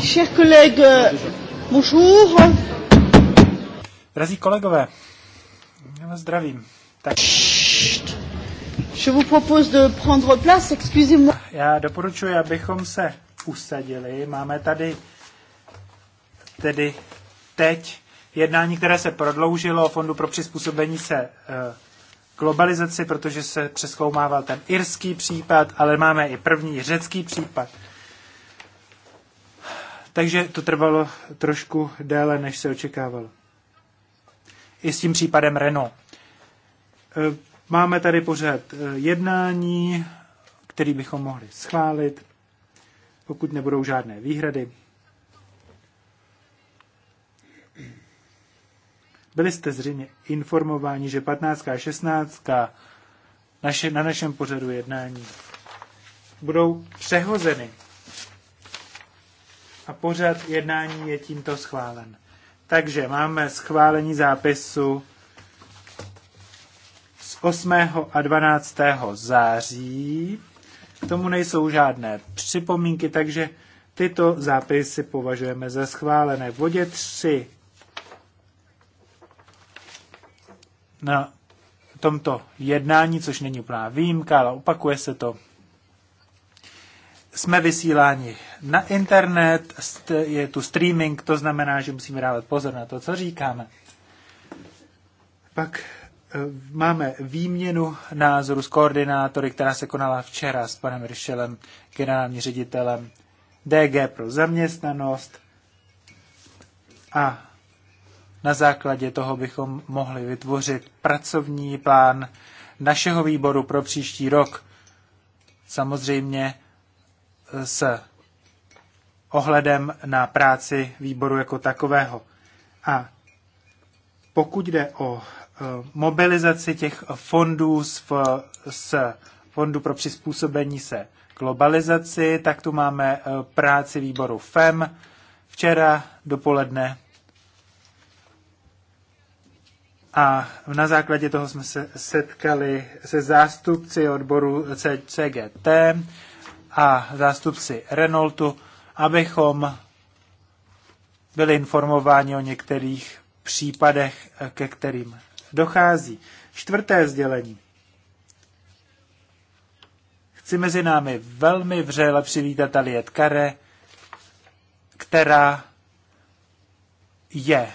Chers collègues, euh, bonjour. Drazí kolegové, já vás zdravím. Tak. Je vous propose de prendre place, excusez-moi. Já doporučuji, abychom se usadili. Máme tady tedy teď jednání, které se prodloužilo o Fondu pro přizpůsobení se eh, globalizaci, protože se přeskoumával ten irský případ, ale máme i první řecký případ. Takže to trvalo trošku déle, než se očekávalo. I s tím případem Renault. E, máme tady pořád e, jednání, který bychom mohli schválit, pokud nebudou žádné výhrady. Byli jste zřejmě informováni, že 15. a 16. Naše, na našem pořadu jednání budou přehozeny a pořad jednání je tímto schválen. Takže máme schválení zápisu z 8. a 12. září. K tomu nejsou žádné připomínky, takže tyto zápisy považujeme za schválené. V bodě 3 na tomto jednání, což není úplná výjimka, ale opakuje se to jsme vysíláni na internet, je tu streaming, to znamená, že musíme dávat pozor na to, co říkáme. Pak eh, máme výměnu názoru s koordinátory, která se konala včera s panem Ryšelem, generálním ředitelem DG pro zaměstnanost. A na základě toho bychom mohli vytvořit pracovní plán našeho výboru pro příští rok. Samozřejmě s ohledem na práci výboru jako takového. A pokud jde o e, mobilizaci těch fondů z, z Fondu pro přizpůsobení se globalizaci, tak tu máme e, práci výboru FEM včera dopoledne. A na základě toho jsme se setkali se zástupci odboru CGT, a zástupci Renaultu, abychom byli informováni o některých případech, ke kterým dochází. Čtvrté sdělení. Chci mezi námi velmi vřele přivítat Aliet Kare, která je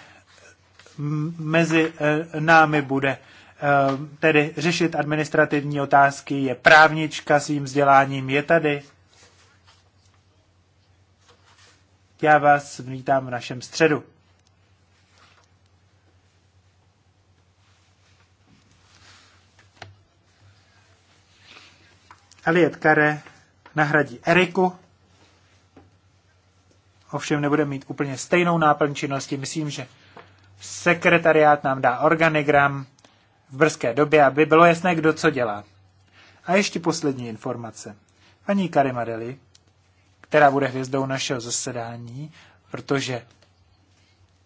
mezi eh, námi bude Ehm, tedy řešit administrativní otázky, je právnička svým vzděláním, je tady. Já vás vítám v našem středu. Elliot Kare nahradí Eriku, ovšem nebude mít úplně stejnou náplň činnosti. Myslím, že sekretariát nám dá organigram, v brzké době, aby bylo jasné, kdo co dělá. A ještě poslední informace. Paní Karimadeli, která bude hvězdou našeho zasedání, protože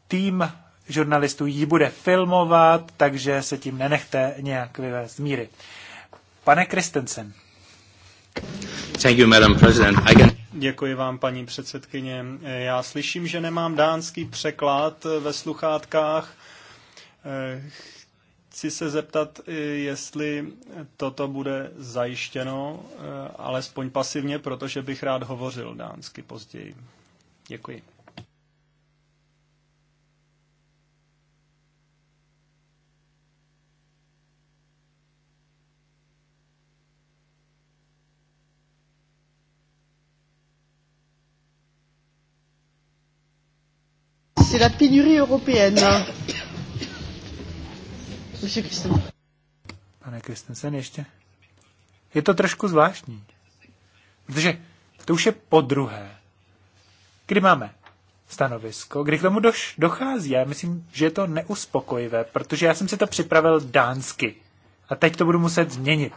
tým žurnalistů ji bude filmovat, takže se tím nenechte nějak vyvést míry. Pane Kristensen. Thank you, Madam President. I can... Děkuji vám, paní předsedkyně. Já slyším, že nemám dánský překlad ve sluchátkách. Chci se zeptat, jestli toto bude zajištěno, eh, alespoň pasivně, protože bych rád hovořil dánsky později. Děkuji. C'est la pénurie européenne. Monsieur Christensen. Pane Kristensen, ještě. Je to trošku zvláštní, protože to už je po druhé, kdy máme stanovisko, kdy k tomu doš- dochází. Já myslím, že je to neuspokojivé, protože já jsem si to připravil dánsky a teď to budu muset změnit.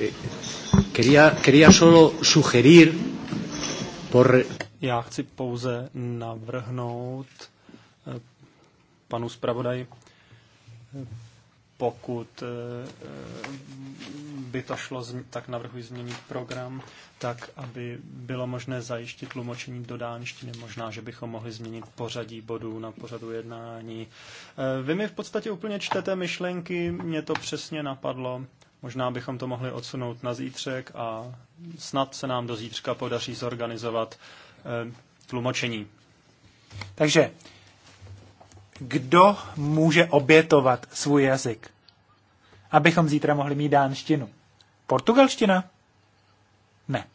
Eh, quería, quería solo sugerir por já chci pouze navrhnout eh, panu zpravodaji, pokud eh, eh, by to šlo, tak navrhuji změnit program, tak aby bylo možné zajištit tlumočení do dánštiny. Možná, že bychom mohli změnit pořadí bodů na pořadu jednání. Vy mi v podstatě úplně čtete myšlenky, mě to přesně napadlo. Možná bychom to mohli odsunout na zítřek a snad se nám do zítřka podaří zorganizovat Eh, tlumočení. Takže, kdo může obětovat svůj jazyk, abychom zítra mohli mít dánštinu? Portugalština? Ne.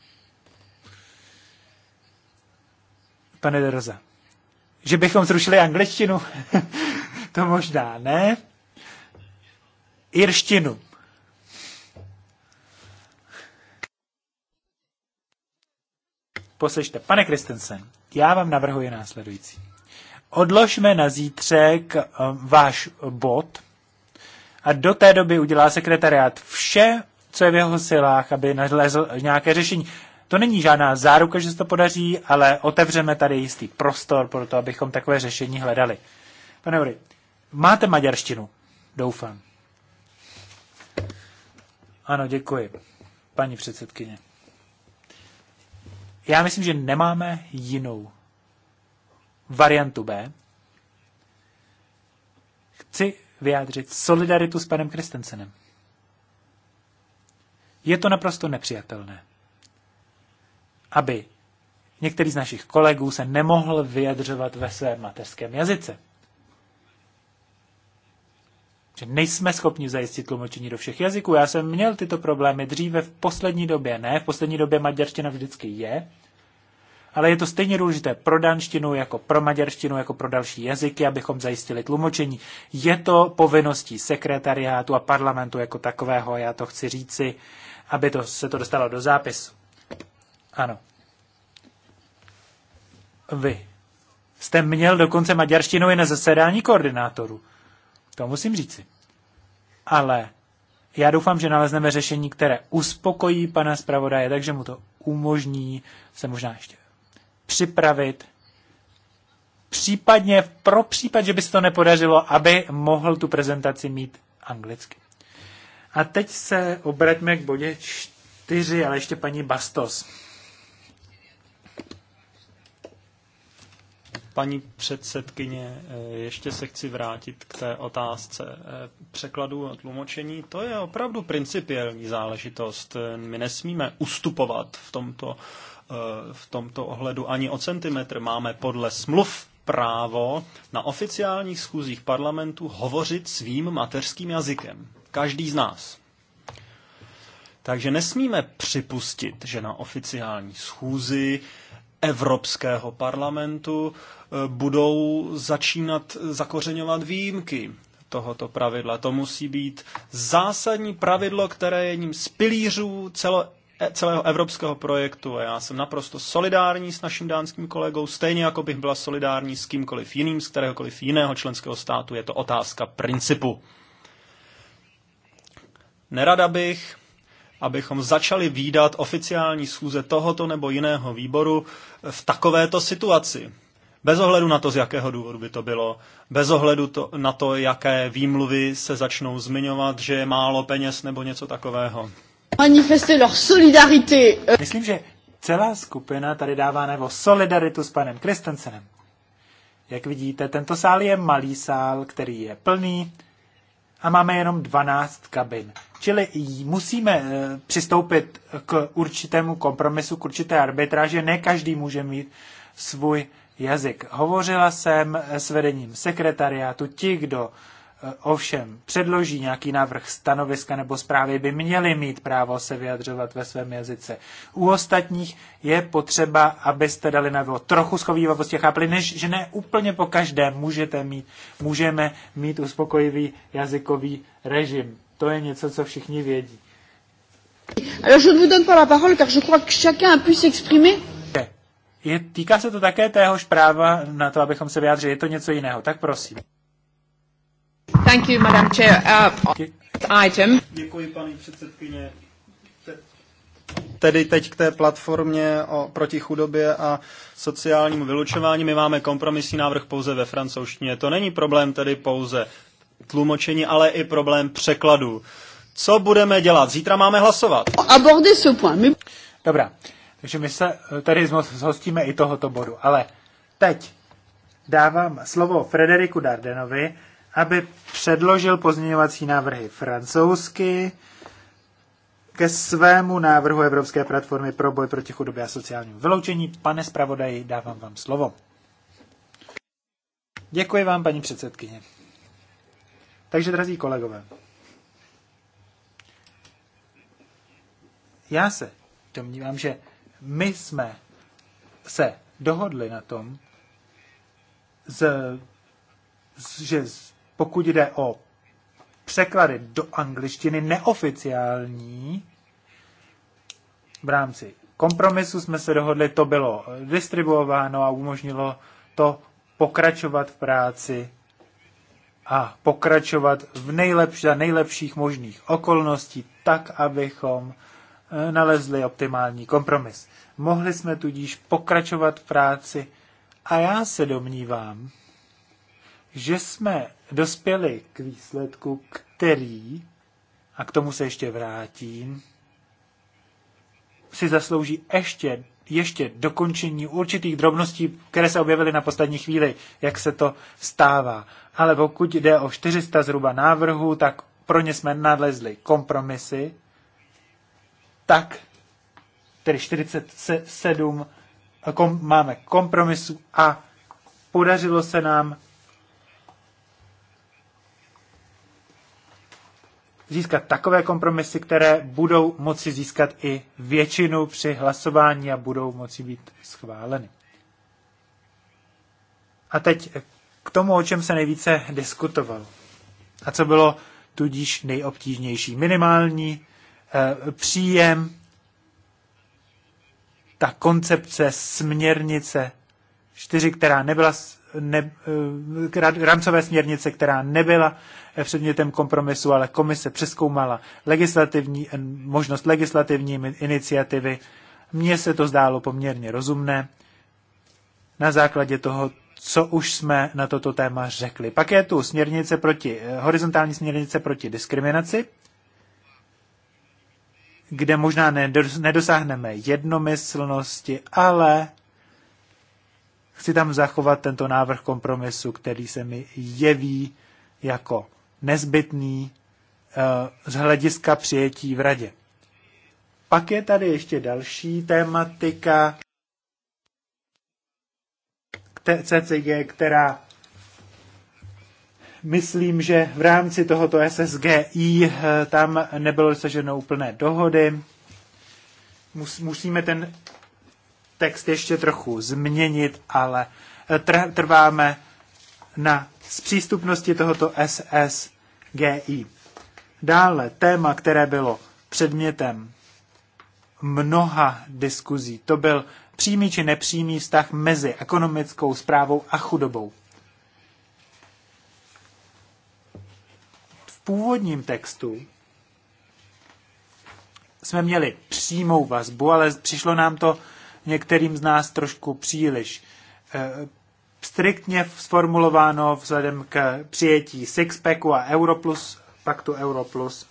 Pane Deroza, že bychom zrušili angličtinu? to možná ne. Irštinu. Poslyšte, pane Kristensen, já vám navrhuji následující. Odložme na zítřek eh, váš bod a do té doby udělá sekretariát vše, co je v jeho silách, aby nalezl nějaké řešení. To není žádná záruka, že se to podaří, ale otevřeme tady jistý prostor pro to, abychom takové řešení hledali. Pane Uri, máte maďarštinu, doufám. Ano, děkuji, paní předsedkyně já myslím, že nemáme jinou variantu B. Chci vyjádřit solidaritu s panem Kristensenem. Je to naprosto nepřijatelné, aby některý z našich kolegů se nemohl vyjadřovat ve svém mateřském jazyce že nejsme schopni zajistit tlumočení do všech jazyků. Já jsem měl tyto problémy dříve v poslední době, ne, v poslední době maďarština vždycky je, ale je to stejně důležité pro danštinu, jako pro maďarštinu, jako pro další jazyky, abychom zajistili tlumočení. Je to povinností sekretariátu a parlamentu jako takového, já to chci říci, aby to, se to dostalo do zápisu. Ano. Vy jste měl dokonce maďarštinu i na zasedání koordinátorů. To musím říci. Ale já doufám, že nalezneme řešení, které uspokojí pana zpravodaje, takže mu to umožní se možná ještě připravit, případně pro případ, že by se to nepodařilo, aby mohl tu prezentaci mít anglicky. A teď se obraťme k bodě 4, ale ještě paní Bastos. Paní předsedkyně, eh, ještě se chci vrátit k té otázce eh, překladu a tlumočení. To je opravdu principiální záležitost. My nesmíme ustupovat v tomto, eh, v tomto ohledu ani o centimetr. Máme podle smluv právo na oficiálních schůzích parlamentu hovořit svým mateřským jazykem. Každý z nás. Takže nesmíme připustit, že na oficiální schůzi uh, Evropského parlamentu eh, budou začínat zakořeňovat výjimky tohoto pravidla. To musí být zásadní pravidlo, které je jedním z pilířů celo, eh, celého evropského projektu. A já jsem naprosto solidární s naším dánským kolegou, stejně jako bych byla solidární s kýmkoliv jiným, z kteréhokoliv jiného členského státu. Je to otázka principu. Nerada bych, abychom začali výdat oficiální schůze tohoto nebo jiného výboru v takovéto situaci. Bez ohledu na to, z jakého důvodu by to bylo, bez ohledu to, na to, jaké výmluvy se začnou zmiňovat, že je málo peněz nebo něco takového. Myslím, že celá skupina tady dává nebo solidaritu s panem Kristensenem. Jak vidíte, tento sál je malý sál, který je plný a máme jenom 12 kabin. Čili musíme eh, přistoupit k určitému kompromisu, k určité arbitráži. Ne každý může mít svůj jazyk. Hovořila jsem s vedením sekretariátu. Ti, kdo Eh, ovšem předloží nějaký návrh stanoviska nebo zprávy, by měli mít právo se vyjadřovat ve svém jazyce. U ostatních je potřeba, abyste dali najevo trochu schovývavosti a chápli, než, že ne úplně po každém můžete mít, můžeme mít uspokojivý jazykový režim. To je něco, co všichni vědí. Alors je ne vous donne pas la parole car je crois que chacun a pu s'exprimer. Je, týká se to také téhož práva na to, abychom se vyjádřili. Je to něco jiného, tak prosím. Thank you, Madam Chair. Uh, item. Děkuji, paní předsedkyně. Tedy teď k té platformě o, proti chudobě a sociálnímu vylučování. My máme kompromisní návrh pouze ve francouzštině. To není problém tedy pouze tlumočení, ale i problém překladu. Co budeme dělat? Zítra máme hlasovat. Dobrá, takže my se eh, tady zhostíme i tohoto bodu, ale teď dávám slovo Frederiku Dardenovi, aby předložil pozměňovací návrhy francouzsky ke svému návrhu Evropské platformy pro boj proti chudobě a sociálnímu vyloučení. Pane zpravodaji, dávám vám slovo. Děkuji vám, paní předsedkyně. Takže, drazí kolegové, já se domnívám, že my jsme se dohodli na tom, z, z, že z pokud jde o překlady do angličtiny neoficiální, v rámci kompromisu jsme se dohodli, to bylo distribuováno a umožnilo to pokračovat v práci a pokračovat v nejlepší, nejlepších možných okolností, tak, abychom eh, nalezli optimální kompromis. Mohli jsme tudíž pokračovat v práci a já se domnívám, že jsme dospěli k výsledku, který, a k tomu se ještě vrátím, si zaslouží ještě, ještě dokončení určitých drobností, které se objevily na poslední chvíli, jak se to stává. Ale pokud jde o 400 zhruba návrhů, tak pro ně jsme nalezli kompromisy, tak tedy 47 kom, máme kompromisu a podařilo se nám získat takové kompromisy, které budou moci získat i většinu při hlasování a budou moci být schváleny. A teď k tomu, o čem se nejvíce diskutovalo a co bylo tudíž nejobtížnější. Minimální e, příjem, ta koncepce směrnice 4, která nebyla ne, eh, rámcové směrnice, která nebyla eh, předmětem kompromisu, ale komise přeskoumala legislativní, eh, možnost legislativní iniciativy. Mně se to zdálo poměrně rozumné na základě toho, co už jsme na toto téma řekli. Pak je tu směrnice proti, horizontální směrnice proti diskriminaci, kde možná nedosáhneme jednomyslnosti, ale chci tam zachovat tento návrh kompromisu, který se mi jeví jako nezbytný eh, z hlediska přijetí v radě. Pak je tady ještě další tématika CCG, která myslím, že v rámci tohoto SSGI eh, tam nebylo dosaženo úplné dohody. Musíme ten text ještě trochu změnit, ale eh, trváme na zpřístupnosti tohoto SSGI. Dále téma, které bylo předmětem mnoha diskuzí, to byl přímý či nepřímý vztah mezi ekonomickou zprávou a chudobou. V původním textu jsme měli přímou vazbu, ale přišlo nám to některým z nás trošku příliš eh, striktně sformulováno vzhledem k přijetí Sixpacku a Europlus, paktu Europlus.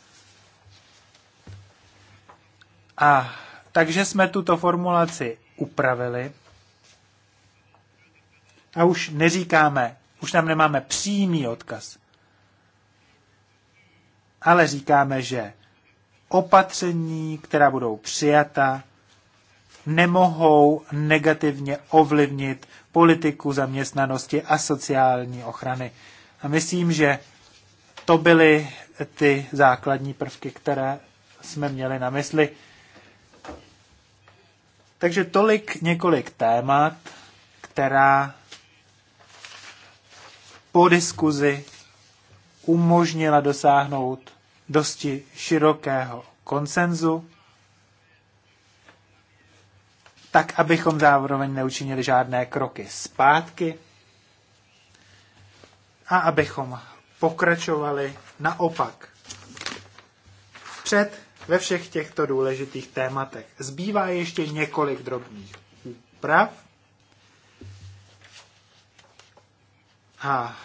A takže jsme tuto formulaci upravili a už neříkáme, už tam nemáme přímý odkaz, ale říkáme, že opatření, která budou přijata, nemohou negativně ovlivnit politiku zaměstnanosti a sociální ochrany. A myslím, že to byly ty základní prvky, které jsme měli na mysli. Takže tolik několik témat, která po diskuzi umožnila dosáhnout dosti širokého konsenzu tak abychom zároveň neučinili žádné kroky zpátky a abychom pokračovali naopak před ve všech těchto důležitých tématech. Zbývá ještě několik drobných úprav. A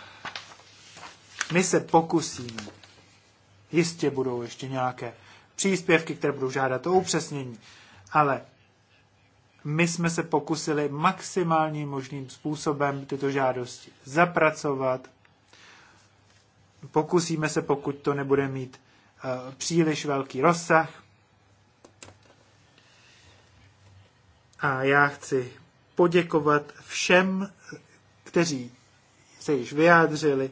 my se pokusíme. Jistě budou ještě nějaké příspěvky, které budou žádat o upřesnění, ale my jsme se pokusili maximálním možným způsobem tyto žádosti zapracovat. Pokusíme se, pokud to nebude mít eh, příliš velký rozsah. A já chci poděkovat všem, kteří se již vyjádřili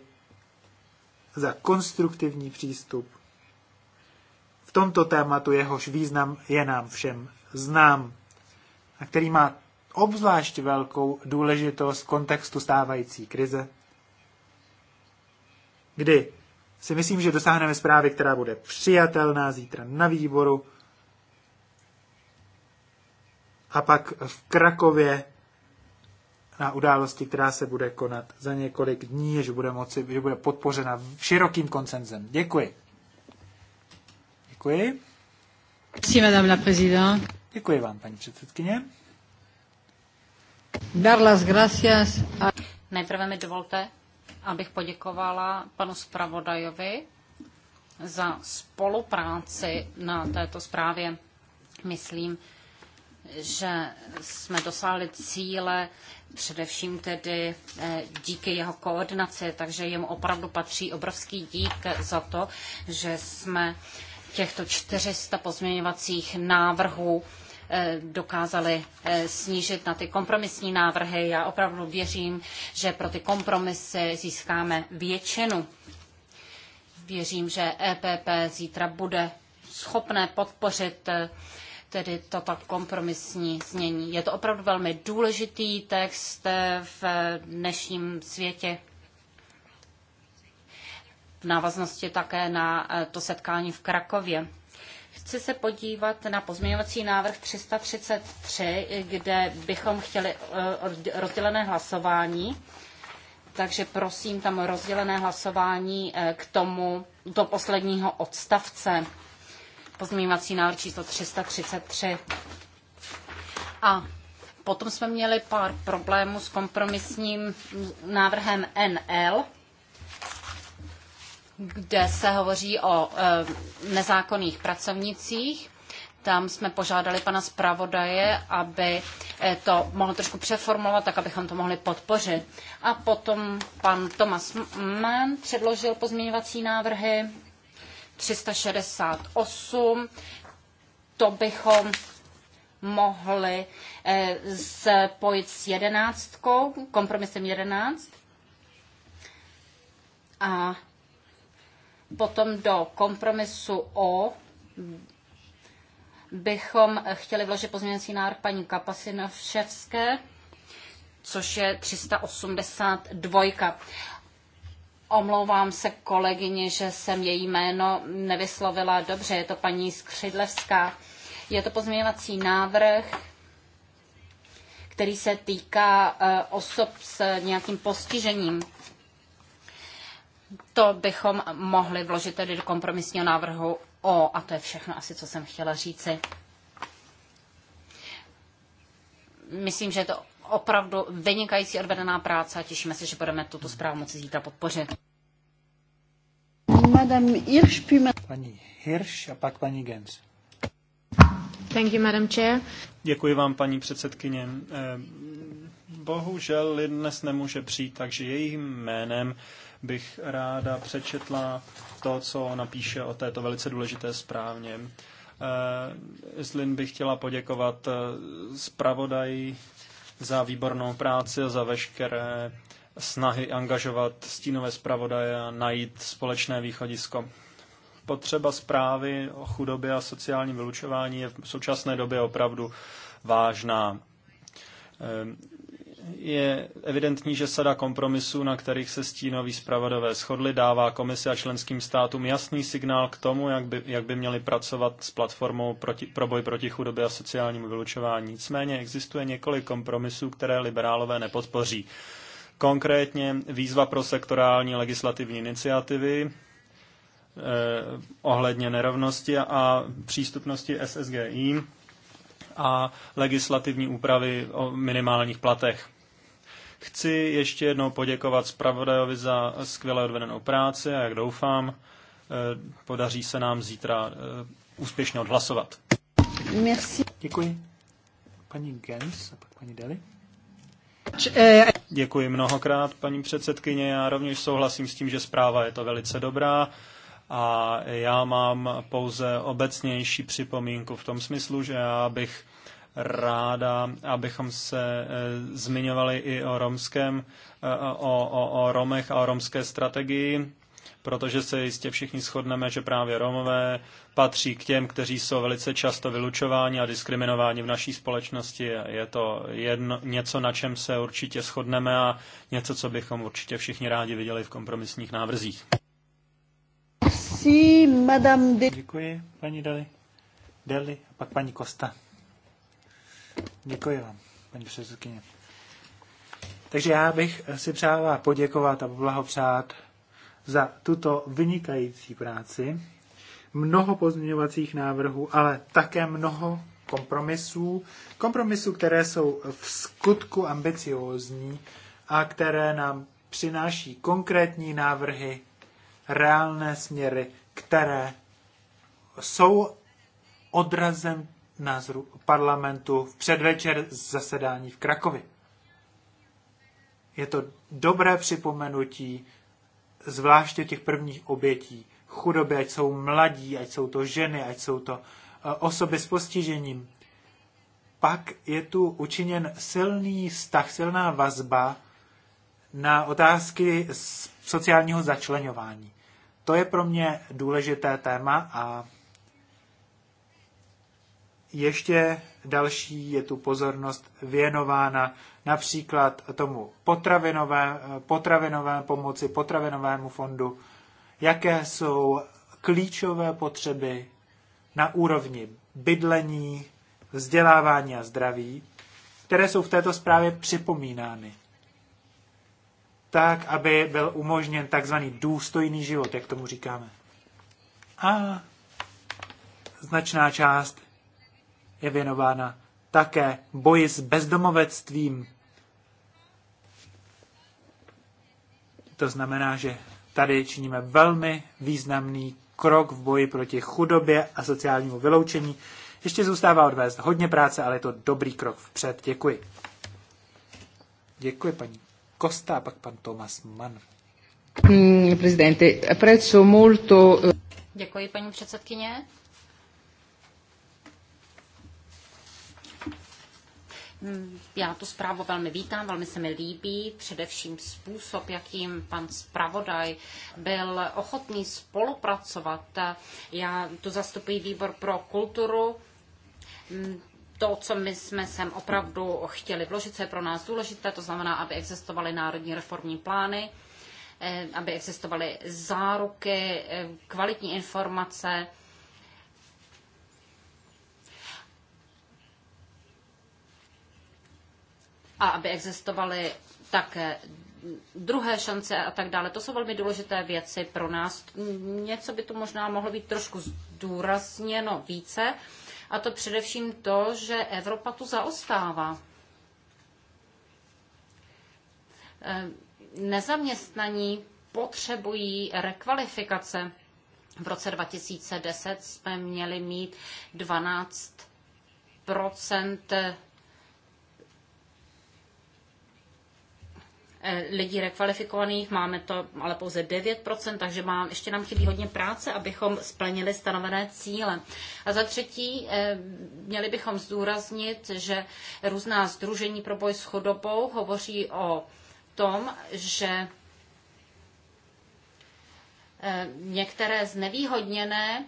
za konstruktivní přístup v tomto tématu, jehož význam je nám všem znám a který má obzvlášť velkou důležitost v kontextu stávající krize, kdy si myslím, že dosáhneme zprávy, která bude přijatelná zítra na výboru a pak v Krakově na události, která se bude konat za několik dní, že bude, moci, že bude podpořena širokým koncenzem. Děkuji. Děkuji. Merci, madame la présidente. Děkuji vám, paní předsedkyně. Dar las gracias a... Nejprve mi dovolte, abych poděkovala panu zpravodajovi za spolupráci na této zprávě. Myslím, že jsme dosáhli cíle především tedy eh, díky jeho koordinaci, takže jemu opravdu patří obrovský dík za to, že jsme těchto 400 pozměňovacích návrhů eh, dokázali eh, snížit na ty kompromisní návrhy. Já opravdu věřím, že pro ty kompromisy získáme většinu. Věřím, že EPP zítra bude schopné podpořit eh, tedy toto kompromisní znění. Je to opravdu velmi důležitý text v dnešním světě v návaznosti také na eh, to setkání v Krakově. Chci se podívat na pozměňovací návrh 333, kde bychom chtěli eh, rozdělené hlasování. Takže prosím tam rozdělené hlasování eh, k tomu do posledního odstavce. Pozměňovací návrh číslo 333. A potom jsme měli pár problémů s kompromisním návrhem NL, kde se hovoří o eh, nezákonných pracovnicích. Tam jsme požádali pana zpravodaje, aby eh, to mohl trošku přeformulovat, tak abychom to mohli podpořit. A potom pan Tomas Mann předložil pozměňovací návrhy 368. To bychom mohli eh, spojit s jedenáctkou, kompromisem jedenáct. A Potom do kompromisu O bychom chtěli vložit pozměňovací návrh paní Kapasinovševské, což je 382. Omlouvám se kolegyně, že jsem její jméno nevyslovila dobře. Je to paní Skřidlevská. Je to pozměňovací návrh, který se týká eh, osob s nějakým postižením to bychom mohli vložit tedy do kompromisního návrhu O a to je všechno asi, co jsem chtěla říci. Myslím, že je to opravdu vynikající odvedená práce a těšíme se, že budeme tuto zprávu moci zítra podpořit. Madame Paní Hirsch a pak paní Gens. Thank you, Madam Chair. Děkuji vám, paní předsedkyně. Ehm, bohužel dnes nemůže přijít, takže jejím jménem bych ráda přečetla to, co napíše o této velice důležité správně. Islin eh, bych chtěla poděkovat eh, zpravodaji za výbornou práci a za veškeré snahy angažovat stínové zpravodaje a najít společné východisko. Potřeba zprávy o chudobě a sociálním vylučování je v současné době opravdu vážná. Eh, je evidentní, že sada kompromisů, na kterých se stínoví zpravodové shodli, dává komisi a členským státům jasný signál k tomu, jak by, jak by měli pracovat s platformou proti, pro boj proti chudobě a sociálnímu vylučování. Nicméně existuje několik kompromisů, které liberálové nepodpoří. Konkrétně výzva pro sektorální legislativní iniciativy, eh, ohledně nerovnosti a přístupnosti SSGI a legislativní úpravy o minimálních platech. Chci ještě jednou poděkovat zpravodajovi za skvěle odvedenou práci a jak doufám, eh, podaří se nám zítra eh, úspěšně odhlasovat. Merci. Děkuji. Paní Gens a pak paní Deli. Děkuji mnohokrát, paní předsedkyně. Já rovněž souhlasím s tím, že zpráva je to velice dobrá. A já mám pouze obecnější připomínku v tom smyslu, že já bych ráda, abychom se eh, zmiňovali i o romském, eh, o, o, o Romech a o romské strategii, protože se jistě všichni shodneme, že právě Romové patří k těm, kteří jsou velice často vylučováni a diskriminováni v naší společnosti. Je to jedno, něco, na čem se určitě shodneme a něco, co bychom určitě všichni rádi viděli v kompromisních návrzích. Děkuji, paní Dali. Deli a pak paní Kosta. Děkuji vám, paní předsedkyně. Takže já bych si přála poděkovat a blahopřát za tuto vynikající práci. Mnoho pozměňovacích návrhů, ale také mnoho kompromisů. Kompromisů, které jsou v skutku ambiciózní a které nám přináší konkrétní návrhy, reálné směry, které jsou odrazem názoru parlamentu v předvečer zasedání v Krakově. Je to dobré připomenutí, zvláště těch prvních obětí chudoby, ať jsou mladí, ať jsou to ženy, ať jsou to eh, osoby s postižením. Pak je tu učiněn silný vztah, silná vazba na otázky sociálního začlenování. To je pro mě důležité téma a ještě další je tu pozornost věnována například tomu potravinové, potravinové pomoci, potravinovému fondu, jaké jsou klíčové potřeby na úrovni bydlení, vzdělávání a zdraví, které jsou v této zprávě připomínány. Tak, aby byl umožněn takzvaný důstojný život, jak tomu říkáme. A značná část je věnována také boji s bezdomovectvím. To znamená, že tady činíme velmi významný krok v boji proti chudobě a sociálnímu vyloučení. Ještě zůstává odvést hodně práce, ale je to dobrý krok vpřed. Děkuji. Děkuji paní Kosta a pak pan Tomas Mann. Mm, Prezidente, molto... Eh, Děkuji, paní předsedkyně. Hmm, já tu zprávu velmi vítám, velmi se mi líbí, především způsob, jakým pan zpravodaj byl ochotný spolupracovat. Já tu zastupuji výbor pro kulturu. Hmm, to, co my jsme sem opravdu chtěli vložit, co je pro nás důležité, to znamená, aby existovaly národní reformní plány, eh, aby existovaly záruky, eh, kvalitní informace, a aby existovaly také druhé šance a tak dále. To jsou velmi důležité věci pro nás. Něco by tu možná mohlo být trošku zdůrazněno více, a to především to, že Evropa tu zaostává. Eh, nezaměstnaní potřebují rekvalifikace. V roce 2010 jsme měli mít 12 Eh, lidí rekvalifikovaných, máme to ale pouze 9%, takže mám, ještě nám chybí hodně práce, abychom splnili stanovené cíle. A za třetí, eh, měli bychom zdůraznit, že různá združení pro boj s chudobou hovoří o tom, že eh, některé znevýhodněné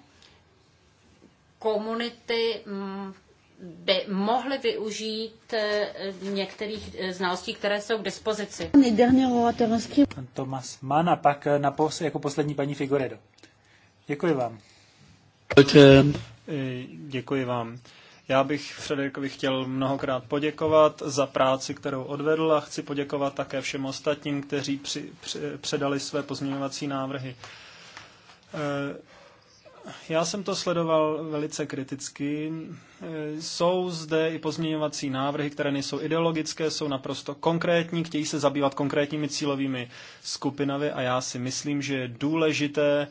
komunity mm, by mohli využít eh, některých eh, znalostí, které jsou k dispozici. Tomas Mann a pak eh, na pos, jako poslední paní Figoredo. Děkuji vám. Děkuji vám. Já bych Frederikovi chtěl mnohokrát poděkovat za práci, kterou odvedl a chci poděkovat také všem ostatním, kteří při, při, předali své pozměňovací návrhy. Já jsem to sledoval velice kriticky. E, jsou zde i pozměňovací návrhy, které nejsou ideologické, jsou naprosto konkrétní, chtějí se zabývat konkrétními cílovými skupinami a já si myslím, že je důležité e,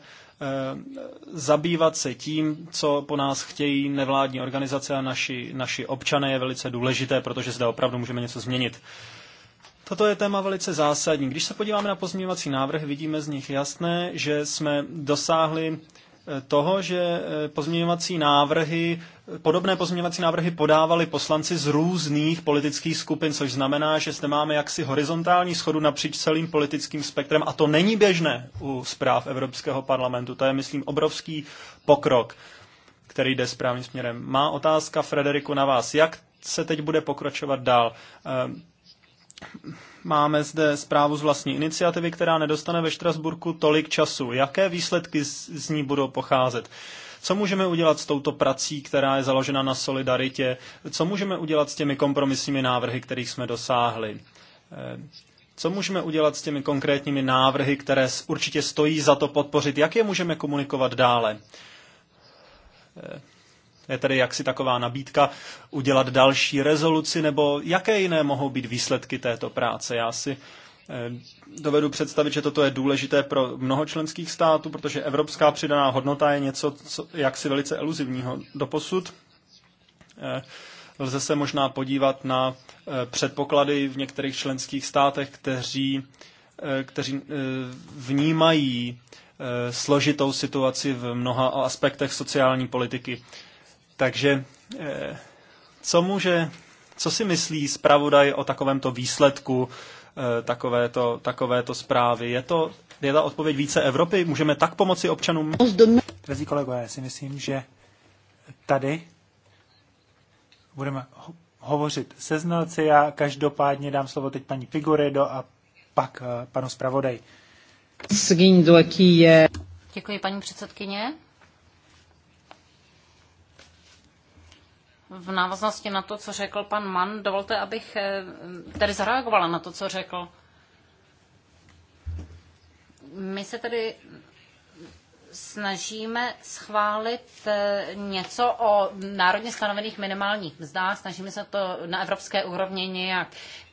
zabývat se tím, co po nás chtějí nevládní organizace a naši, naši občané je velice důležité, protože zde opravdu můžeme něco změnit. Toto je téma velice zásadní. Když se podíváme na pozměňovací návrh, vidíme z nich jasné, že jsme dosáhli toho, že eh, pozměňovací návrhy, podobné pozměňovací návrhy podávali poslanci z různých politických skupin, což znamená, že zde máme jaksi horizontální schodu napříč celým politickým spektrem a to není běžné u zpráv Evropského parlamentu. To je, myslím, obrovský pokrok, který jde správným směrem. Má otázka, Frederiku, na vás. Jak se teď bude pokračovat dál. Eh, Máme zde zprávu z vlastní iniciativy, která nedostane ve Štrasburku tolik času. Jaké výsledky z ní budou pocházet? Co můžeme udělat s touto prací, která je založena na solidaritě? Co můžeme udělat s těmi kompromisními návrhy, kterých jsme dosáhli? Eh, co můžeme udělat s těmi konkrétními návrhy, které určitě stojí za to podpořit? Jak je můžeme komunikovat dále? Eh, je eh, tedy jaksi taková nabídka udělat další rezoluci, nebo jaké jiné mohou být výsledky této práce. Já si eh, dovedu představit, že toto je důležité pro mnoho členských států, protože evropská přidaná hodnota je něco co, jaksi velice eluzivního doposud. Eh, lze se možná podívat na předpoklady v některých členských státech, kteří, kteří vnímají složitou situaci v mnoha aspektech sociální politiky takže eh, co může, co si myslí zpravodaj o takovémto výsledku eh, takovéto, takovéto zprávy? Je to je ta odpověď více Evropy? Můžeme tak pomoci občanům? Drazí kolegové, já si myslím, že tady budeme ho- hovořit se znalci. Já každopádně dám slovo teď paní Figuredo a pak uh, panu zpravodaj. Děkuji, paní předsedkyně. V návaznosti na to, co řekl pan Mann, dovolte, abych eh, tedy zareagovala na to, co řekl. My se tedy snažíme schválit eh, něco o národně stanovených minimálních mzdách, snažíme se to na evropské úrovni nějak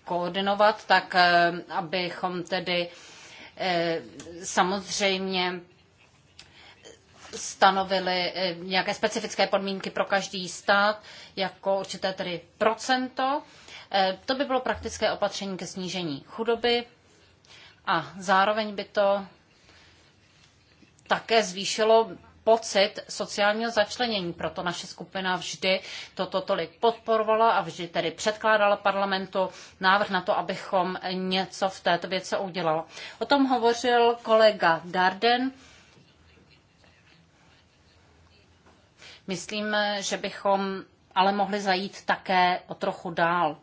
koordinovat, tak eh, abychom tedy samozřejmě stanovili eh, nějaké specifické podmínky pro každý stát, jako určité tedy procento. Eh, to by bylo praktické opatření ke snížení chudoby a zároveň by to také zvýšilo pocit sociálního začlenění. Proto naše skupina vždy toto tolik podporovala a vždy tedy předkládala parlamentu návrh na to, abychom něco v této věci udělali. O tom hovořil kolega Darden. Myslím, že bychom ale mohli zajít také o trochu dál.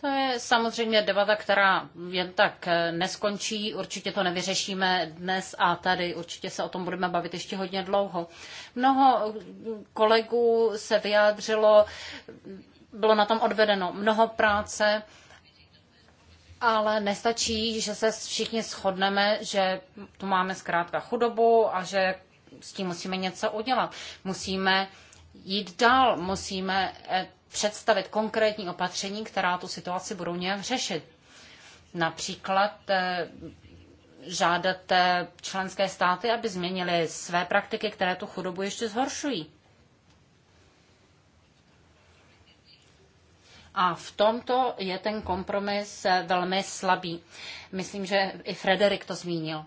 To je samozřejmě debata, která jen tak eh, neskončí. Určitě to nevyřešíme dnes a tady. Určitě se o tom budeme bavit ještě hodně dlouho. Mnoho eh, kolegů se vyjádřilo, bylo na tom odvedeno mnoho práce ale nestačí, že se všichni shodneme, že tu máme zkrátka chudobu a že s tím musíme něco udělat. Musíme jít dál, musíme eh, představit konkrétní opatření, která tu situaci budou nějak řešit. Například eh, žádat členské státy, aby změnily své praktiky, které tu chudobu ještě zhoršují. A v tomto je ten kompromis velmi slabý. Myslím, že i Frederik to zmínil.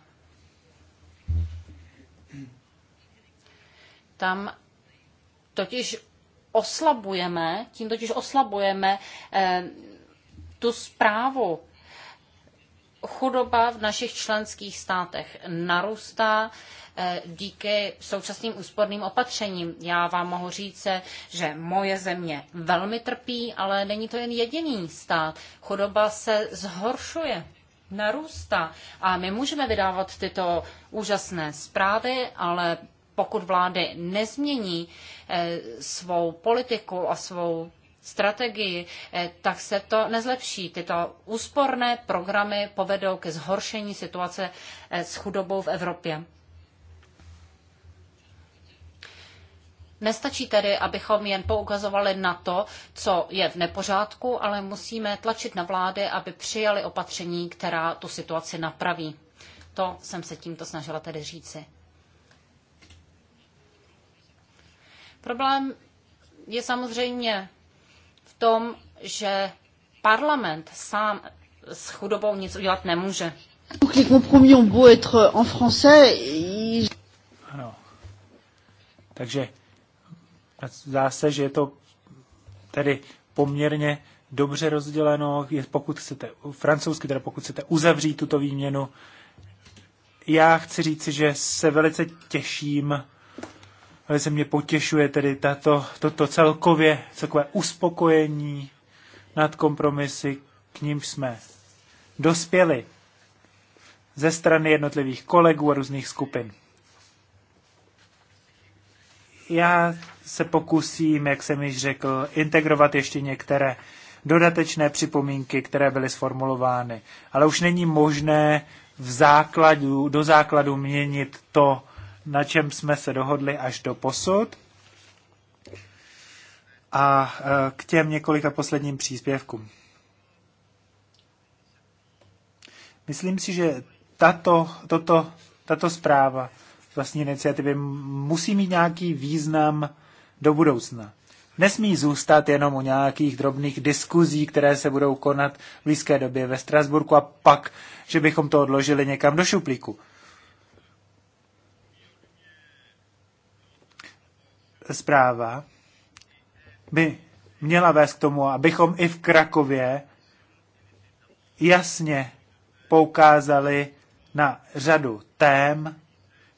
Tam totiž oslabujeme, tím totiž oslabujeme eh, tu zprávu. Chudoba v našich členských státech narůstá, eh, E, díky současným úsporným opatřením. Já vám mohu říct, že moje země velmi trpí, ale není to jen jediný stát. Chudoba se zhoršuje narůstá. A my můžeme vydávat tyto úžasné zprávy, ale pokud vlády nezmění e, svou politiku a svou strategii, e, tak se to nezlepší. Tyto úsporné programy povedou ke zhoršení situace s chudobou v Evropě. Nestačí tedy, abychom jen poukazovali na to, co je v nepořádku, ale musíme tlačit na vlády, aby přijali opatření, která tu situaci napraví. To jsem se tímto snažila tedy říci. Problém je samozřejmě v tom, že parlament sám s chudobou nic udělat nemůže. Ano. Takže zdá se, že je to tedy poměrně dobře rozděleno, pokud chcete, francouzsky teda pokud chcete uzavřít tuto výměnu. Já chci říct, že se velice těším, velice mě potěšuje tedy tato, toto celkově, celkové uspokojení nad kompromisy, k ním jsme dospěli ze strany jednotlivých kolegů a různých skupin. Já se pokusím, jak jsem již řekl, integrovat ještě některé dodatečné připomínky, které byly sformulovány. Ale už není možné v základu, do základu měnit to, na čem jsme se dohodli až do posud. A e, k těm několika posledním příspěvkům. Myslím si, že tato, toto, tato zpráva vlastní iniciativy musí mít nějaký význam do budoucna. Nesmí zůstat jenom u nějakých drobných diskuzí, které se budou konat v blízké době ve Strasburku a pak, že bychom to odložili někam do šuplíku. Zpráva by měla vést k tomu, abychom i v Krakově jasně poukázali na řadu tém,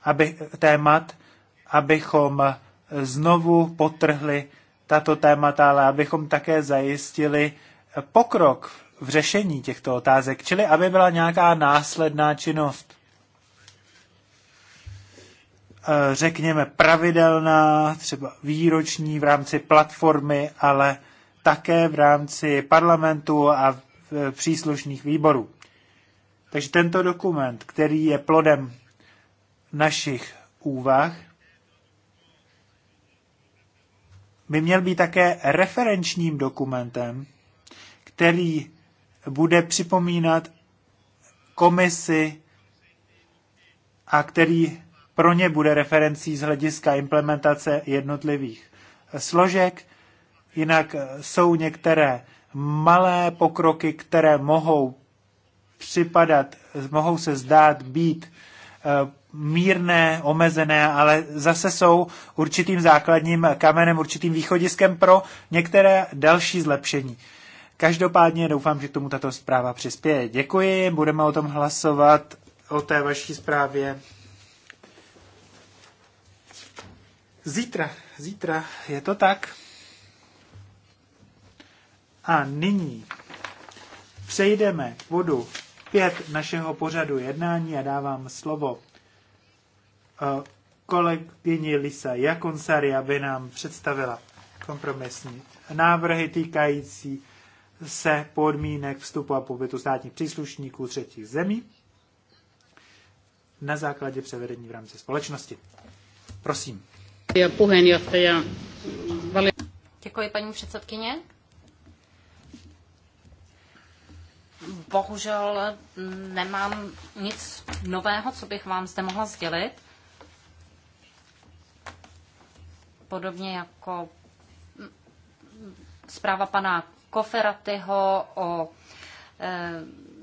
aby, témat, abychom znovu potrhli tato témata, ale abychom také zajistili pokrok v řešení těchto otázek, čili aby byla nějaká následná činnost. Eh, řekněme pravidelná, třeba výroční v rámci platformy, ale také v rámci parlamentu a eh, příslušných výborů. Takže tento dokument, který je plodem našich úvah, by měl být také referenčním dokumentem, který bude připomínat komisi a který pro ně bude referencí z hlediska implementace jednotlivých složek. Jinak jsou některé malé pokroky, které mohou připadat, mohou se zdát být eh, mírné, omezené, ale zase jsou určitým základním kamenem, určitým východiskem pro některé další zlepšení. Každopádně doufám, že k tomu tato zpráva přispěje. Děkuji, budeme o tom hlasovat, o té vaší zprávě. Zítra, zítra, je to tak. A nyní přejdeme k bodu Pět našeho pořadu jednání a dávám slovo kolegyni Lisa Jakonsari, aby nám představila kompromisní návrhy týkající se podmínek vstupu a pobytu státních příslušníků třetích zemí na základě převedení v rámci společnosti. Prosím. Děkuji, paní předsedkyně. Bohužel nemám nic nového, co bych vám zde mohla sdělit. podobně jako zpráva pana Koferatyho o e,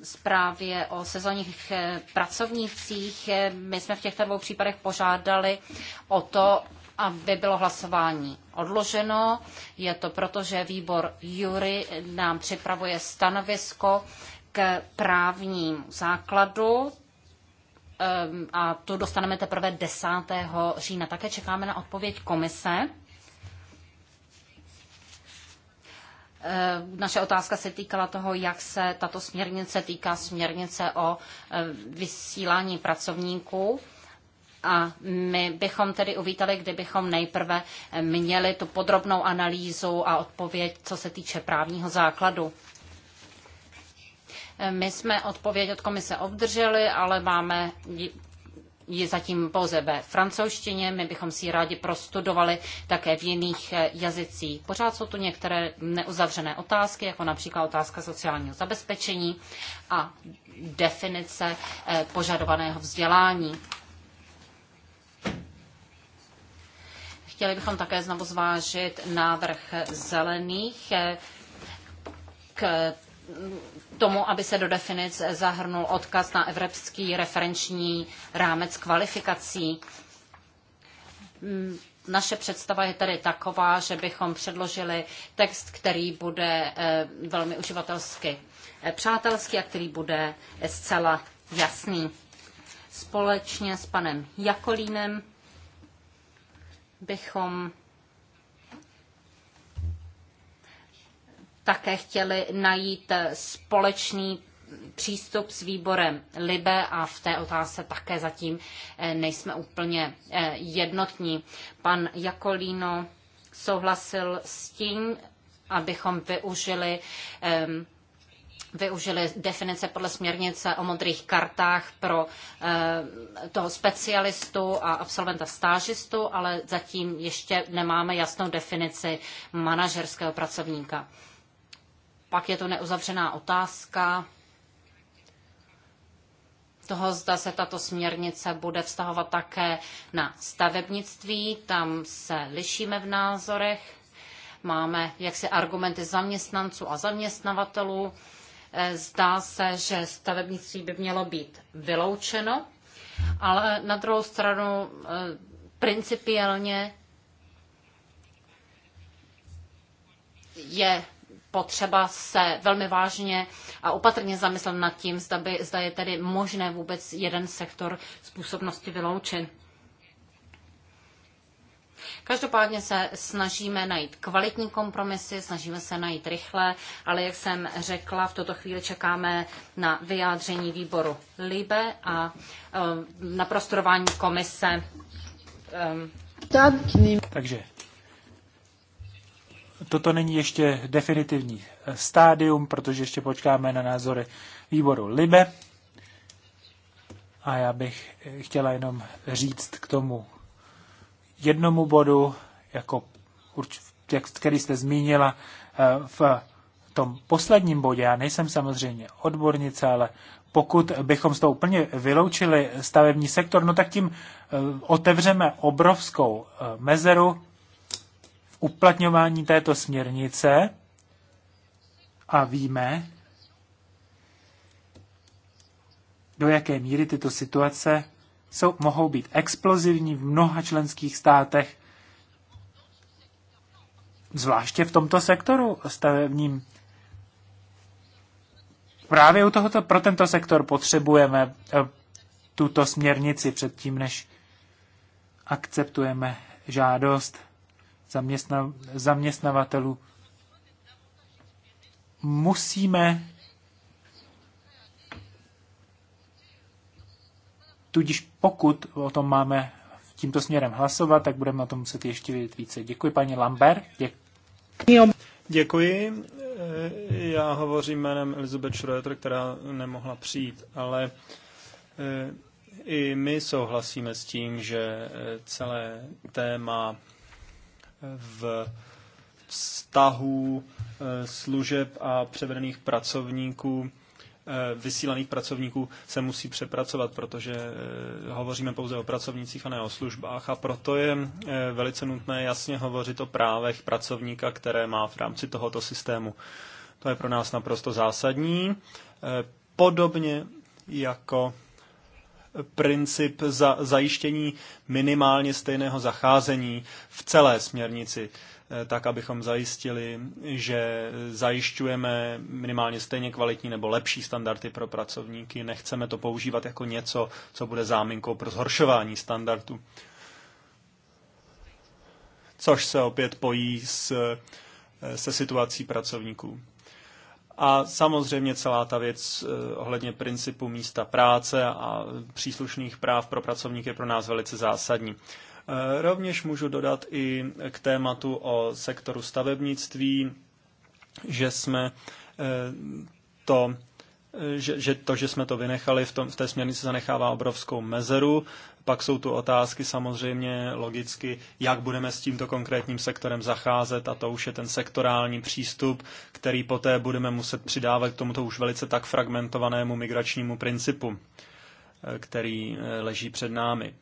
zprávě o sezónních e, pracovnících. E, my jsme v těchto dvou případech požádali o to, aby bylo hlasování odloženo. Je to proto, že výbor Jury nám připravuje stanovisko k právnímu základu Ehm, a to dostaneme teprve 10. října. Také čekáme na odpověď komise. Ehm, naše otázka se týkala toho, jak se tato směrnice týká směrnice o ehm, vysílání pracovníků. A my bychom tedy uvítali, kdybychom nejprve měli tu podrobnou analýzu a odpověď, co se týče právního základu. My jsme odpověď od komise obdrželi, ale máme je zatím pouze ve francouzštině, my bychom si ji rádi prostudovali také v jiných eh, jazycích. Pořád jsou tu některé neuzavřené otázky, jako například otázka sociálního zabezpečení a definice eh, požadovaného vzdělání. Chtěli bychom také znovu zvážit návrh zelených eh, k tomu, aby se do definic zahrnul odkaz na evropský referenční rámec kvalifikací. Hmm, naše představa je tedy taková, že bychom předložili text, který bude eh, velmi uživatelsky eh, přátelský a který bude eh, zcela jasný. Společně s panem Jakolínem bychom také chtěli najít společný přístup s výborem Libe a v té otázce také zatím eh, nejsme úplně eh, jednotní. Pan Jakolíno souhlasil s tím, abychom využili využili definice podle směrnice o modrých kartách pro eh, toho specialistu a absolventa stážistu, ale zatím ještě nemáme jasnou definici manažerského pracovníka. Pak je to neuzavřená otázka toho, zda se tato směrnice bude vztahovat také na stavebnictví. Tam se lišíme v názorech. Máme jaksi argumenty zaměstnanců a zaměstnavatelů. Eh, zdá se, že stavebnictví by mělo být vyloučeno, ale na druhou stranu eh, principiálně je potřeba se velmi vážně a opatrně zamyslet nad tím, zda, by, zda je tedy možné vůbec jeden sektor způsobnosti vyloučit. Každopádně se snažíme najít kvalitní kompromisy, snažíme se najít rychle, ale jak jsem řekla, v tuto chvíli čekáme na vyjádření výboru LIBE a eh, na prostorování komise. Eh, Takže toto není ještě definitivní eh, stádium, protože ještě počkáme na názory výboru LIBE. A já bych eh, chtěla jenom říct k tomu jednomu bodu, jako, jak, který jste zmínila eh, v tom posledním bodě, já nejsem samozřejmě odbornice, ale pokud bychom z toho úplně vyloučili stavební sektor, no tak tím otevřeme obrovskou mezeru uplatňování této směrnice a víme, do jaké míry tyto situace jsou, mohou být explozivní v mnoha členských státech, zvláště v tomto sektoru stavebním. Právě u tohoto, pro tento sektor potřebujeme eh, tuto směrnici předtím, než akceptujeme žádost zaměstna, zaměstnavatelů. Musíme Tudíž pokud o tom máme tímto směrem hlasovat, tak budeme o tom muset ještě vědět více. Děkuji paní Lambert. Děkuji. Děkuji. Eh, já hovořím jménem Elizabeth Schroeder, která nemohla přijít, ale eh, i my souhlasíme s tím, že eh, celé téma v vztahu eh, služeb a převedených pracovníků, eh, vysílaných pracovníků se musí přepracovat, protože eh, hovoříme pouze o pracovnících a ne o službách a proto je velice nutné jasně hovořit o právech pracovníka, které má v rámci tohoto systému. To je pro nás naprosto zásadní. Podobně jako princip za zajištění minimálně stejného zacházení v celé směrnici, eh, tak abychom zajistili, že zajišťujeme minimálně stejně kvalitní nebo lepší standardy pro pracovníky. Nechceme to používat jako něco, co bude záminkou pro zhoršování standardů. Což se opět pojí s, eh, se situací pracovníků. A samozřejmě celá ta věc eh, ohledně principu místa práce a příslušných práv pro pracovníky je pro nás velice zásadní. Eh, rovněž můžu dodat i k tématu o sektoru stavebnictví, že jsme eh, to, že, že to, že jsme to vynechali v, tom, v té směrnici, zanechává obrovskou mezeru. Pak jsou tu otázky samozřejmě logicky, jak budeme s tímto konkrétním sektorem zacházet a to už je ten sektorální přístup, který poté budeme muset přidávat k tomuto už velice tak fragmentovanému migračnímu principu, eh, který eh, leží před námi.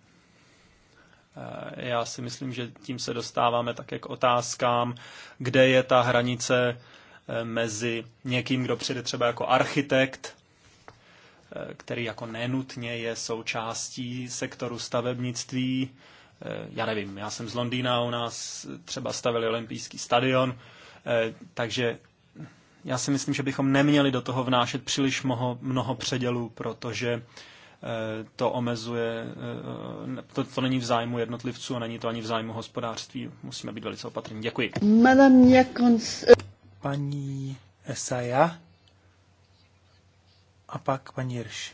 Eh, já si myslím, že tím se dostáváme také k otázkám, kde je ta hranice mezi někým, kdo přijde třeba jako architekt Eh, který jako nenutně je součástí sektoru stavebnictví. Eh, já nevím, já jsem z Londýna, u nás třeba stavili olympijský stadion, eh, takže já si myslím, že bychom neměli do toho vnášet příliš mnoho, mnoho předělů, protože to omezuje, to, to není v zájmu jednotlivců a není to ani v zájmu hospodářství. Musíme být velice opatrní. Děkuji. Paní Esaja. A pak paní Jirš.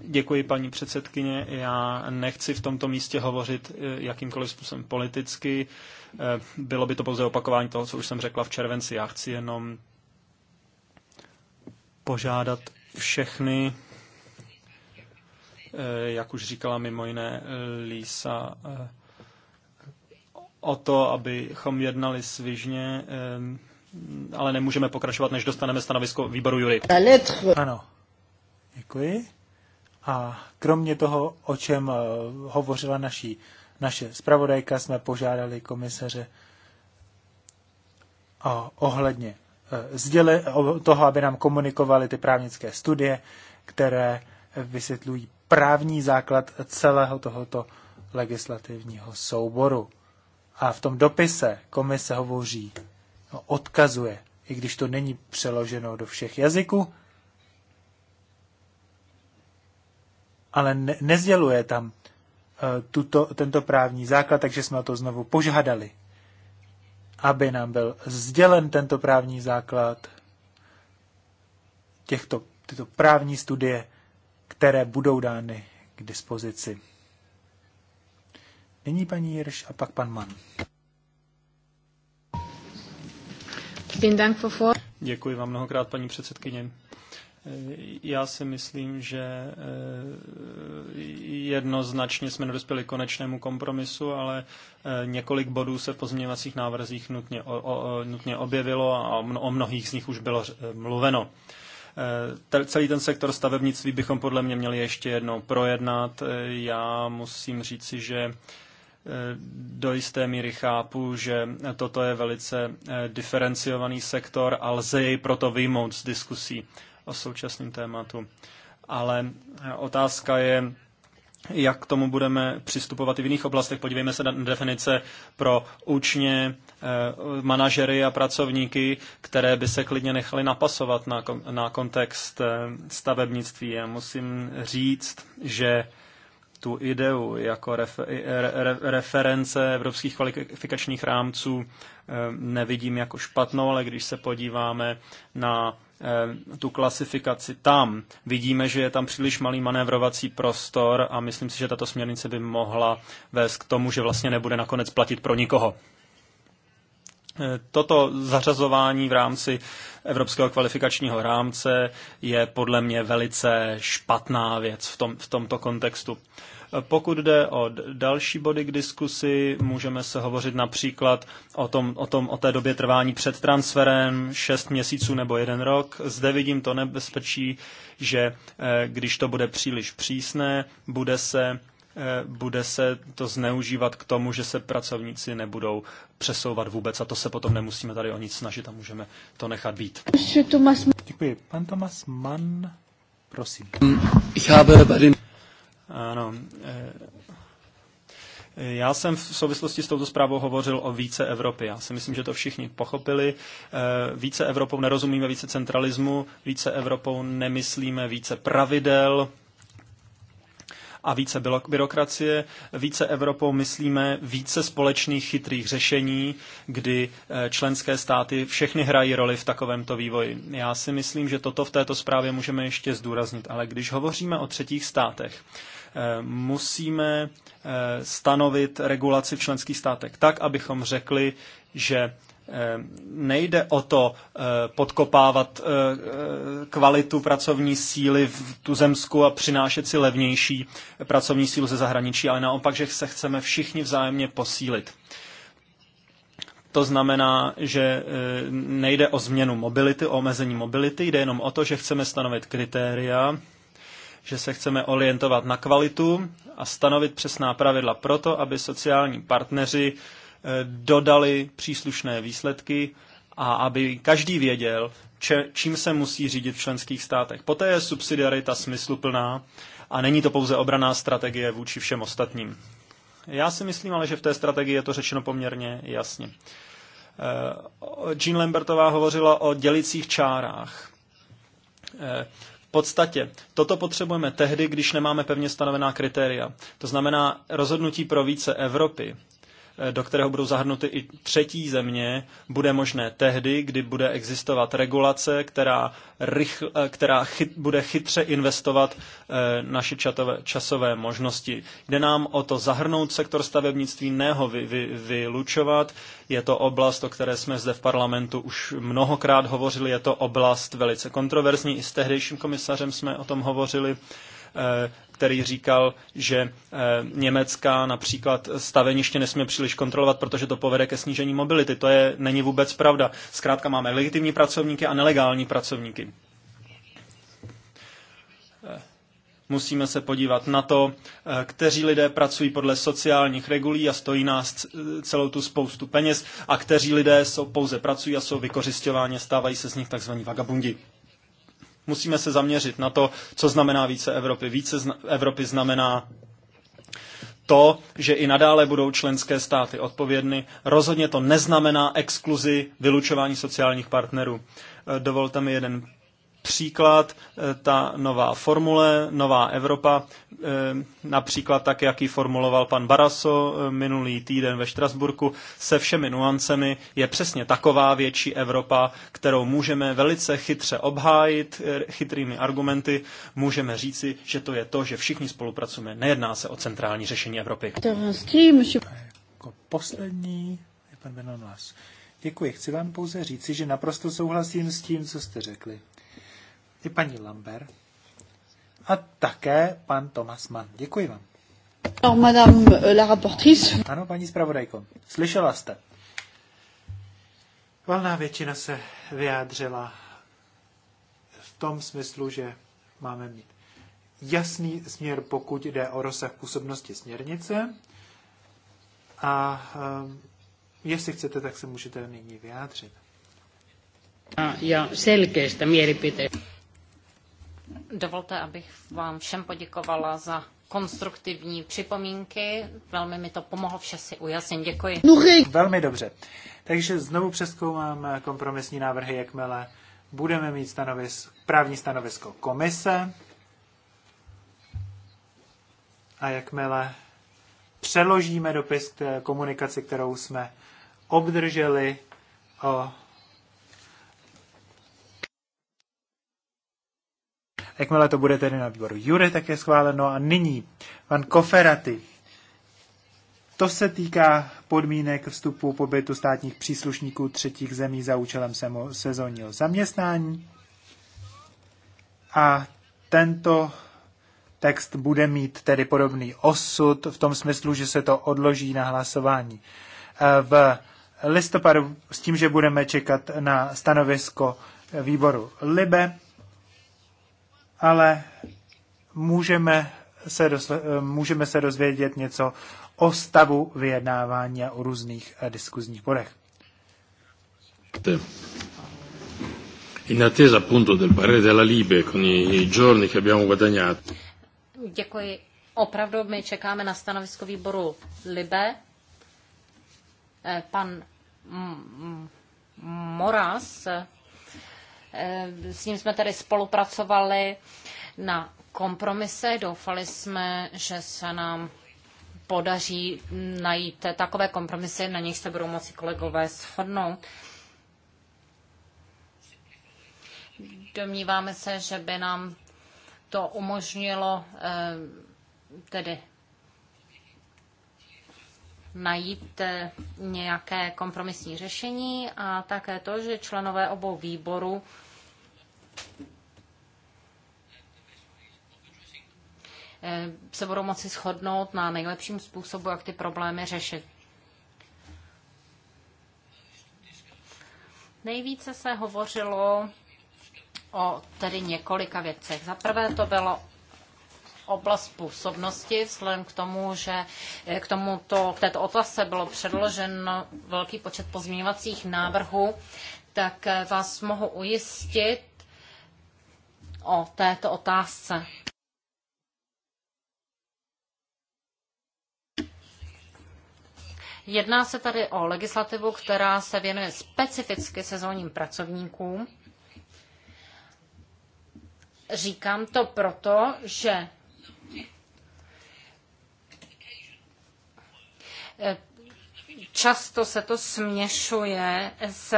Děkuji, paní předsedkyně. Já nechci v tomto místě hovořit eh, jakýmkoliv způsobem politicky. Eh, bylo by to pouze opakování toho, co už jsem řekla v červenci. Já chci jenom požádat všechny, eh, jak už říkala mimo jiné Lísa, o to, abychom jednali svižně Mm, ale nemůžeme pokračovat, než dostaneme stanovisko výboru Jury. Ano, děkuji. A kromě toho, o čem eh, hovořila naší, naše zpravodajka, jsme požádali komisaře o, ohledně eh, sděle, o toho, aby nám komunikovali ty právnické studie, které vysvětlují právní základ celého tohoto legislativního souboru. A v tom dopise komise hovoří No, odkazuje, i když to není přeloženo do všech jazyků, ale ne, nezděluje tam e, tuto, tento právní základ, takže jsme to znovu požádali, aby nám byl sdělen tento právní základ těchto, tyto právní studie, které budou dány k dispozici. Nyní paní Jirš a pak pan Mann. Děkuji vám mnohokrát, paní předsedkyně. Já si myslím, že eh, jednoznačně jsme nedospěli k konečnému kompromisu, ale eh, několik bodů se v pozměňovacích návrzích nutně, o, o, nutně objevilo a o mnohých z nich už bylo eh, mluveno. Celý ten sektor stavebnictví bychom podle mě měli ještě jednou projednat. Já musím říci, že do jisté míry chápu, že toto je velice eh, diferenciovaný sektor a lze jej proto vyjmout z diskusí o současném tématu. Ale eh, otázka je, jak k tomu budeme přistupovat i v jiných oblastech. Podívejme se na definice pro učně, eh, manažery a pracovníky, které by se klidně nechali napasovat na, na kontext stavebnictví. Já musím říct, že tu ideu jako refer, re, reference evropských kvalifikačních rámců eh, nevidím jako špatnou, ale když se podíváme na eh, tu klasifikaci tam, vidíme, že je tam příliš malý manévrovací prostor a myslím si, že tato směrnice by mohla vést k tomu, že vlastně nebude nakonec platit pro nikoho. Toto zařazování v rámci Evropského kvalifikačního rámce je podle mě velice špatná věc v, tom, v tomto kontextu. Pokud jde o další body k diskusi, můžeme se hovořit například o, tom, o, tom, o té době trvání před transferem, 6 měsíců nebo jeden rok. Zde vidím to nebezpečí, že eh, když to bude příliš přísné, bude se Eh, bude se to zneužívat k tomu, že se pracovníci nebudou přesouvat vůbec a to se potom nemusíme tady o nic snažit a můžeme to nechat být. Děkuji. Pan Tomas Mann, prosím. Ano. Eh, já jsem v souvislosti s touto zprávou hovořil o více Evropy. Já si myslím, že to všichni pochopili. Eh, více Evropou nerozumíme více centralismu, více Evropou nemyslíme více pravidel, a více byrokracie. Více Evropou myslíme více společných chytrých řešení, kdy eh, členské státy všechny hrají roli v takovémto vývoji. Já si myslím, že toto v této zprávě můžeme ještě zdůraznit, ale když hovoříme o třetích státech, eh, musíme eh, stanovit regulaci v členských státech tak, abychom řekli, že Eh, nejde o to eh, podkopávat eh, kvalitu pracovní síly v tuzemsku a přinášet si levnější pracovní sílu ze zahraničí, ale naopak, že se chceme všichni vzájemně posílit. To znamená, že nejde o změnu mobility, o omezení mobility, jde jenom o to, že chceme stanovit kritéria, že se chceme orientovat na kvalitu a stanovit přesná pravidla proto, aby sociální partneři dodali příslušné výsledky a aby každý věděl, če, čím se musí řídit v členských státech. Poté je subsidiarita smysluplná a není to pouze obraná strategie vůči všem ostatním. Já si myslím ale, že v té strategii je to řečeno poměrně jasně. Eh, Jean Lambertová hovořila o dělicích čárách. Eh, v podstatě toto potřebujeme tehdy, když nemáme pevně stanovená kritéria. To znamená, rozhodnutí pro více Evropy do kterého budou zahrnuty i třetí země, bude možné tehdy, kdy bude existovat regulace, která, rychl, eh, která chy, bude chytře investovat eh, naše čatové, časové možnosti. Jde nám o to zahrnout sektor stavebnictví, ne ho vy, vy, vylučovat. Je to oblast, o které jsme zde v parlamentu už mnohokrát hovořili, je to oblast velice kontroverzní. I s tehdejším komisařem jsme o tom hovořili. Eh, který říkal, že eh, Německá, například staveniště nesmí příliš kontrolovat, protože to povede ke snížení mobility. To je, není vůbec pravda. Zkrátka máme legitimní pracovníky a nelegální pracovníky. Eh, musíme se podívat na to, kteří lidé pracují podle sociálních regulí a stojí nás celou tu spoustu peněz a kteří lidé jsou, pouze pracují a jsou vykořišťováni, stávají se z nich tzv. vagabundi. Musíme se zaměřit na to, co znamená více Evropy. Více zna- Evropy znamená to, že i nadále budou členské státy odpovědny. Rozhodně to neznamená exkluzi, vylučování sociálních partnerů. E, dovolte mi jeden Příklad, eh, ta nová formule, nová Evropa, eh, například tak, jak ji formuloval pan Baraso eh, minulý týden ve Štrasburku, se všemi nuancemi je přesně taková větší Evropa, kterou můžeme velice chytře obhájit, chytrými argumenty, můžeme říci, že to je to, že všichni spolupracujeme. Nejedná se o centrální řešení Evropy. Jako poslední je pan Benon Děkuji. Chci vám pouze říci, že naprosto souhlasím s tím, co jste řekli i paní Lambert a také pan Thomas Mann. Děkuji vám. Alors, madame euh, la rapportrice. Ano, paní zpravodajko, slyšela jste. Valná většina se vyjádřila v tom smyslu, že máme mít jasný směr, pokud jde o rozsah působnosti směrnice. A eh, jestli chcete, tak se můžete nyní vyjádřit. Ah, ja selkeästä mielipiteestä. Dovolte, abych vám všem poděkovala za konstruktivní připomínky. Velmi mi to pomohlo vše si ujasnit. Děkuji. Velmi dobře. Takže znovu přeskoumám kompromisní návrhy, jakmile budeme mít stanovis, právní stanovisko komise a jakmile přeložíme dopis k komunikaci, kterou jsme obdrželi o Jakmile to bude tedy na výboru Jury také schváleno a nyní pan Koferaty. To se týká podmínek vstupu pobytu státních příslušníků třetích zemí za účelem sezónního zaměstnání. A tento text bude mít tedy podobný osud v tom smyslu, že se to odloží na hlasování e, v listopadu s tím, že budeme čekat na stanovisko výboru LIBE ale můžeme se, eh, můžeme se dozvědět něco o stavu vyjednávání a o různých eh, diskuzních bodech. In attesa appunto del parere della Libe con i giorni che abbiamo guadagnato. Děkuji. Opravdu my čekáme na stanovisko výboru Libe. Eh, pan Moras Eh, s ním jsme tedy spolupracovali na kompromise. Doufali jsme, že se nám podaří najít takové kompromisy, na nich se budou moci kolegové shodnout. Domníváme se, že by nám to umožnilo eh, tedy najít eh, nějaké kompromisní řešení a také to, že členové obou výborů Eh, se budou moci shodnout na nejlepším způsobu, jak ty problémy řešit. Nejvíce se hovořilo o tedy několika věcech. Za prvé to bylo oblast působnosti, vzhledem k tomu, že eh, k, tomuto, k této otázce bylo předložen velký počet pozměňovacích návrhů, tak eh, vás mohu ujistit, o této otázce. Jedná se tady o legislativu, která se věnuje specificky sezónním pracovníkům. Říkám to proto, že Často se to směšuje s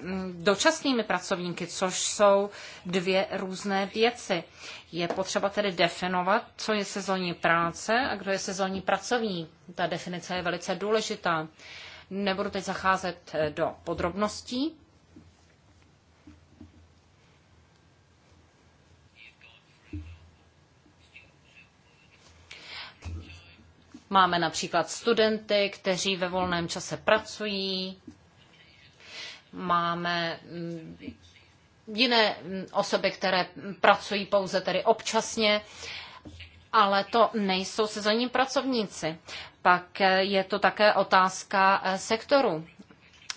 mm, dočasnými pracovníky, což jsou dvě různé věci. Je potřeba tedy definovat, co je sezónní práce a kdo je sezónní pracovník. Ta definice je velice důležitá. Nebudu teď zacházet eh, do podrobností, Máme například studenty, kteří ve volném čase pracují. Máme mm, jiné mm, osoby, které pracují pouze tedy občasně, ale to nejsou sezónní pracovníci. Pak eh, je to také otázka eh, sektoru.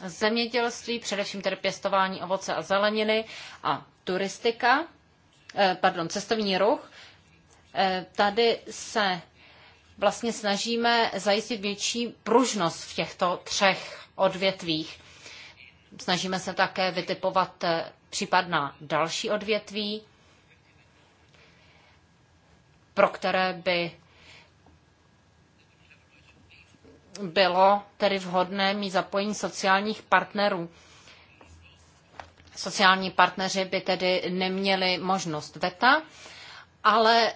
Zemědělství, především tedy pěstování ovoce a zeleniny a turistika, eh, pardon, cestovní ruch. Tady se vlastně snažíme zajistit větší pružnost v těchto třech odvětvích. Snažíme se také vytipovat eh, případná další odvětví, pro které by bylo tedy vhodné mít zapojení sociálních partnerů. Sociální partneři by tedy neměli možnost veta, ale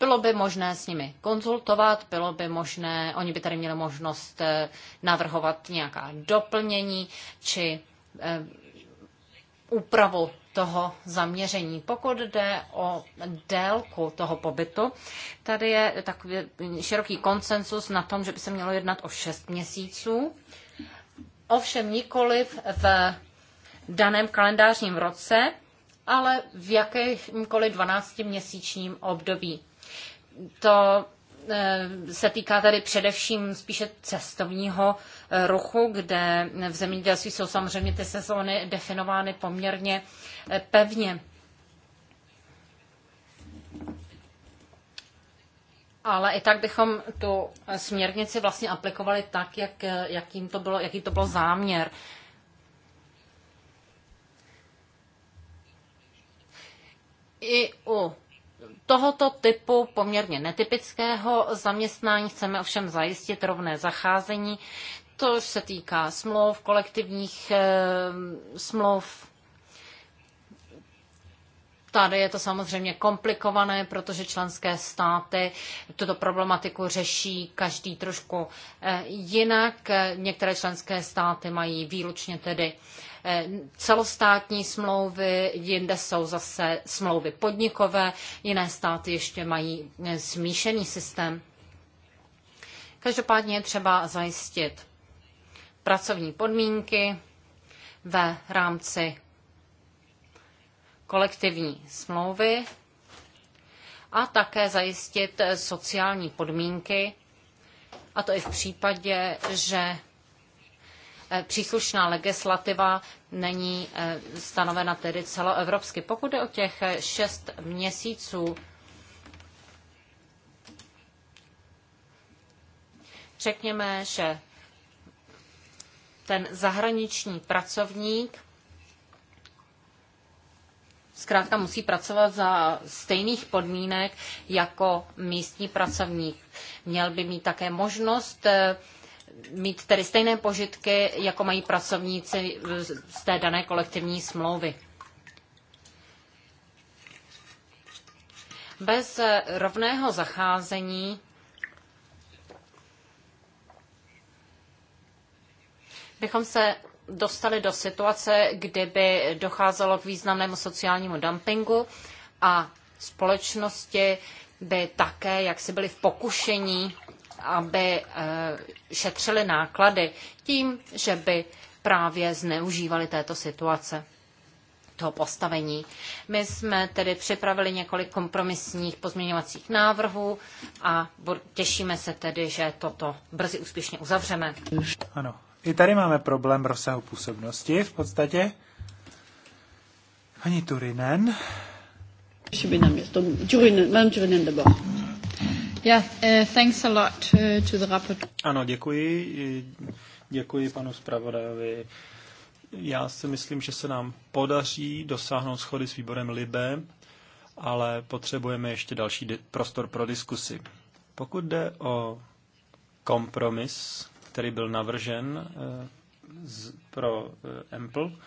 bylo by možné s nimi konzultovat, bylo by možné, oni by tady měli možnost eh, navrhovat nějaká doplnění či eh, úpravu toho zaměření. Pokud jde o délku toho pobytu, tady je takový široký konsensus na tom, že by se mělo jednat o 6 měsíců. Ovšem nikoliv v daném kalendářním roce, ale v jakémkoliv 12-měsíčním období to eh, se týká tady především spíše cestovního eh, ruchu, kde v zemědělství jsou samozřejmě ty sezóny definovány poměrně eh, pevně. Ale i tak bychom tu směrnici vlastně aplikovali tak, jak, jakým to bylo, jaký to byl záměr. I u tohoto typu poměrně netypického zaměstnání chceme ovšem zajistit rovné zacházení. To se týká smlouv, kolektivních e, eh, smlouv. Tady je to samozřejmě komplikované, protože členské státy tuto problematiku řeší každý trošku eh, jinak. Některé členské státy mají výlučně tedy Eh, celostátní smlouvy, jinde jsou zase smlouvy podnikové, jiné státy ještě mají eh, smíšený systém. Každopádně je třeba zajistit pracovní podmínky ve rámci kolektivní smlouvy a také zajistit sociální podmínky, a to i v případě, že Eh, příslušná legislativa není eh, stanovena tedy celoevropsky. Pokud je o těch eh, šest měsíců, řekněme, že ten zahraniční pracovník zkrátka musí pracovat za stejných podmínek jako místní pracovník. Měl by mít také možnost mít tedy stejné požitky, jako mají pracovníci z té dané kolektivní smlouvy. Bez rovného zacházení bychom se dostali do situace, kdyby docházelo k významnému sociálnímu dumpingu a společnosti by také, jak si byly v pokušení aby eh, šetřili náklady tím, že by právě zneužívali této situace toho postavení. My jsme tedy připravili několik kompromisních pozměňovacích návrhů a těšíme se tedy, že toto brzy úspěšně uzavřeme. Ano, i tady máme problém rozsahu působnosti v podstatě. Pani Turinen. Turinen, Turinen, Turinen d'abord. Uh, thanks a lot uh, to the rapport. Ano, děkuji. Děkuji panu zpravodajovi. Já si myslím, že se nám podaří dosáhnout schody s výborem Libe, ale potřebujeme ještě další prostor pro diskusi. Pokud jde o kompromis, který byl navržen eh, pro Empl. Eh,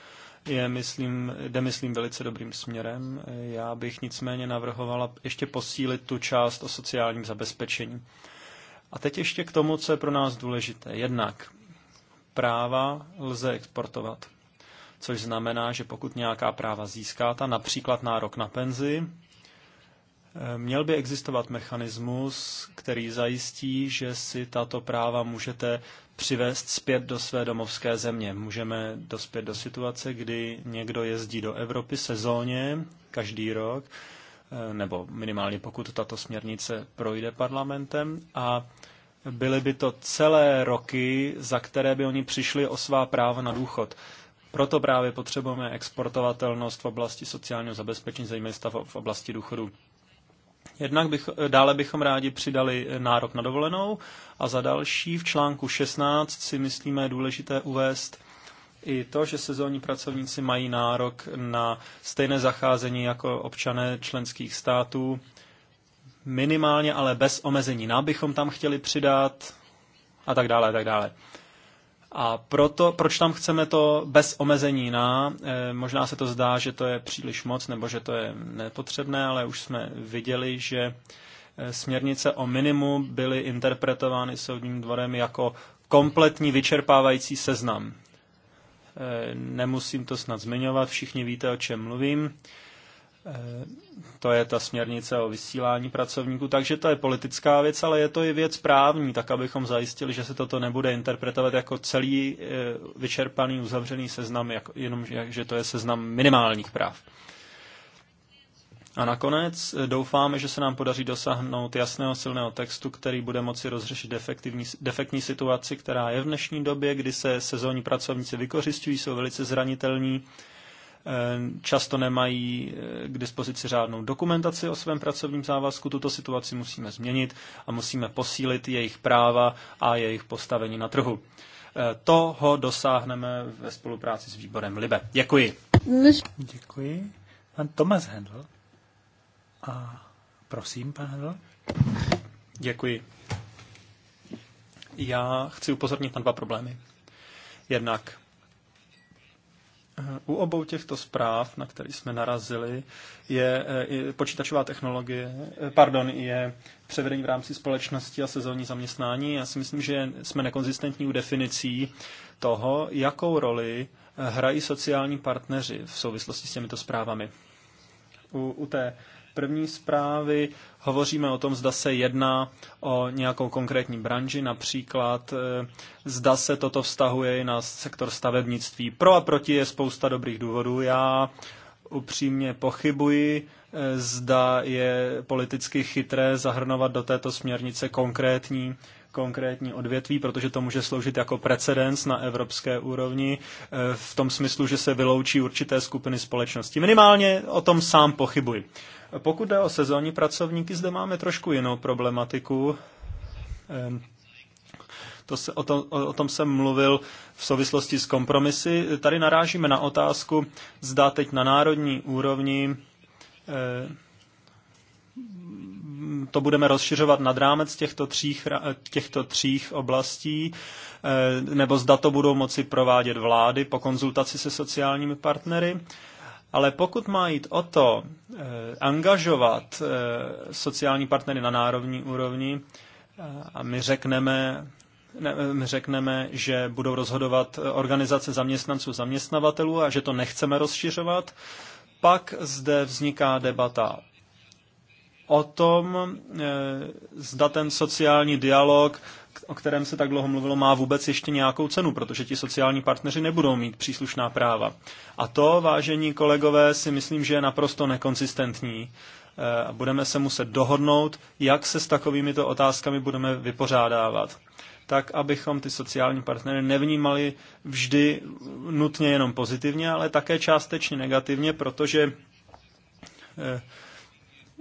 je, myslím, jde, myslím, velice dobrým směrem. Já bych nicméně navrhovala ještě posílit tu část o sociálním zabezpečení. A teď ještě k tomu, co je pro nás důležité. Jednak práva lze exportovat, což znamená, že pokud nějaká práva získáte, například nárok na penzi, Měl by existovat mechanismus, který zajistí, že si tato práva můžete přivést zpět do své domovské země. Můžeme dospět do situace, kdy někdo jezdí do Evropy sezóně každý rok, eh, nebo minimálně pokud tato směrnice projde parlamentem a byly by to celé roky, za které by oni přišli o svá práva na důchod. Proto právě potřebujeme exportovatelnost v oblasti sociálního zabezpečení, zejména v oblasti důchodu. Jednak bych, eh, dále bychom rádi přidali eh, nárok na dovolenou a za další v článku 16 si myslíme důležité uvést i to, že sezónní pracovníci mají nárok na stejné zacházení jako občané členských států, minimálně, ale bez omezení. Nám no bychom tam chtěli přidat a tak dále, a tak dále. A proto, proč tam chceme to bez omezení na, eh, možná se to zdá, že to je příliš moc nebo že to je nepotřebné, ale už jsme viděli, že eh, směrnice o minimu byly interpretovány soudním dvorem jako kompletní vyčerpávající seznam. Eh, nemusím to snad zmiňovat, všichni víte, o čem mluvím to je ta směrnice o vysílání pracovníků, takže to je politická věc, ale je to i věc právní, tak abychom zajistili, že se toto nebude interpretovat jako celý e, vyčerpaný, uzavřený seznam, jenom že to je seznam minimálních práv. A nakonec e, doufáme, že se nám podaří dosáhnout jasného silného textu, který bude moci rozřešit defektivní, defektní situaci, která je v dnešní době, kdy se sezónní pracovníci vykořišťují, jsou velice zranitelní Eh, často nemají eh, k dispozici řádnou dokumentaci o svém pracovním závazku. Tuto situaci musíme změnit a musíme posílit jejich práva a jejich postavení na trhu. Eh, toho dosáhneme ve spolupráci s výborem Libe. Děkuji. Děkuji. Pan Tomas Hendl. A prosím, pan Hendl. Děkuji. Já chci upozornit na dva problémy. Jednak u obou těchto zpráv, na které jsme narazili, je, e, počítačová technologie, e, pardon, je převedení v rámci společnosti a sezónní zaměstnání. Já si myslím, že jsme nekonzistentní u definicí toho, jakou roli hrají sociální partneři v souvislosti s těmito zprávami. U, u té první zprávy hovoříme o tom, zda se jedná o nějakou konkrétní branži, například eh, zda se toto vztahuje i na sektor stavebnictví. Pro a proti je spousta dobrých důvodů. Já upřímně pochybuji, eh, zda je politicky chytré zahrnovat do této směrnice konkrétní konkrétní odvětví, protože to může sloužit jako precedens na evropské úrovni eh, v tom smyslu, že se vyloučí určité skupiny společnosti. Minimálně o tom sám pochybuji. Pokud jde o sezónní pracovníky, zde máme trošku jinou problematiku. To se, o, to, o tom jsem mluvil v souvislosti s kompromisy. Tady narážíme na otázku, zda teď na národní úrovni to budeme rozšiřovat nad rámec těchto třích těchto třích oblastí, nebo zda to budou moci provádět vlády po konzultaci se sociálními partnery. Ale pokud má jít o to eh, angažovat eh, sociální partnery na národní úrovni eh, a my řekneme, ne, eh, my řekneme, že budou rozhodovat eh, organizace zaměstnanců zaměstnavatelů a že to nechceme rozšiřovat, pak zde vzniká debata o tom, eh, zda ten sociální dialog o kterém se tak dlouho mluvilo, má vůbec ještě nějakou cenu, protože ti sociální partneři nebudou mít příslušná práva. A to, vážení kolegové, si myslím, že je naprosto nekonsistentní. Eh, budeme se muset dohodnout, jak se s takovýmito otázkami budeme vypořádávat tak, abychom ty sociální partnery nevnímali vždy nutně jenom pozitivně, ale také částečně negativně, protože eh,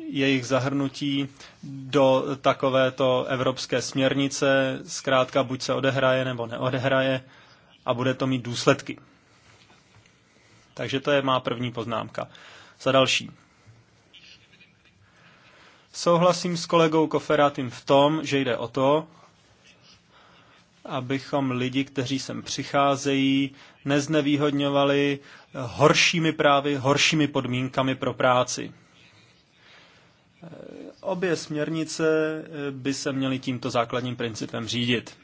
jejich zahrnutí do takovéto evropské směrnice zkrátka buď se odehraje nebo neodehraje a bude to mít důsledky. Takže to je má první poznámka. Za další. Souhlasím s kolegou Koferátem v tom, že jde o to, abychom lidi, kteří sem přicházejí, neznevýhodňovali horšími právy, horšími podmínkami pro práci. Obě směrnice eh, by se měly tímto základním principem řídit.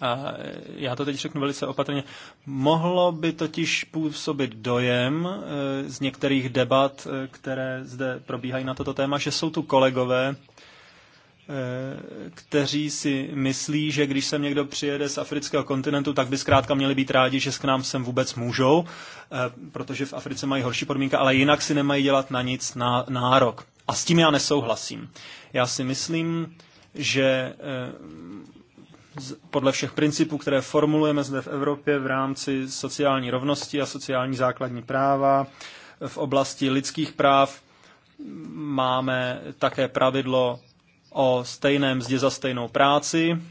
A eh, já to teď řeknu velice opatrně. Mohlo by totiž působit dojem eh, z některých debat, které zde probíhají na toto téma, že jsou tu kolegové, kteří si myslí, že když sem někdo přijede z afrického kontinentu, tak by zkrátka měli být rádi, že k nám sem vůbec můžou, eh, protože v Africe mají horší podmínka, ale jinak si nemají dělat na nic nárok. A s tím já nesouhlasím. Já si myslím, že eh, podle všech principů, které formulujeme zde v Evropě v rámci sociální rovnosti a sociální základní práva, v oblasti lidských práv máme také pravidlo o stejné mzdě za stejnou práci,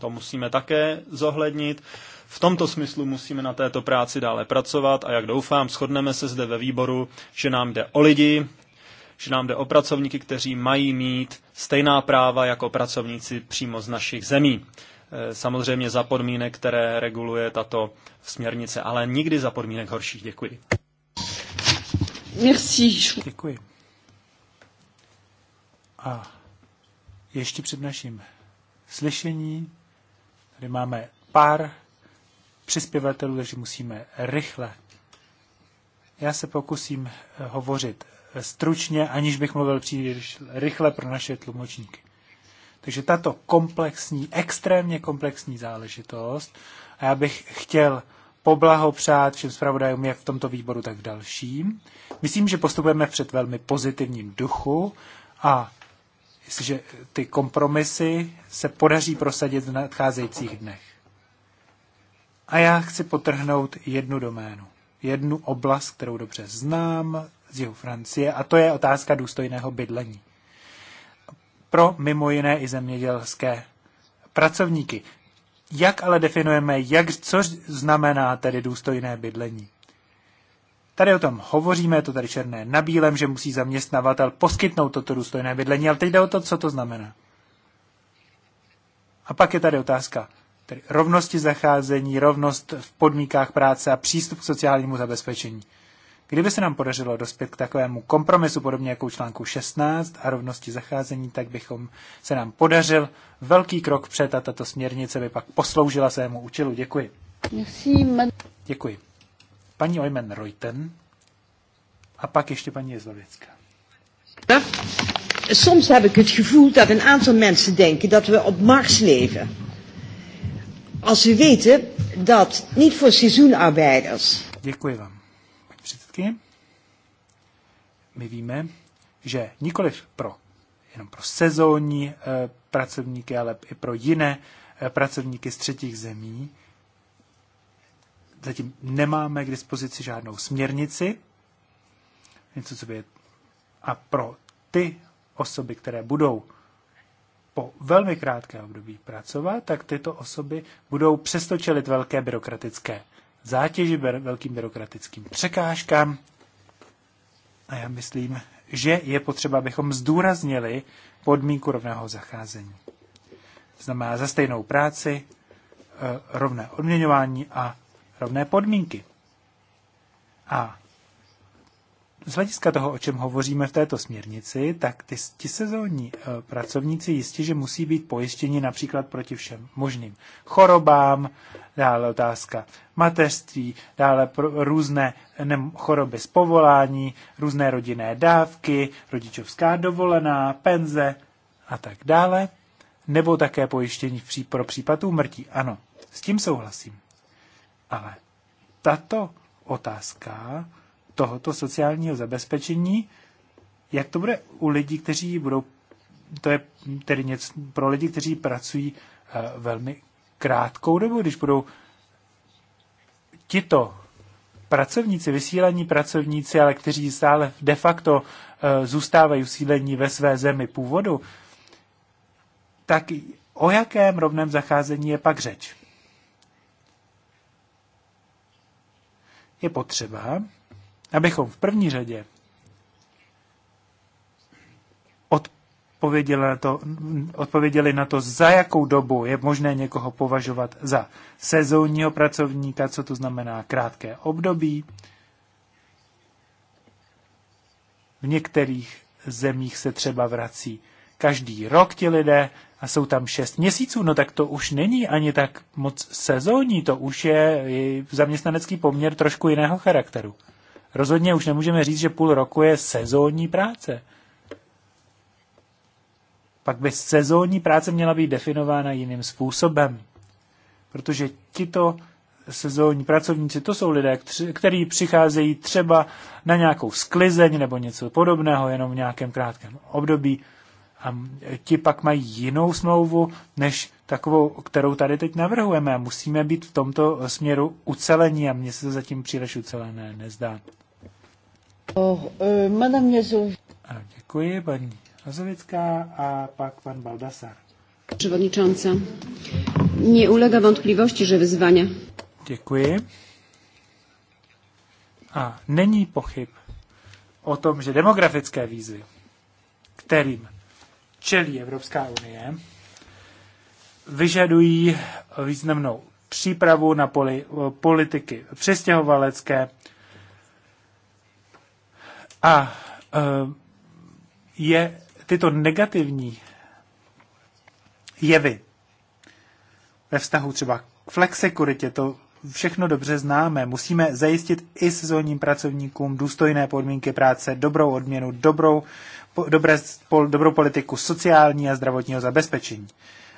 to musíme také zohlednit. V tomto smyslu musíme na této práci dále pracovat a jak doufám, shodneme se zde ve výboru, že nám jde o lidi, že nám jde o pracovníky, kteří mají mít stejná práva jako pracovníci přímo z našich zemí. E, samozřejmě za podmínek, které reguluje tato směrnice, ale nikdy za podmínek horších. Děkuji. Merci. Děkuji. A ještě před naším slyšení. Tady máme pár přispěvatelů, takže musíme rychle. Já se pokusím eh, hovořit eh, stručně, aniž bych mluvil příliš rychle pro naše tlumočníky. Takže tato komplexní, extrémně komplexní záležitost, a já bych chtěl poblahopřát všem zpravodajům je v tomto výboru tak dalším. Myslím, že postupujeme před velmi pozitivním duchu a jestliže ty kompromisy se podaří prosadit v nadcházejících dnech. A já chci potrhnout jednu doménu, jednu oblast, kterou dobře znám z jeho Francie, a to je otázka důstojného bydlení. Pro mimo jiné i zemědělské pracovníky. Jak ale definujeme, jak, co znamená tedy důstojné bydlení? Tady o tom hovoříme, to tady černé na bílém, že musí zaměstnavatel poskytnout toto důstojné bydlení, ale teď jde o to, co to znamená. A pak je tady otázka tedy rovnosti zacházení, rovnost v podmínkách práce a přístup k sociálnímu zabezpečení. Kdyby se nám podařilo dospět k takovému kompromisu, podobně jako u článku 16 a rovnosti zacházení, tak bychom se nám podařil velký krok před a tato směrnice by pak posloužila svému účelu. Děkuji. Děkuji. Paní Ojmen Reuten a pak ještě paní Jezlověcka. Jezlověcká. Soms heb ik het gevoel dat een aantal mensen denken dat we op Mars leven. Als we weten dat niet voor seizoenarbeiders. Děkuji vám, paní předsedkyně. My víme, že nikoli pro jenom pro sezónní e, pracovníky, ale i pro jiné e, pracovníky z třetích zemí zatím nemáme k dispozici žádnou směrnici, něco, co by je. A pro ty osoby, které budou po velmi krátké období pracovat, tak tyto osoby budou přesto čelit velké byrokratické zátěži, velkým byrokratickým překážkám. A já myslím, že je potřeba, abychom zdůraznili podmínku rovného zacházení. Znamená za stejnou práci eh, rovné odměňování a rovné podmínky. A z hlediska toho, o čem hovoříme v této směrnici, tak ty, ti sezónní eh, pracovníci jistě, že musí být pojištěni například proti všem možným chorobám, dále otázka mateřství, dále pro, různé eh, ne, choroby z povolání, různé rodinné dávky, rodičovská dovolená, penze a tak dále, nebo také pojištění v pro případ úmrtí. Ano, s tím souhlasím. Ale tato otázka tohoto sociálního zabezpečení, jak to bude u lidí, kteří budou, to je tedy něco pro lidi, kteří pracují eh, velmi krátkou dobu, když budou tito pracovníci, vysílení pracovníci, ale kteří stále de facto eh, zůstávají usídlení ve své zemi původu, tak o jakém rovném zacházení je pak řeč? je potřeba, abychom v první řadě odpověděli na, to, odpověděli na to, za jakou dobu je možné někoho považovat za sezónního pracovníka, co to znamená krátké období. V některých zemích se třeba vrací každý rok ti lidé, a jsou tam šest měsíců, no tak to už není ani tak moc sezónní, to už je zaměstnanecký poměr trošku jiného charakteru. Rozhodně už nemůžeme říct, že půl roku je sezónní práce. Pak by sezónní práce měla být definována jiným způsobem. Protože tito sezónní pracovníci, to jsou lidé, kteří přicházejí třeba na nějakou sklizeň nebo něco podobného, jenom v nějakém krátkém období. A ti pak mají jinou smlouvu, než takovou, kterou tady teď navrhujeme. A musíme být v tomto směru ucelení a mně se to zatím příliš ucelené nezdá. Oh, uh, A děkuji, paní Hazovická a pak pan Baldasar. Przewodnicząca, nie ulega wątpliwości, że wyzwania. Děkuji. A není pochyb o tom, že demografické výzvy, kterým čelí Evropská unie, vyžadují významnou přípravu na poli, eh, politiky přestěhovalecké a eh, je tyto negativní jevy ve vztahu třeba k flexikuritě, to všechno dobře známe. Musíme zajistit i sezónním pracovníkům důstojné podmínky práce, dobrou odměnu, dobrou, po, dobré, pol, dobrou politiku sociální a zdravotního zabezpečení.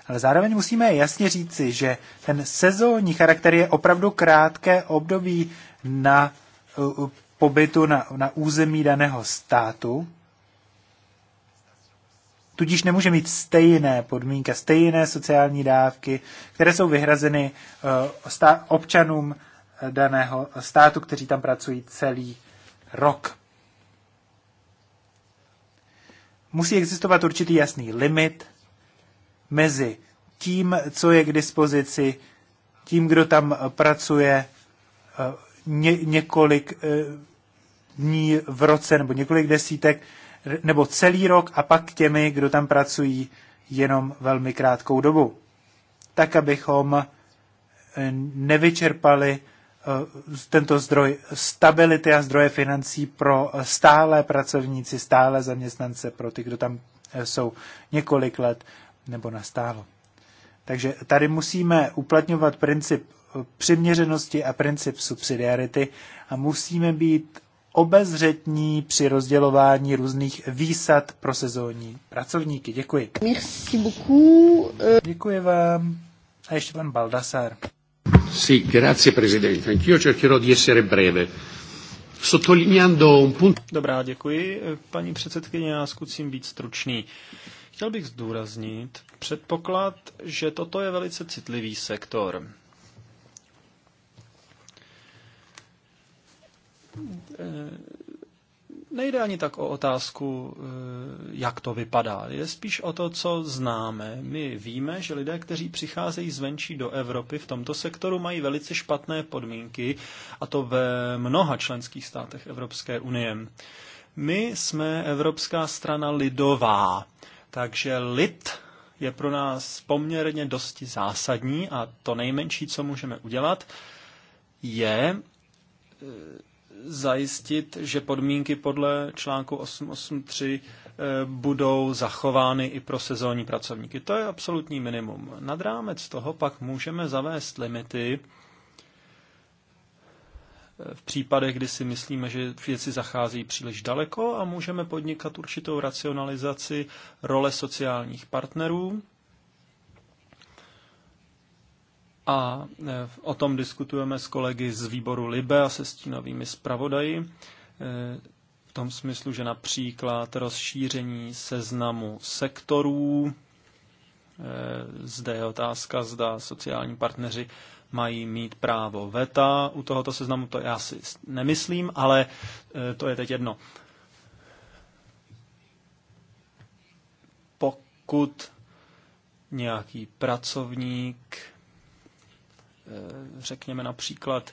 Ale zároveň musíme jasně říci, že ten sezónní charakter je opravdu krátké období na uh, pobytu na, na území daného státu Tudíž nemůže mít stejné podmínky, stejné sociální dávky, které jsou vyhrazeny eh, občanům eh, daného státu, kteří tam pracují celý rok. Musí existovat určitý jasný limit mezi tím, co je k dispozici, tím, kdo tam eh, pracuje ně, několik dní v roce nebo několik desítek nebo celý rok a pak těmi, kdo tam pracují jenom velmi krátkou dobu. Tak, abychom eh, nevyčerpali eh, tento zdroj stability a zdroje financí pro stále pracovníci, stále zaměstnance, pro ty, kdo tam eh, jsou několik let nebo nastálo. Takže tady musíme uplatňovat princip přiměřenosti a princip subsidiarity a musíme být obezřetní při rozdělování různých výsad pro sezónní pracovníky. Děkuji. Merci beaucoup. Děkuji vám. A ještě pan Baldassar. Sì, grazie Presidente. Anch'io cercherò di essere breve. Sottolineando un punto... Dobrá, děkuji. Paní předsedkyně, já zkusím být stručný. Chtěl bych zdůraznit předpoklad, že toto je velice citlivý sektor Eh, nejde ani tak o otázku, eh, jak to vypadá. Je spíš o to, co známe. My víme, že lidé, kteří přicházejí zvenčí do Evropy v tomto sektoru, mají velice špatné podmínky, a to ve mnoha členských státech Evropské unie. My jsme Evropská strana lidová, takže lid je pro nás poměrně dosti zásadní a to nejmenší, co můžeme udělat, je eh, zajistit, že podmínky podle článku 883 eh, budou zachovány i pro sezónní pracovníky. To je absolutní minimum. Nad rámec toho pak můžeme zavést limity eh, v případech, kdy si myslíme, že věci zachází příliš daleko a můžeme podnikat určitou racionalizaci role sociálních partnerů, a e, o tom diskutujeme s kolegy z výboru Libe a se stínovými zpravodaji. E, v tom smyslu, že například rozšíření seznamu sektorů, e, zde je otázka, zda sociální partneři mají mít právo veta. U tohoto seznamu to já si nemyslím, ale to je teď jedno. Pokud nějaký pracovník Eh, řekněme například,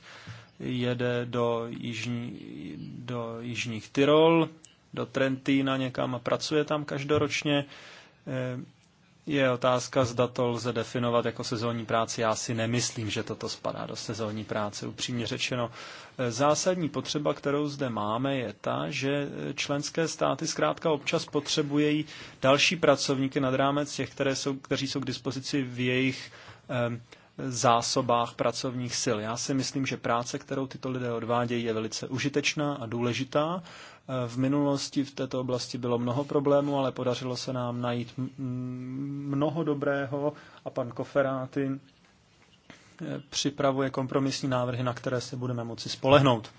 jede do, jižní, do jižních Tyrol, do Trentína někam a pracuje tam každoročně. Eh, je otázka, zda to lze definovat jako sezónní práci. Já si nemyslím, že toto spadá do sezónní práce, upřímně řečeno. Eh, zásadní potřeba, kterou zde máme, je ta, že členské státy zkrátka občas potřebují další pracovníky nad rámec těch, které jsou, kteří jsou k dispozici v jejich eh, zásobách pracovních sil. Já si myslím, že práce, kterou tyto lidé odvádějí, je velice užitečná a důležitá. V minulosti v této oblasti bylo mnoho problémů, ale podařilo se nám najít mnoho dobrého a pan Koferáty eh, připravuje kompromisní návrhy, na které se budeme moci spolehnout.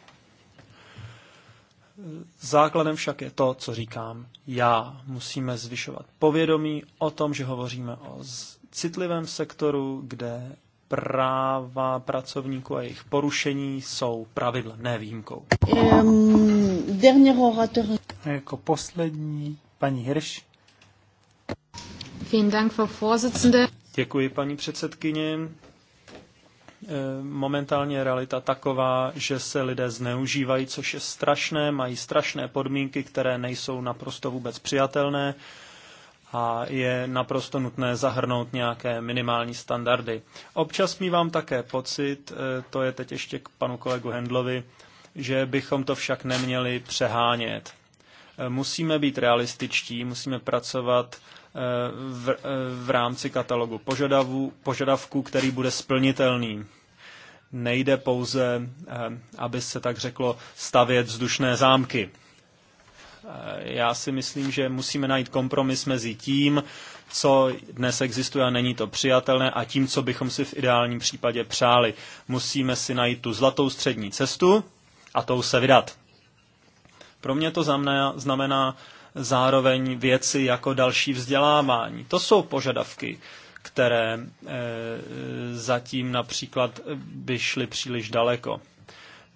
Základem však je to, co říkám já. Musíme zvyšovat povědomí o tom, že hovoříme o citlivém sektoru, kde práva pracovníků a jejich porušení jsou pravidlem, ne výjimkou. A jako poslední paní Hirš. Děkuji, paní předsedkyně. Momentálně je realita taková, že se lidé zneužívají, což je strašné, mají strašné podmínky, které nejsou naprosto vůbec přijatelné a je naprosto nutné zahrnout nějaké minimální standardy. Občas mývám také pocit, eh, to je teď ještě k panu kolegu Hendlovi, že bychom to však neměli přehánět. Eh, musíme být realističtí, musíme pracovat eh, v, v rámci katalogu požadavů, požadavků, který bude splnitelný. Nejde pouze, aby se tak řeklo, stavět vzdušné zámky. Já si myslím, že musíme najít kompromis mezi tím, co dnes existuje a není to přijatelné, a tím, co bychom si v ideálním případě přáli. Musíme si najít tu zlatou střední cestu a tou se vydat. Pro mě to znamená zároveň věci jako další vzdělávání. To jsou požadavky, které eh, zatím například by šly příliš daleko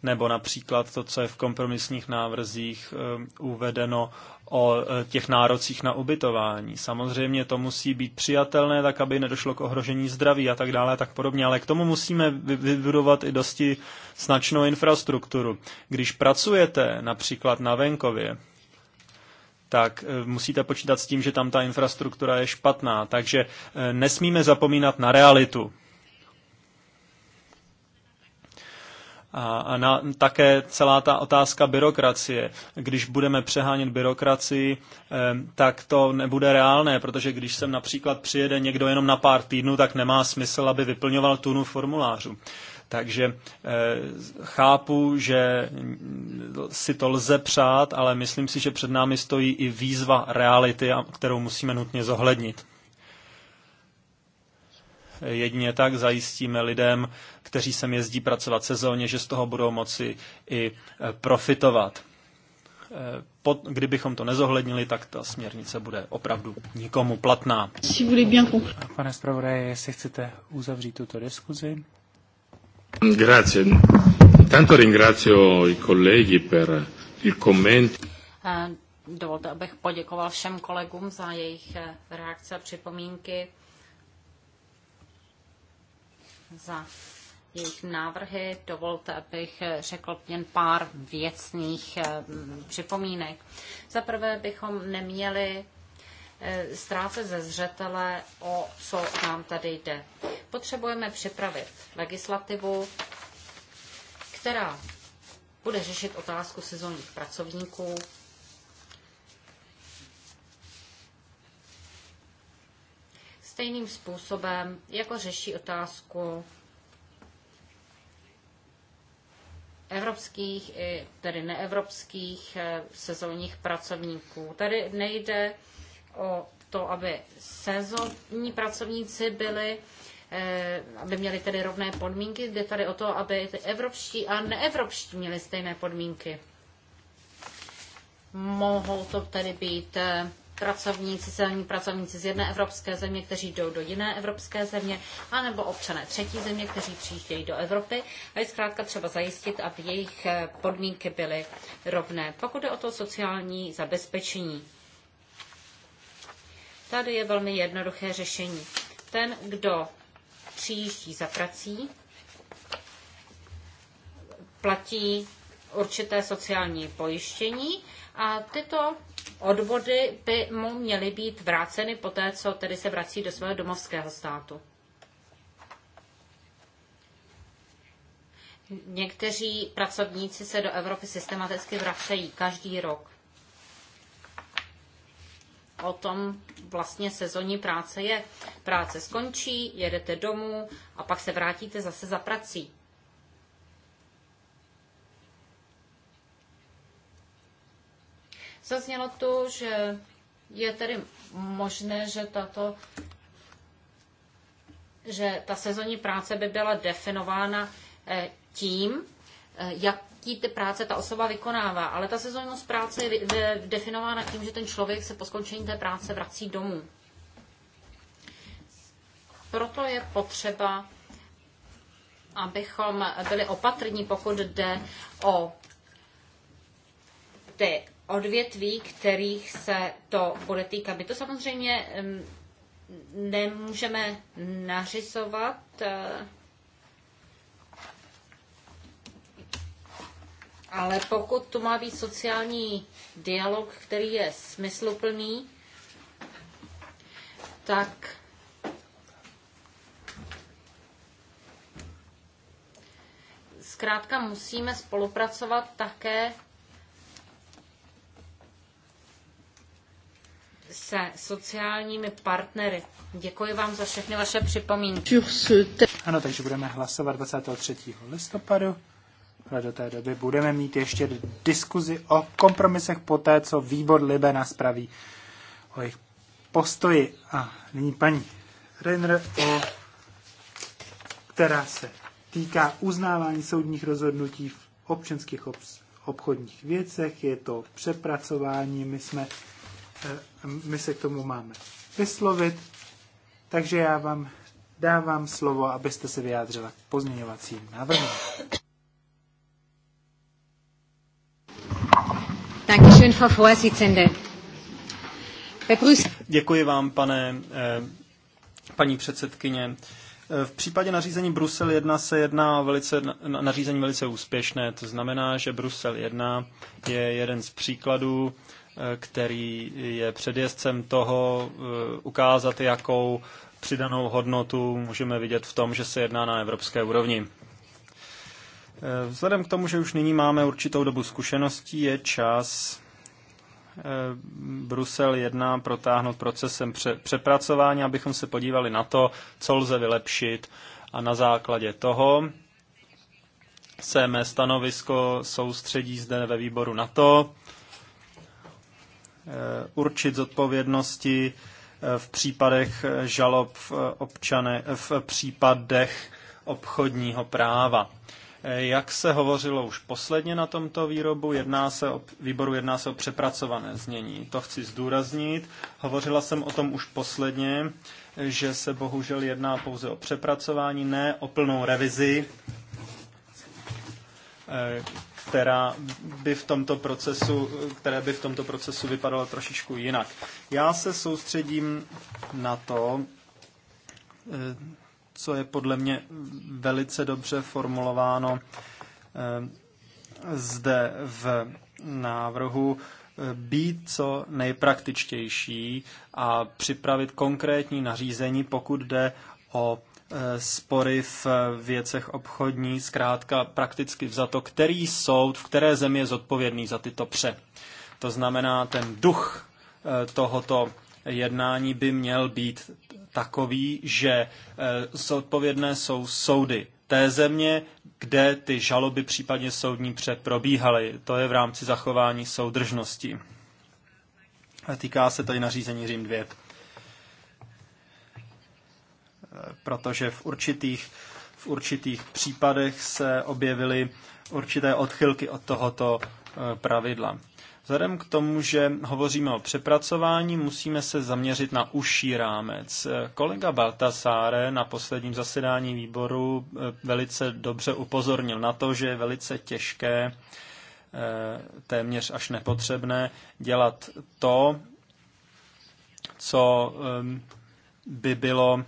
nebo například to, co je v kompromisních návrzích eh, uvedeno o eh, těch nárocích na ubytování. Samozřejmě to musí být přijatelné, tak aby nedošlo k ohrožení zdraví a tak dále a tak podobně, ale k tomu musíme vybudovat i dosti značnou infrastrukturu. Když pracujete například na venkově, tak eh, musíte počítat s tím, že tam ta infrastruktura je špatná. Takže nesmíme zapomínat na realitu. A, a na, také celá ta otázka byrokracie. Když budeme přehánět byrokracii, eh, tak to nebude reálné, protože když sem například přijede někdo jenom na pár týdnů, tak nemá smysl, aby vyplňoval tunu formulářů. Takže eh, chápu, že si to lze přát, ale myslím si, že před námi stojí i výzva reality, kterou musíme nutně zohlednit. Jedině tak zajistíme lidem, kteří sem jezdí pracovat sezóně, že z toho budou moci i e, profitovat. E, kdybychom to nezohlednili, tak ta směrnice bude opravdu nikomu platná. Pane zpravodaje, jestli chcete uzavřít tuto diskuzi. Grazie. Tanto ringrazio i colleghi per il commento. Dovolte, abych poděkoval všem kolegům za jejich e, reakce a připomínky za jejich návrhy. Dovolte, abych řekl jen pár věcných eh, připomínek. Za prvé bychom neměli eh, ztrácet ze zřetele, o co nám tady jde. Potřebujeme připravit legislativu, která bude řešit otázku sezónních pracovníků, stejným způsobem, jako řeší otázku evropských i tedy neevropských eh, sezónních pracovníků. Tady nejde o to, aby sezónní pracovníci byli eh, aby měli tedy rovné podmínky, jde tady o to, aby evropští a neevropští měli stejné podmínky. Mohou to tedy být eh, pracovníci, celní pracovníci z jedné evropské země, kteří jdou do jiné evropské země, anebo občané třetí země, kteří přijíždějí do Evropy. A je zkrátka třeba zajistit, aby jejich eh, podmínky byly rovné. Pokud je o to sociální zabezpečení, tady je velmi jednoduché řešení. Ten, kdo přijíždí za prací, platí určité sociální pojištění a tyto odvody by mu měly být vráceny po té, co tedy se vrací do svého domovského státu. Někteří pracovníci se do Evropy systematicky vracejí každý rok. O tom vlastně sezónní práce je. Práce skončí, jedete domů a pak se vrátíte zase za prací. Zaznělo tu, že je tedy možné, že tato že ta sezonní práce by byla definována eh, tím, eh, jaký ty práce ta osoba vykonává. Ale ta sezonnost práce je definována tím, že ten člověk se po skončení té práce vrací domů. Proto je potřeba, abychom byli opatrní, pokud jde o ty odvětví, kterých se to bude týkat. My to samozřejmě nemůžeme nařizovat. Eh, ale pokud tu má být sociální dialog, který je smysluplný, tak zkrátka musíme spolupracovat také se sociálními partnery. Děkuji vám za všechny vaše připomínky. Ano, takže budeme hlasovat 23. listopadu. Ale do té doby budeme mít ještě diskuzi o kompromisech po té, co výbor Libe nás praví o jejich postoji. A nyní paní Reiner, o, která se týká uznávání soudních rozhodnutí v občanských obs, obchodních věcech. Je to přepracování. My jsme my se k tomu máme vyslovit. Takže já vám dávám slovo, abyste se vyjádřila k pozměňovacím návrhům. Dankeschön, Frau Vorsitzende. Děkuji vám, pane, eh, paní předsedkyně. Eh, v případě nařízení Brusel 1 se jedná o velice, nařízení velice úspěšné. To znamená, že Brusel 1 je jeden z příkladů Eh, který je předjezdcem toho eh, ukázat, jakou přidanou hodnotu můžeme vidět v tom, že se jedná na evropské úrovni. Eh, vzhledem k tomu, že už nyní máme určitou dobu zkušeností, je čas Brusel 1 protáhnout procesem přepracování, abychom se podívali na to, co lze vylepšit a na základě toho se mé stanovisko soustředí zde ve výboru na to, Eh, určit zodpovědnosti eh, v případech eh, žalob v, občane, v případech obchodního práva. Jak se hovořilo už posledně na tomto výrobu, jedná se o, výboru jedná se o přepracované znění. To chci zdůraznit. Hovořila jsem o tom už posledně, že se bohužel jedná pouze o přepracování, ne o plnou revizi která by v tomto procesu, které by v tomto procesu vypadalo trošičku jinak. Já se soustředím na to, eh, co je podle mě velice dobře formulováno eh, zde v návrhu, eh, být co nejpraktičtější a připravit konkrétní nařízení, pokud jde o Eh, spory v věcech obchodní, zkrátka prakticky to, který soud v které zemi je zodpovědný za tyto pře. To znamená, ten duch eh, tohoto jednání by měl být takový, že eh, zodpovědné jsou soudy té země, kde ty žaloby, případně soudní pře probíhaly. To je v rámci zachování soudržnosti. A týká se tady nařízení Řím 2 protože v určitých, v určitých případech se objevily určité odchylky od tohoto eh, pravidla. Vzhledem k tomu, že hovoříme o přepracování, musíme se zaměřit na užší rámec. Eh, kolega Baltasáre na posledním zasedání výboru eh, velice dobře upozornil na to, že je velice těžké, téměř až nepotřebné, dělat to, co by bylo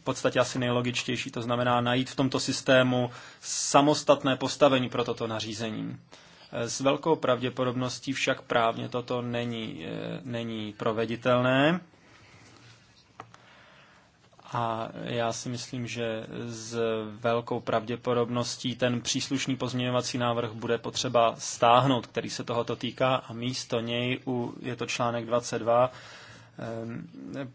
v podstatě asi nejlogičtější, to znamená najít v tomto systému samostatné postavení pro toto nařízení. S velkou pravděpodobností však právně toto není, eh, není proveditelné. A já si myslím, že s velkou pravděpodobností ten příslušný pozměňovací návrh bude potřeba stáhnout, který se tohoto týká a místo něj u, je to článek 22 Ehm,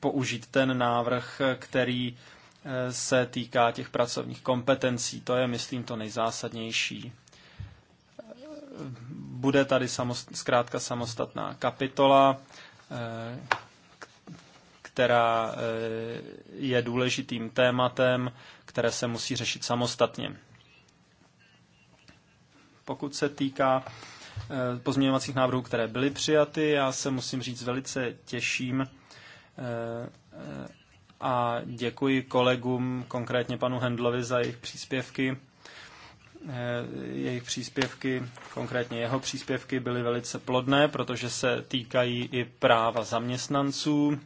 použít ten návrh, který eh, se týká těch pracovních kompetencí. To je, myslím, to nejzásadnější. Eh, bude tady samost, zkrátka samostatná kapitola, eh, která je důležitým tématem, které se musí řešit samostatně. Pokud se týká Eh, pozměňovacích návrhů, které byly přijaty. Já se musím říct velice těším eh, eh, a děkuji kolegům, konkrétně panu Hendlovi za jejich příspěvky. Jejich příspěvky, konkrétně jeho příspěvky, byly velice plodné, protože se týkají i práva zaměstnanců.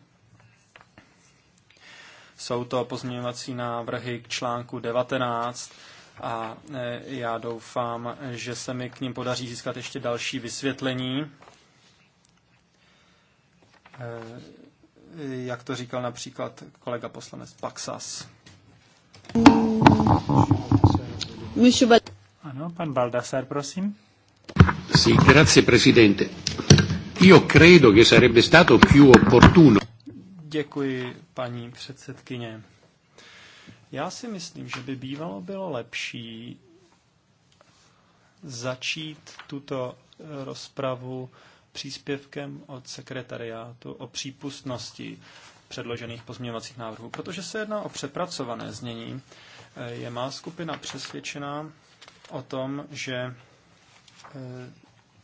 Jsou to pozměňovací návrhy k článku 19 a e, já doufám, že se mi k ním podaří získat ještě další vysvětlení. E, jak to říkal například kolega poslanec Paxas. Ano, pan Baldassar, prosím. Sì, grazie Presidente. Io credo che sarebbe stato più opportuno. Děkuji, paní předsedkyně. Já si myslím, že by bývalo bylo lepší začít tuto eh, rozpravu příspěvkem od sekretariátu o přípustnosti předložených pozměňovacích návrhů. Protože se jedná o přepracované znění, eh, je má skupina přesvědčená o tom, že eh,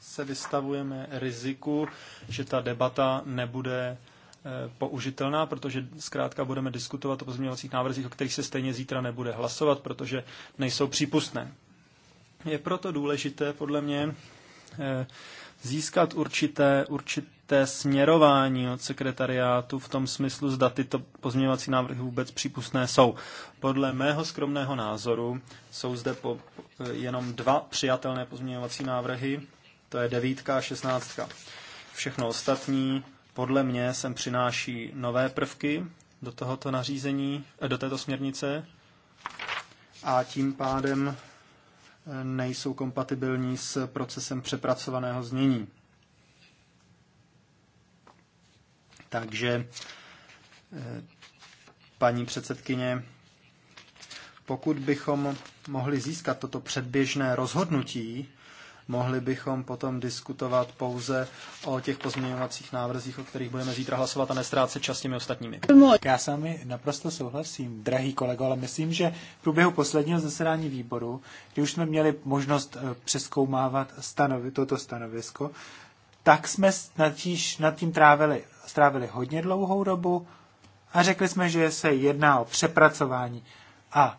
se vystavujeme riziku, že ta debata nebude Eh, použitelná, protože zkrátka budeme diskutovat o pozměňovacích návrzích, o kterých se stejně zítra nebude hlasovat, protože nejsou přípustné. Je proto důležité, podle mě, eh, získat určité, určité směrování od sekretariátu v tom smyslu, zda tyto pozměňovací návrhy vůbec přípustné jsou. Podle mého skromného názoru jsou zde po, eh, jenom dva přijatelné pozměňovací návrhy, to je devítka a šestnáctka. Všechno ostatní podle mě sem přináší nové prvky do tohoto nařízení, eh, do této směrnice a tím pádem eh, nejsou kompatibilní s procesem přepracovaného znění. Takže eh, paní předsedkyně, pokud bychom mohli získat toto předběžné rozhodnutí mohli bychom potom diskutovat pouze o těch pozměňovacích návrzích, o kterých budeme zítra hlasovat a nestrácet čas těmi ostatními. Já s vámi naprosto souhlasím, drahý kolego, ale myslím, že v průběhu posledního zasedání výboru, kdy už jsme měli možnost eh, přeskoumávat stanovi, toto stanovisko, tak jsme nad tím trávili, strávili hodně dlouhou dobu a řekli jsme, že se jedná o přepracování. A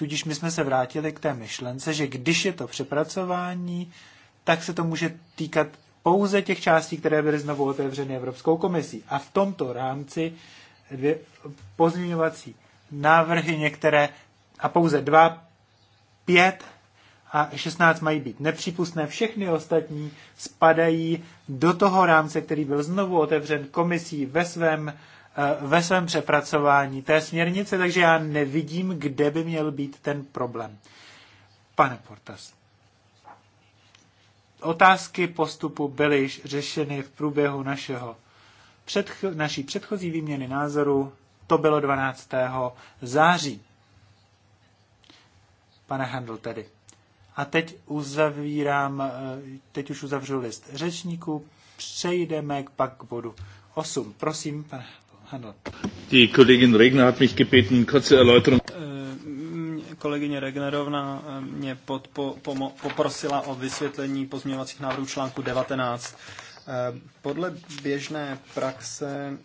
Tudíž my jsme se vrátili k té myšlence, že když je to přepracování, tak se to může týkat pouze těch částí, které byly znovu otevřeny Evropskou komisí. A v tomto rámci dvě pozměňovací návrhy některé a pouze dva, pět a 16 mají být nepřípustné. Všechny ostatní spadají do toho rámce, který byl znovu otevřen komisí ve svém Eh, ve svém přepracování té směrnice, takže já nevidím, kde by měl být ten problém. Pane Portas. Otázky postupu byly již řešeny v průběhu našeho předcho- naší předchozí výměny názoru. To bylo 12. září. Pane Handl tedy. A teď uzavírám, eh, teď už uzavřu list řečníků. Přejdeme pak k bodu 8. Prosím, pane ano. Die Kollegin Regner hat mich gebeten, kurze Erläuterung. Eh, kolegyně Regnerovna eh, mě po, pomo, poprosila o vysvětlení pozměňovacích návrhů článku 19. Eh, podle běžné praxe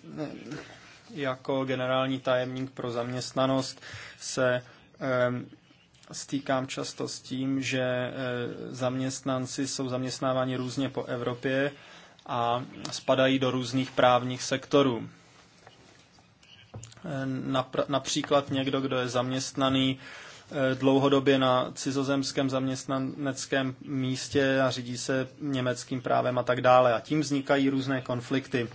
jako generální tajemník pro zaměstnanost se stýkám často s tím, že zaměstnanci jsou zaměstnáváni různě po Evropě a spadají do různých právních sektorů například někdo, kdo je zaměstnaný eh, dlouhodobě na cizozemském zaměstnaneckém místě a řídí se německým právem a tak dále. A tím vznikají různé konflikty.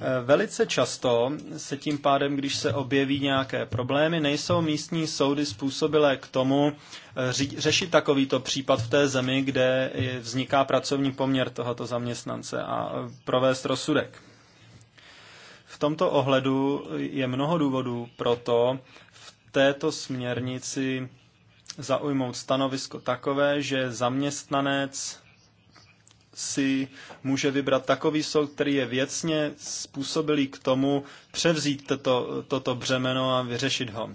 Eh, velice často se tím pádem, když se objeví nějaké problémy, nejsou místní soudy způsobilé k tomu eh, řešit takovýto případ v té zemi, kde vzniká pracovní poměr tohoto zaměstnance a provést rozsudek tomto ohledu je mnoho důvodů pro to v této směrnici zaujmout stanovisko takové, že zaměstnanec si může vybrat takový soud, který je věcně způsobilý k tomu převzít toto, toto břemeno a vyřešit ho.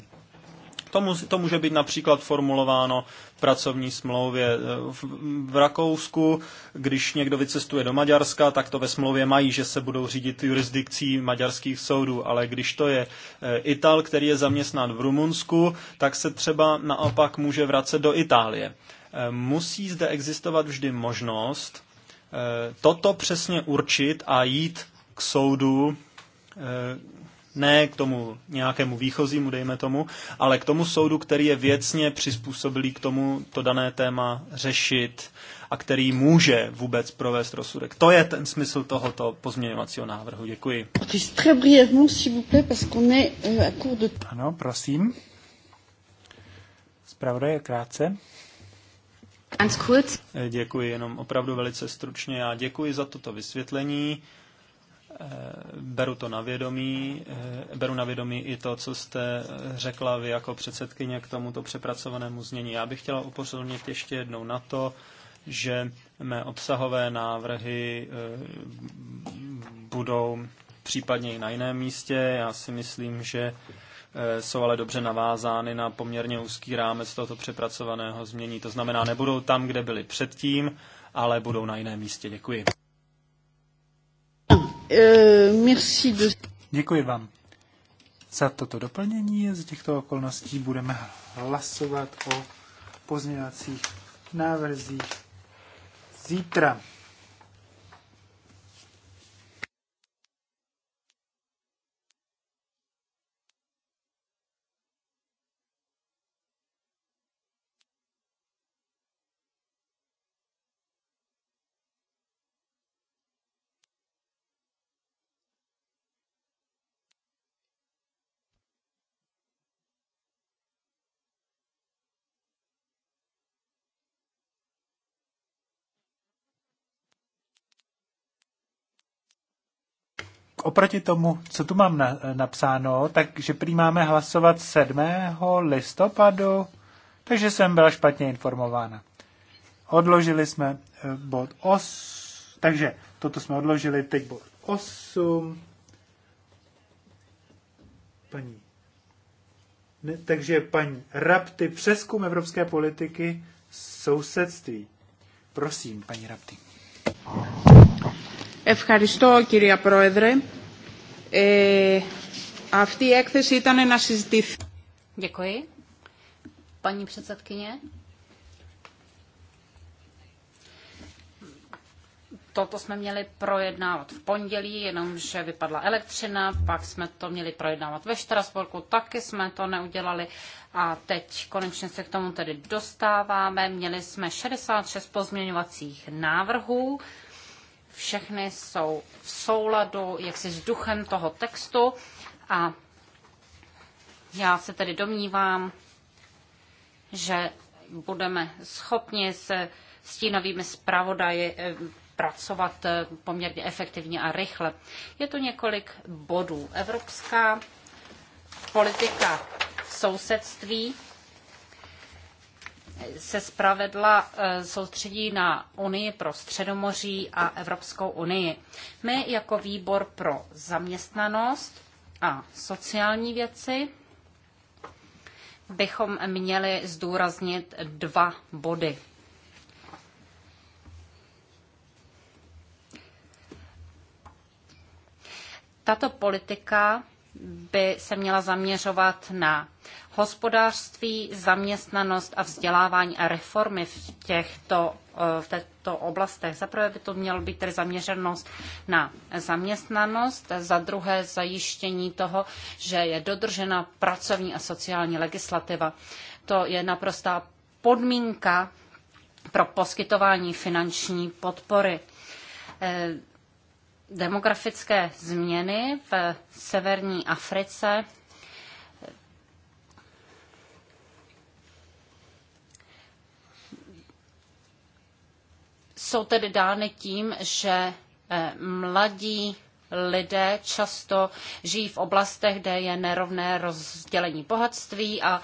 To, to může být například formulováno v pracovní smlouvě. Eh, v, v Rakousku, když někdo vycestuje do Maďarska, tak to ve smlouvě mají, že se budou řídit jurisdikcí maďarských soudů, ale když to je eh, Ital, který je zaměstnán v Rumunsku, tak se třeba naopak může vracet do Itálie. Eh, musí zde existovat vždy možnost toto přesně určit a jít k soudu ne k tomu nějakému výchozímu, dejme tomu, ale k tomu soudu, který je věcně přizpůsobilý k tomu to dané téma řešit a který může vůbec provést rozsudek. To je ten smysl tohoto pozměňovacího návrhu. Děkuji. Euh, ano, prosím. Zpravodaj je krátce. Děkuji, jenom opravdu velice stručně a děkuji za toto vysvětlení. Eh, beru to na vědomí, eh, beru na vědomí i to, co jste eh, řekla vy jako předsedkyně k tomuto přepracovanému znění. Já bych chtěla upozornit ještě jednou na to, že mé obsahové návrhy budou případně i na jiném místě. Já si myslím, že jsou ale dobře navázány na poměrně úzký rámec tohoto přepracovaného změní. To znamená, nebudou tam, kde byly předtím, ale budou na jiném místě. Děkuji. Eh, Děkuji vám. Za toto doplnění z těchto okolností budeme hlasovat o pozměňovacích návrzích zítra. oproti tomu, co tu mám na, napsáno, takže prý máme hlasovat 7. listopadu, takže jsem byla špatně informována. Odložili jsme eh, bod 8, takže toto jsme odložili, teď bod 8. Paní. Ne, takže paní Rapty, přeskum evropské politiky sousedství. Prosím, paní Rapty. Ευχαριστώ κυρία Πρόεδρε. Ε, αυτή η έκθεση ήταν να συζητηθεί. Děkuji. Paní předsedkyně. Toto jsme měli projednávat v pondělí, jenomže vypadla elektřina, pak jsme to měli projednávat ve Štrasburku, taky jsme to neudělali a teď konečně se k tomu tedy dostáváme. Měli jsme 66 pozměňovacích návrhů všechny jsou v souladu jaksi s duchem toho textu a já se tedy domnívám, že budeme schopni se stínovými zpravodaji eh, pracovat eh, poměrně efektivně a rychle. Je tu několik bodů. Evropská politika sousedství se zpravedla e, soustředí na Unii pro Středomoří a Evropskou unii. My jako výbor pro zaměstnanost a sociální věci bychom měli zdůraznit dva body. Tato politika by se měla zaměřovat na hospodářství, zaměstnanost a vzdělávání a reformy v těchto, eh, v této oblastech. Za prvé by to mělo být tedy zaměřenost na zaměstnanost, za druhé zajištění toho, že je dodržena pracovní a sociální legislativa. To je naprostá podmínka pro poskytování finanční podpory eh, demografické změny v severní Africe jsou tedy dány tím, že eh, mladí lidé často žijí v oblastech, kde je nerovné rozdělení bohatství a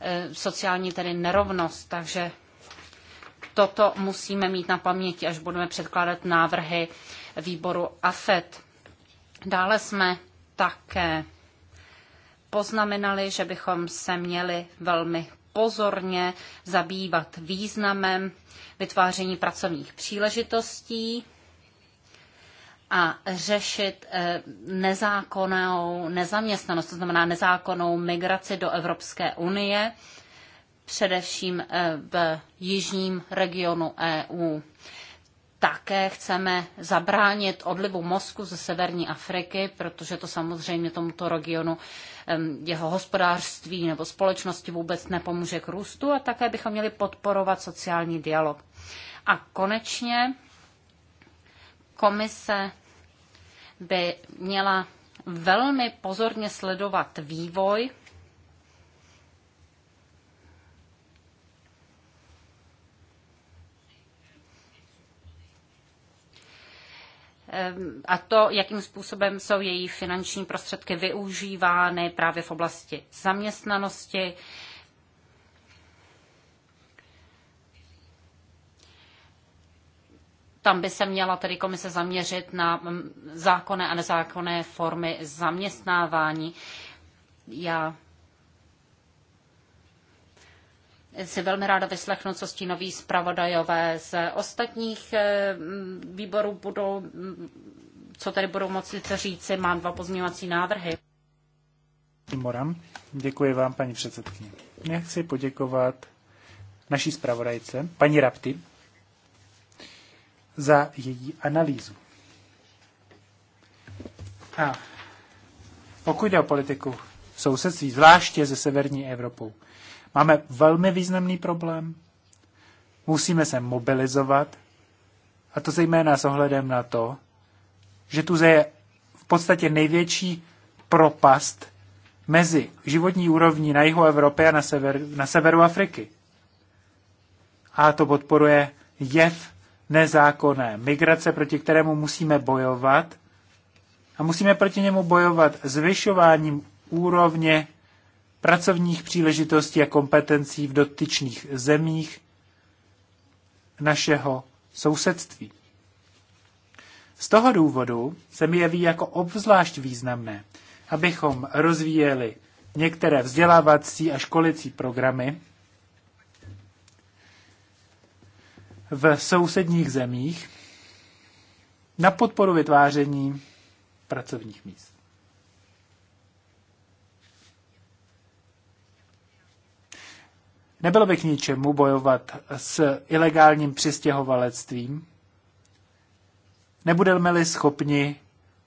eh, sociální tedy nerovnost. Takže toto musíme mít na paměti, až budeme předkládat návrhy výboru AFET. Dále jsme také poznamenali, že bychom se měli velmi pozorně zabývat významem vytváření pracovních příležitostí a řešit eh, nezákonnou nezaměstnanost, to znamená nezákonnou migraci do Evropské unie, především eh, v jižním regionu EU také chceme zabránit odlivu mozku ze severní Afriky, protože to samozřejmě tomuto regionu jeho hospodářství nebo společnosti vůbec nepomůže k růstu a také bychom měli podporovat sociální dialog. A konečně komise by měla velmi pozorně sledovat vývoj a to, jakým způsobem jsou její finanční prostředky využívány právě v oblasti zaměstnanosti. Tam by se měla tedy komise zaměřit na zákonné a nezákonné formy zaměstnávání. Já si velmi ráda vyslechnu, co stínoví zpravodajové z ostatních eh, výborů budou, co tady budou moci říci. Mám dva pozměňovací návrhy. Moram, děkuji vám, paní předsedkyně. Já chci poděkovat naší zpravodajce, paní Rapty, za její analýzu. A pokud jde o politiku sousedství, zvláště ze severní Evropou, Máme velmi významný problém. Musíme se mobilizovat, a to zejména s ohledem na to, že tu je v podstatě největší propast mezi životní úrovní na jihu Evropy a na, sever, na severu Afriky. A to podporuje jev nezákonné migrace, proti kterému musíme bojovat. A musíme proti němu bojovat zvyšováním úrovně pracovních příležitostí a kompetencí v dotyčných zemích našeho sousedství. Z toho důvodu se mi jeví jako obzvlášť významné, abychom rozvíjeli některé vzdělávací a školicí programy v sousedních zemích na podporu vytváření pracovních míst. Nebylo by k ničemu bojovat s ilegálním přistěhovalectvím, nebudeme-li schopni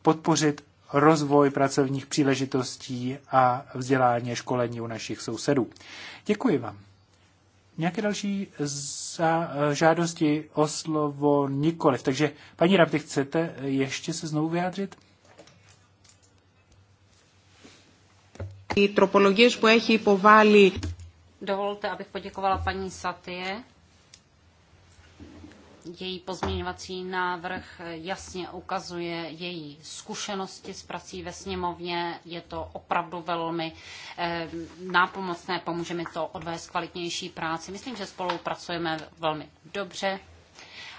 podpořit rozvoj pracovních příležitostí a vzdělání a školení u našich sousedů. Děkuji vám. Nějaké další za, eh, žádosti o slovo nikoliv. Takže, paní Rapty, chcete ještě se znovu vyjádřit? Οι τροπολογίες που έχει υποβάλει Dovolte, abych poděkovala paní Satie. Její pozměňovací návrh jasně ukazuje její zkušenosti s prací ve sněmovně. Je to opravdu velmi eh, nápomocné, pomůže mi to odvést kvalitnější práci. Myslím, že spolupracujeme velmi dobře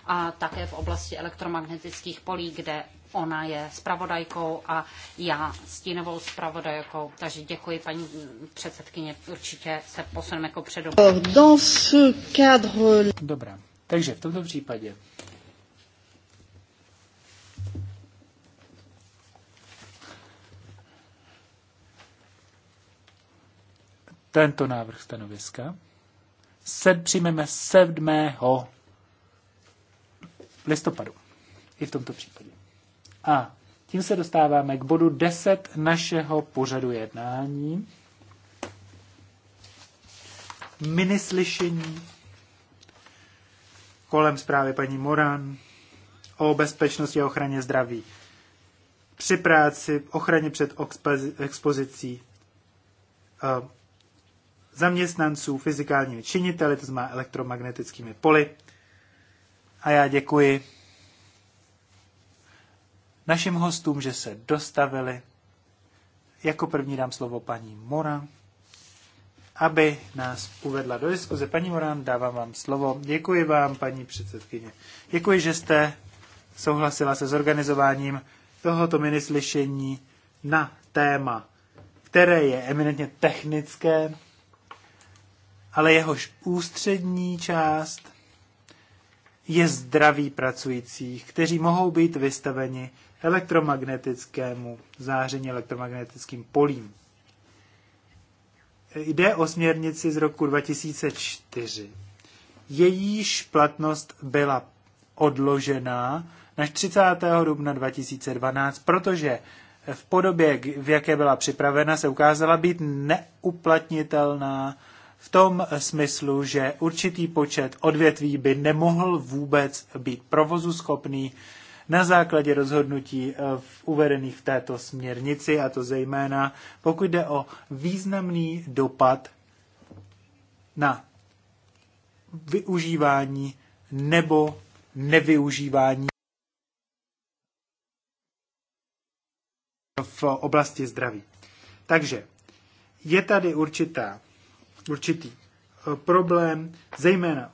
a také v oblasti elektromagnetických polí, kde Ona je spravodajkou a já stínovou spravodajkou. Takže děkuji, paní předsedkyně. Určitě se posuneme jako předu. Dobrá. Takže v tomto případě tento návrh stanoviska sed, přijmeme 7. listopadu. I v tomto případě. A tím se dostáváme k bodu 10 našeho pořadu jednání. Minislyšení kolem zprávy paní Moran o bezpečnosti a ochraně zdraví při práci, ochraně před expozicí eh, zaměstnanců fyzikálními činiteli, to znamená elektromagnetickými poli. A já děkuji našim hostům, že se dostavili. Jako první dám slovo paní Mora, aby nás uvedla do diskuze. Paní Morán, dávám vám slovo. Děkuji vám, paní předsedkyně. Děkuji, že jste souhlasila se zorganizováním tohoto minislyšení na téma, které je eminentně technické, ale jehož ústřední část je zdraví pracujících, kteří mohou být vystaveni elektromagnetickému záření elektromagnetickým polím. Jde o směrnici z roku 2004. Jejíž platnost byla odložená na 30. dubna 2012, protože v podobě, v jaké byla připravena, se ukázala být neuplatnitelná v tom smyslu, že určitý počet odvětví by nemohl vůbec být provozu schopný na základě rozhodnutí eh, v uvedených v této směrnici, a to zejména pokud jde o významný dopad na využívání nebo nevyužívání v oblasti zdraví. Takže je tady určitá, určitý eh, problém, zejména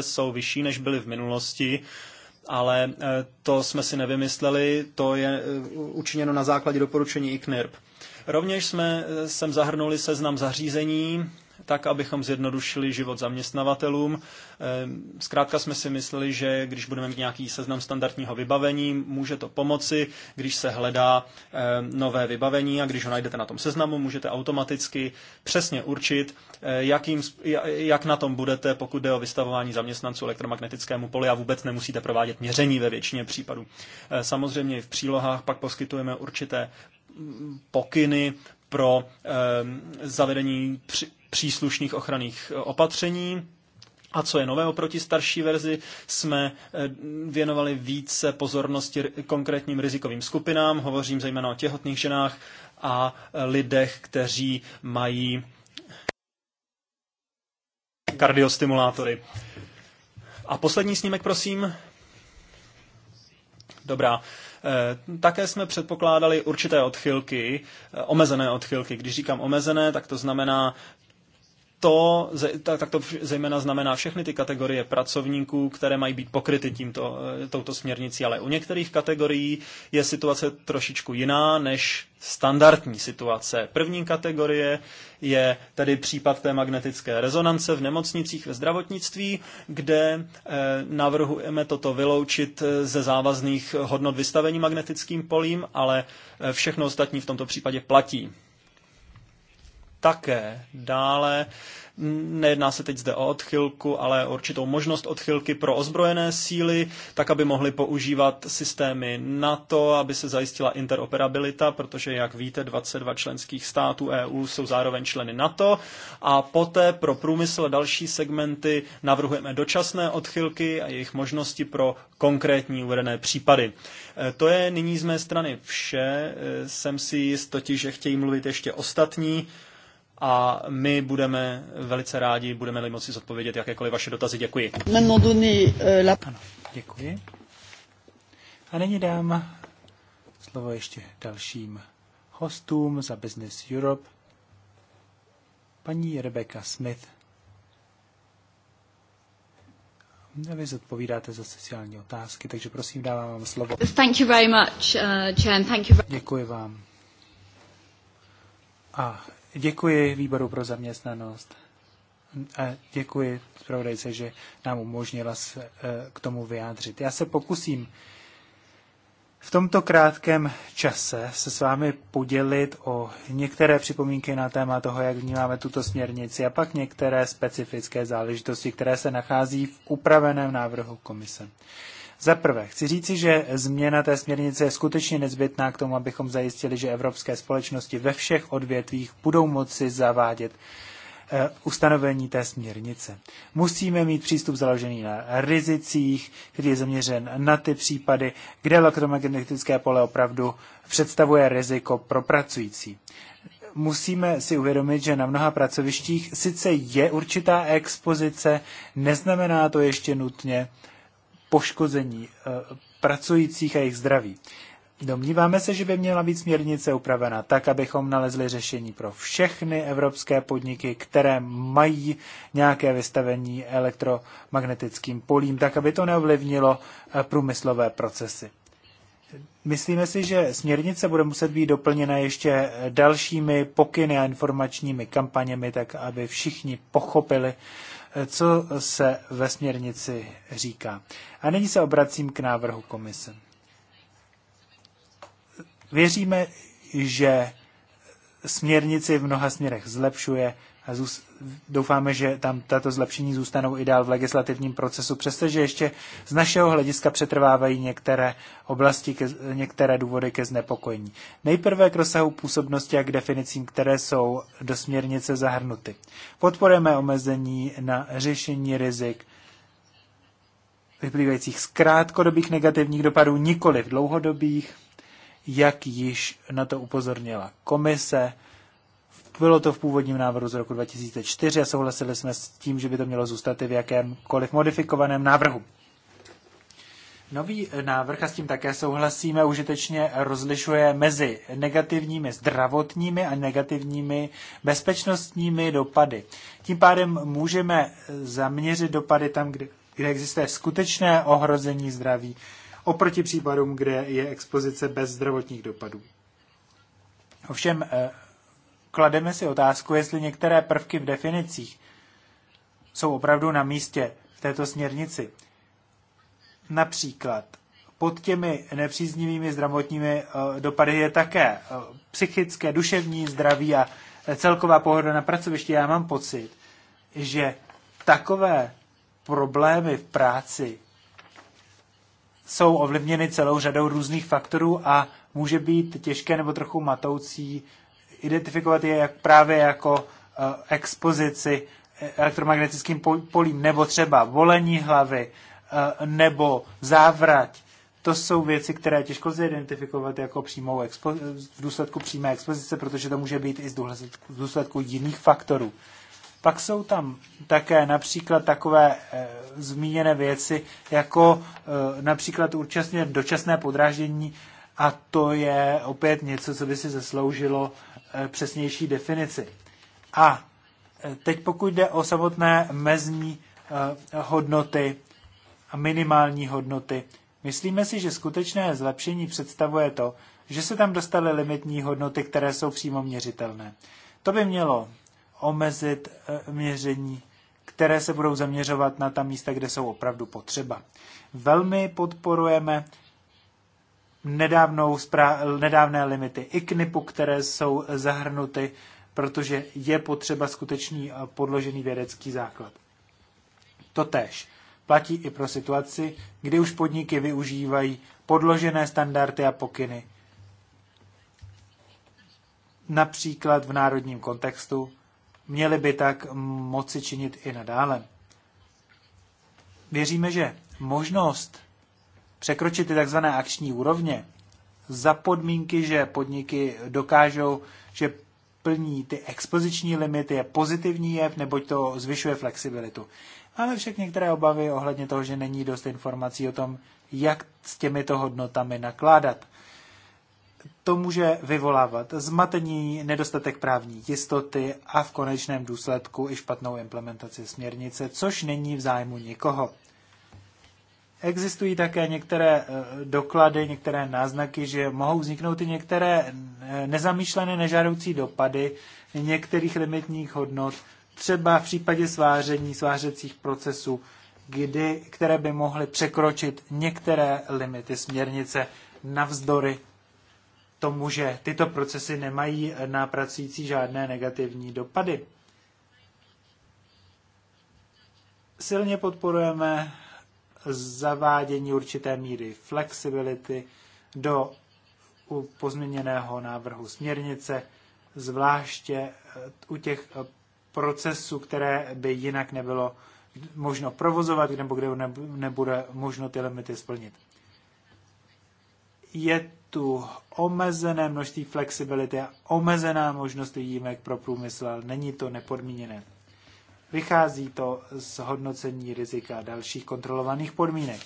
jsou vyšší, než byly v minulosti, ale eh, to jsme si nevymysleli, to je eh, učiněno na základě doporučení KNIRP. Rovněž jsme eh, sem zahrnuli seznam zařízení, tak abychom zjednodušili život zaměstnavatelům. Ehm, zkrátka jsme si mysleli, že když budeme mít nějaký seznam standardního vybavení, může to pomoci, když se hledá ehm, nové vybavení a když ho najdete na tom seznamu, můžete automaticky přesně určit, eh, jakým, jak na tom budete, pokud jde o vystavování zaměstnanců elektromagnetickému poli a vůbec nemusíte provádět měření ve většině případů. Eh, samozřejmě v přílohách pak poskytujeme určité pokyny pro ehm, zavedení příslušných ochranných e, opatření. A co je nové oproti starší verzi, jsme e, věnovali více pozornosti konkrétním rizikovým skupinám, hovořím zejména o těhotných ženách a e, lidech, kteří mají kardiostimulátory. A poslední snímek, prosím. Dobrá. Eh, také jsme předpokládali určité odchylky, eh, omezené odchylky. Když říkám omezené, tak to znamená to, tak to zejména znamená všechny ty kategorie pracovníků, které mají být pokryty tímto, eh, touto směrnicí, ale u některých kategorií je situace trošičku jiná než standardní situace. První kategorie je tedy případ té magnetické rezonance v nemocnicích ve zdravotnictví, kde eh, navrhujeme toto vyloučit eh, ze závazných hodnot vystavení magnetickým polím, ale všechno ostatní v tomto případě platí také. Dále nejedná se teď zde o odchylku, ale určitou možnost odchylky pro ozbrojené síly, tak aby mohly používat systémy NATO, aby se zajistila interoperabilita, protože, jak víte, 22 členských států EU jsou zároveň členy NATO. A poté pro průmysl a další segmenty navrhujeme dočasné odchylky a jejich možnosti pro konkrétní uvedené případy. E, to je nyní z mé strany vše. E, jsem si jist totiž, že chtějí mluvit ještě ostatní a my budeme velice rádi, budeme-li moci zodpovědět jakékoliv vaše dotazy. Děkuji. Euh, ano, děkuji. A nyní dám slovo ještě dalším hostům za Business Europe. Paní Rebecca Smith. Vy zodpovídáte za sociální otázky, takže prosím, dávám vám slovo. Thank you very much, uh, Thank you very... Děkuji vám. A Děkuji výboru pro zaměstnanost a děkuji zpravodajce, že nám umožnila se e, k tomu vyjádřit. Já se pokusím v tomto krátkém čase se s vámi podělit o některé připomínky na téma toho, jak vnímáme tuto směrnici a pak některé specifické záležitosti, které se nachází v upraveném návrhu komise. Za prvé, chci říci, že změna té směrnice je skutečně nezbytná k tomu, abychom zajistili, že evropské společnosti ve všech odvětvích budou moci zavádět eh, ustanovení té směrnice. Musíme mít přístup založený na rizicích, který je zaměřen na ty případy, kde elektromagnetické pole opravdu představuje riziko pro pracující. Musíme si uvědomit, že na mnoha pracovištích sice je určitá expozice, neznamená to ještě nutně, poškození eh, pracujících a jejich zdraví. Domníváme se, že by měla být směrnice upravena tak, abychom nalezli řešení pro všechny evropské podniky, které mají nějaké vystavení elektromagnetickým polím, tak, aby to neovlivnilo eh, průmyslové procesy. Myslíme si, že směrnice bude muset být doplněna ještě dalšími pokyny a informačními kampaněmi, tak aby všichni pochopili, co se ve směrnici říká. A nyní se obracím k návrhu komise. Věříme, že směrnici v mnoha směrech zlepšuje, a doufáme, že tam tato zlepšení zůstanou i dál v legislativním procesu, přestože ještě z našeho hlediska přetrvávají některé oblasti, ke, některé důvody ke znepokojení. Nejprve k rozsahu působnosti a k definicím, které jsou do směrnice zahrnuty. Podporujeme omezení na řešení rizik vyplývajících z krátkodobých negativních dopadů, nikoli v dlouhodobých, jak již na to upozornila komise bylo to v původním návrhu z roku 2004 a souhlasili jsme s tím, že by to mělo zůstat i v jakémkoliv modifikovaném návrhu. Nový eh, návrh, a s tím také souhlasíme, užitečně rozlišuje mezi negativními zdravotními a negativními bezpečnostními dopady. Tím pádem můžeme eh, zaměřit dopady tam, kde, kde existuje skutečné ohrození zdraví, oproti případům, kde je expozice bez zdravotních dopadů. Ovšem eh, klademe si otázku, jestli některé prvky v definicích jsou opravdu na místě v této směrnici. Například pod těmi nepříznivými zdravotními eh, dopady je také eh, psychické, duševní zdraví a eh, celková pohoda na pracovišti. Já mám pocit, že takové problémy v práci jsou ovlivněny celou řadou různých faktorů a může být těžké nebo trochu matoucí identifikovat je jak právě jako eh, expozici eh, elektromagnetickým polím, nebo třeba volení hlavy, eh, nebo závrať. To jsou věci, které těžko lze identifikovat jako přímou expo- v důsledku přímé expozice, protože to může být i z důsledku, z důsledku jiných faktorů. Pak jsou tam také například takové e, zmíněné věci, jako e, například určasně dočasné podráždění, a to je opět něco, co by si zasloužilo e, Eh, přesnější definici. A eh, teď pokud jde o samotné mezní eh, hodnoty a minimální hodnoty, myslíme si, že skutečné zlepšení představuje to, že se tam dostaly limitní hodnoty, které jsou přímo měřitelné. To by mělo omezit měření, které se budou zaměřovat na ta místa, kde jsou opravdu potřeba. Velmi podporujeme nedávnou nedávné limity i knipu, které jsou zahrnuty, protože je potřeba skutečný eh, podložený vědecký základ. Totež platí i pro situaci, kdy už podniky využívají podložené standardy a pokyny, například v národním kontextu, měly by tak moci činit i nadále. Věříme, že možnost překročit ty tzv. akční úrovně za podmínky, že podniky dokážou, že plní ty expoziční limity, je pozitivní jev, neboť to zvyšuje flexibilitu. Máme však některé obavy ohledně toho, že není dost informací o tom, jak s těmito hodnotami nakládat. To může vyvolávat zmatení, nedostatek právní jistoty a v konečném důsledku i špatnou implementaci směrnice, což není v zájmu nikoho. Existují také některé eh, doklady, některé náznaky, že mohou vzniknout i některé eh, nezamýšlené nežádoucí dopady některých limitních hodnot, třeba v případě sváření, svářecích procesů, kdy, které by mohly překročit některé limity směrnice navzdory tomu, že tyto procesy nemají eh, na pracující žádné negativní dopady. Silně podporujeme zavádění určité míry flexibility do pozměněného návrhu směrnice, zvláště eh, u těch eh, procesů, které by jinak nebylo možno provozovat, nebo kde nebude možno ty limity splnit. Je tu omezené množství flexibility a omezená možnost výjimek pro průmysl, ale není to nepodmíněné. Vychází to z hodnocení rizika dalších kontrolovaných podmínek.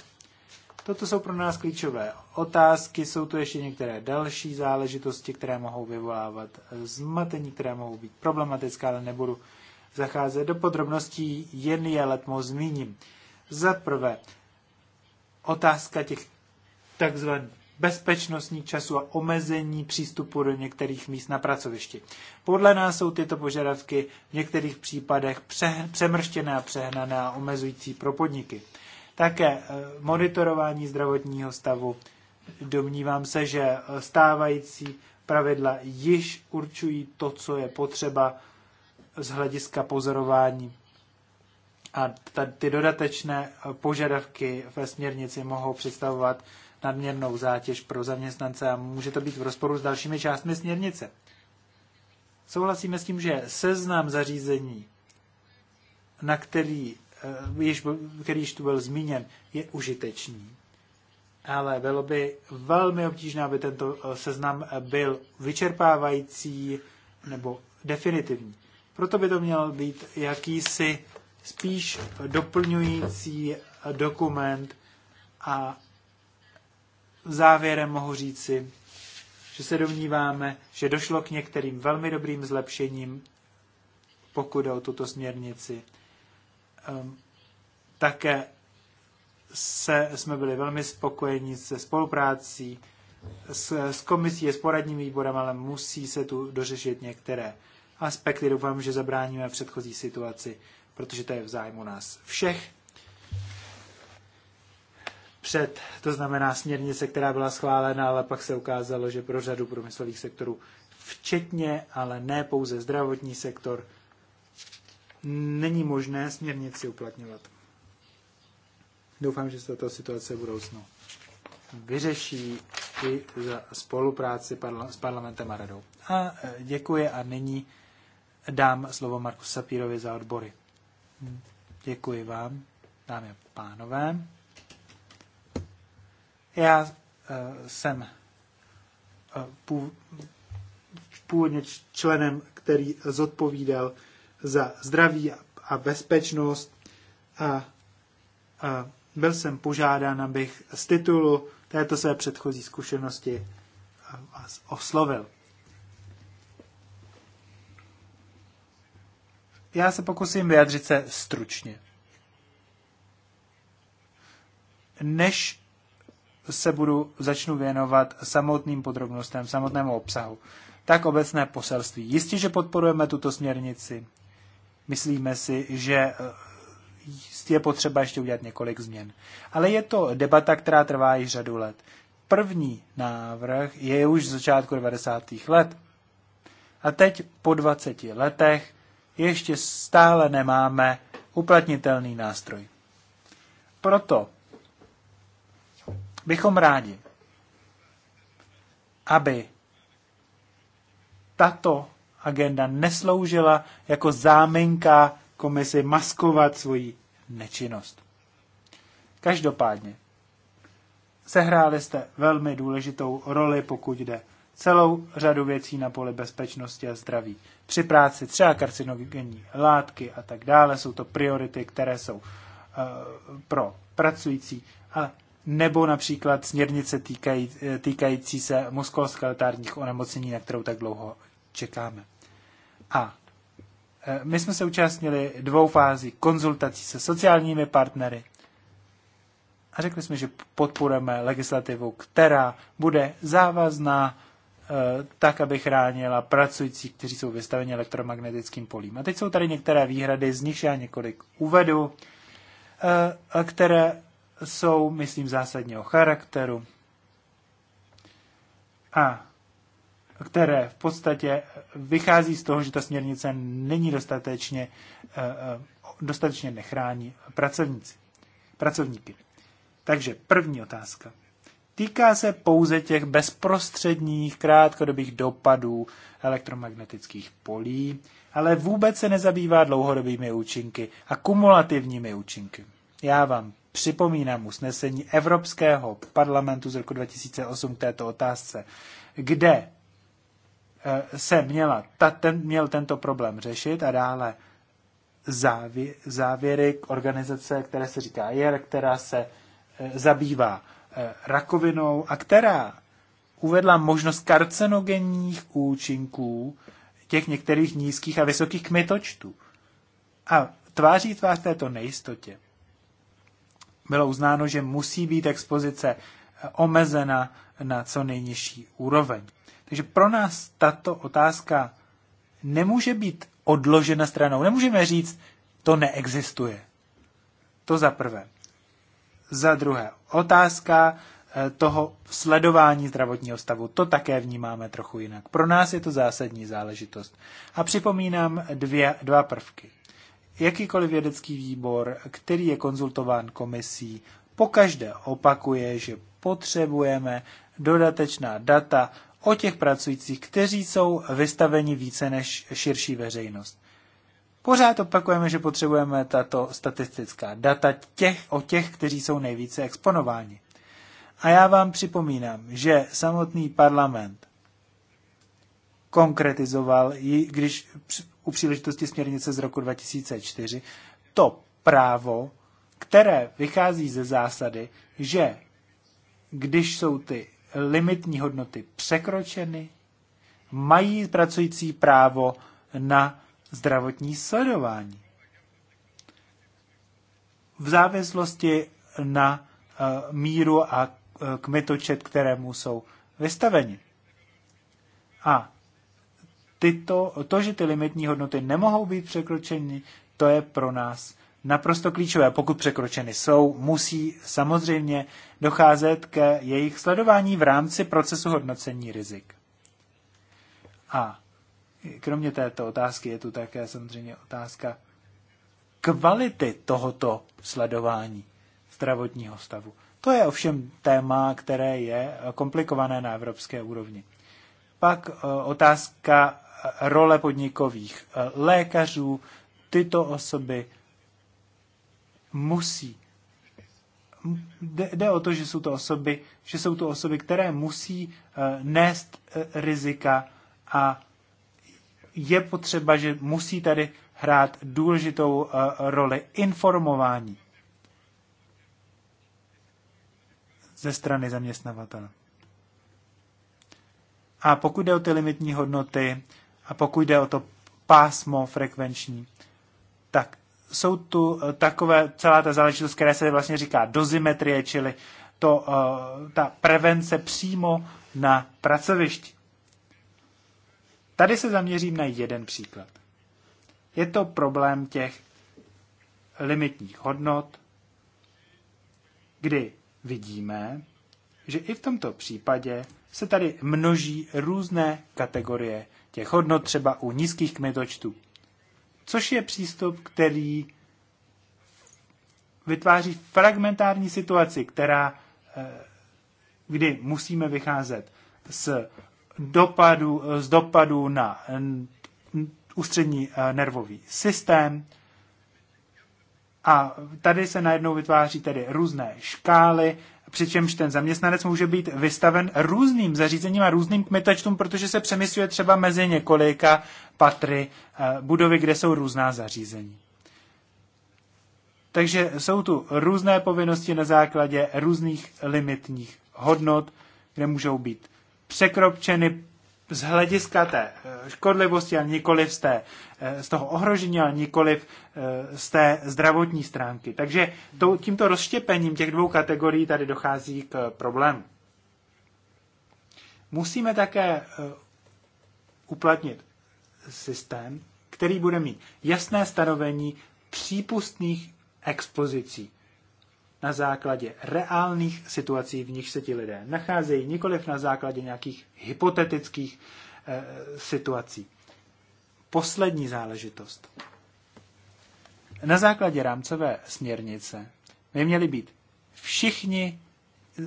Toto jsou pro nás klíčové otázky, jsou tu ještě některé další záležitosti, které mohou vyvolávat zmatení, které mohou být problematické, ale nebudu zacházet do podrobností, jen je letmo zmíním. Za prvé, otázka těch takzvaných bezpečnostní času a omezení přístupu do některých míst na pracovišti. Podle nás jsou tyto požadavky v některých případech pře- přemrštěné a přehnané a omezující pro podniky. Také eh, monitorování zdravotního stavu. Domnívám se, že eh, stávající pravidla již určují to, co je potřeba z hlediska pozorování. A ty dodatečné eh, požadavky ve směrnici mohou představovat nadměrnou zátěž pro zaměstnance a může to být v rozporu s dalšími částmi směrnice. Souhlasíme s tím, že seznam zařízení, na který, eh, již, který již tu byl zmíněn, je užitečný. Ale bylo by velmi obtížné, aby tento eh, seznam eh, byl vyčerpávající nebo definitivní. Proto by to měl být jakýsi spíš doplňující dokument a závěrem mohu říci, že se domníváme, že došlo k některým velmi dobrým zlepšením, pokud o tuto směrnici. Ehm, také se, jsme byli velmi spokojeni se spoluprácí s, s komisí a s poradním výborem, ale musí se tu dořešit některé aspekty. Doufám, že zabráníme předchozí situaci, protože to je v zájmu nás všech před, to znamená směrnice, která byla schválena, ale pak se ukázalo, že pro řadu průmyslových sektorů, včetně, ale ne pouze zdravotní sektor, není možné směrnici uplatňovat. Doufám, že se tato situace v budoucnu vyřeší i za spolupráci s parlamentem a radou. A e, děkuji a nyní dám slovo Marku Sapírovi za odbory. Děkuji vám, dámy a pánové. Já eh, jsem eh, původně členem, který zodpovídal za zdraví a bezpečnost a, a byl jsem požádán, abych z titulu této své předchozí zkušenosti eh, vás oslovil. Já se pokusím vyjadřit se stručně. Než se budu, začnu věnovat samotným podrobnostem, samotnému obsahu. Tak obecné poselství. Jistě, že podporujeme tuto směrnici. Myslíme si, že eh, je potřeba ještě udělat několik změn. Ale je to debata, která trvá již řadu let. První návrh je už z začátku 90. let. A teď po 20 letech ještě stále nemáme uplatnitelný nástroj. Proto bychom rádi, aby tato agenda nesloužila jako záminka komisi maskovat svoji nečinnost. Každopádně, sehráli jste velmi důležitou roli, pokud jde celou řadu věcí na poli bezpečnosti a zdraví. Při práci třeba karcinogenní látky a tak dále, jsou to priority, které jsou uh, pro pracující, ale nebo například směrnice týkající se muskuloskeletárních onemocnění, na kterou tak dlouho čekáme. A e, my jsme se účastnili dvou fází konzultací se sociálními partnery a řekli jsme, že podporujeme legislativu, která bude závazná e, tak, aby chránila pracující, kteří jsou vystaveni elektromagnetickým polím. A teď jsou tady některé výhrady, z nich já několik uvedu, e, které jsou, myslím, zásadního charakteru a které v podstatě vychází z toho, že ta směrnice není dostatečně, eh, eh, dostatečně nechrání pracovníci, pracovníky. Takže první otázka. Týká se pouze těch bezprostředních krátkodobých dopadů elektromagnetických polí, ale vůbec se nezabývá dlouhodobými účinky a kumulativními účinky. Já vám připomínám usnesení Evropského parlamentu z roku 2008 k této otázce, kde eh, se měla, ta, ten, měl tento problém řešit a dále závě, závěry k organizace, které se říká JER, která se eh, zabývá eh, rakovinou a která uvedla možnost karcinogenních účinků těch některých nízkých a vysokých kmitočtů. A tváří tvář této nejistotě bylo uznáno, že musí být expozice eh, omezena na co nejnižší úroveň. Takže pro nás tato otázka nemůže být odložena stranou. Nemůžeme říct, to neexistuje. To za prvé. Za druhé, otázka eh, toho sledování zdravotního stavu. To také vnímáme trochu jinak. Pro nás je to zásadní záležitost. A připomínám dvě, dva prvky jakýkoliv vědecký výbor, který je konzultován komisí, pokaždé opakuje, že potřebujeme dodatečná data o těch pracujících, kteří jsou vystaveni více než širší veřejnost. Pořád opakujeme, že potřebujeme tato statistická data těch, o těch, kteří jsou nejvíce exponováni. A já vám připomínám, že samotný parlament konkretizoval, když u příležitosti směrnice z roku 2004 to právo, které vychází ze zásady, že když jsou ty limitní hodnoty překročeny, mají pracující právo na zdravotní sledování. V závislosti na eh, míru a eh, kmitočet, kterému jsou vystaveni. A tyto, to, že ty limitní hodnoty nemohou být překročeny, to je pro nás naprosto klíčové. Pokud překročeny jsou, musí samozřejmě docházet ke jejich sledování v rámci procesu hodnocení rizik. A kromě této otázky je tu také samozřejmě otázka kvality tohoto sledování zdravotního stavu. To je ovšem téma, které je komplikované na evropské úrovni. Pak eh, otázka role podnikových lékařů, tyto osoby musí. Jde o to, že jsou to osoby, že jsou to osoby, které musí eh, nést eh, rizika a je potřeba, že musí tady hrát důležitou eh, roli informování ze strany zaměstnavatele. A pokud jde o ty limitní hodnoty, a pokud jde o to pásmo frekvenční, tak jsou tu eh, takové, celá ta záležitost, která se vlastně říká dozimetrie, čili to, eh, ta prevence přímo na pracovišti. Tady se zaměřím na jeden příklad. Je to problém těch limitních hodnot, kdy vidíme, že i v tomto případě se tady množí různé kategorie těch hodnot třeba u nízkých kmitočtů. Což je přístup, který vytváří fragmentární situaci, která, eh, kdy musíme vycházet z dopadu, z dopadu na ústřední eh, nervový systém. A tady se najednou vytváří tedy různé škály, přičemž ten zaměstnanec může být vystaven různým zařízením a různým kmitačtům, protože se přemysluje třeba mezi několika patry eh, budovy, kde jsou různá zařízení. Takže jsou tu různé povinnosti na základě různých limitních hodnot, kde můžou být překročeny z hlediska té eh, škodlivosti, ale nikoliv z, té, eh, z toho ohrožení, ale nikoliv eh, z té zdravotní stránky. Takže to, tímto rozštěpením těch dvou kategorií tady dochází k problému. Musíme také uplatnit systém, který bude mít jasné stanovení přípustných expozicí na základě reálných situací, v nich se ti lidé nacházejí, nikoliv na základě nějakých hypotetických e, situací. Poslední záležitost. Na základě rámcové směrnice by měli být všichni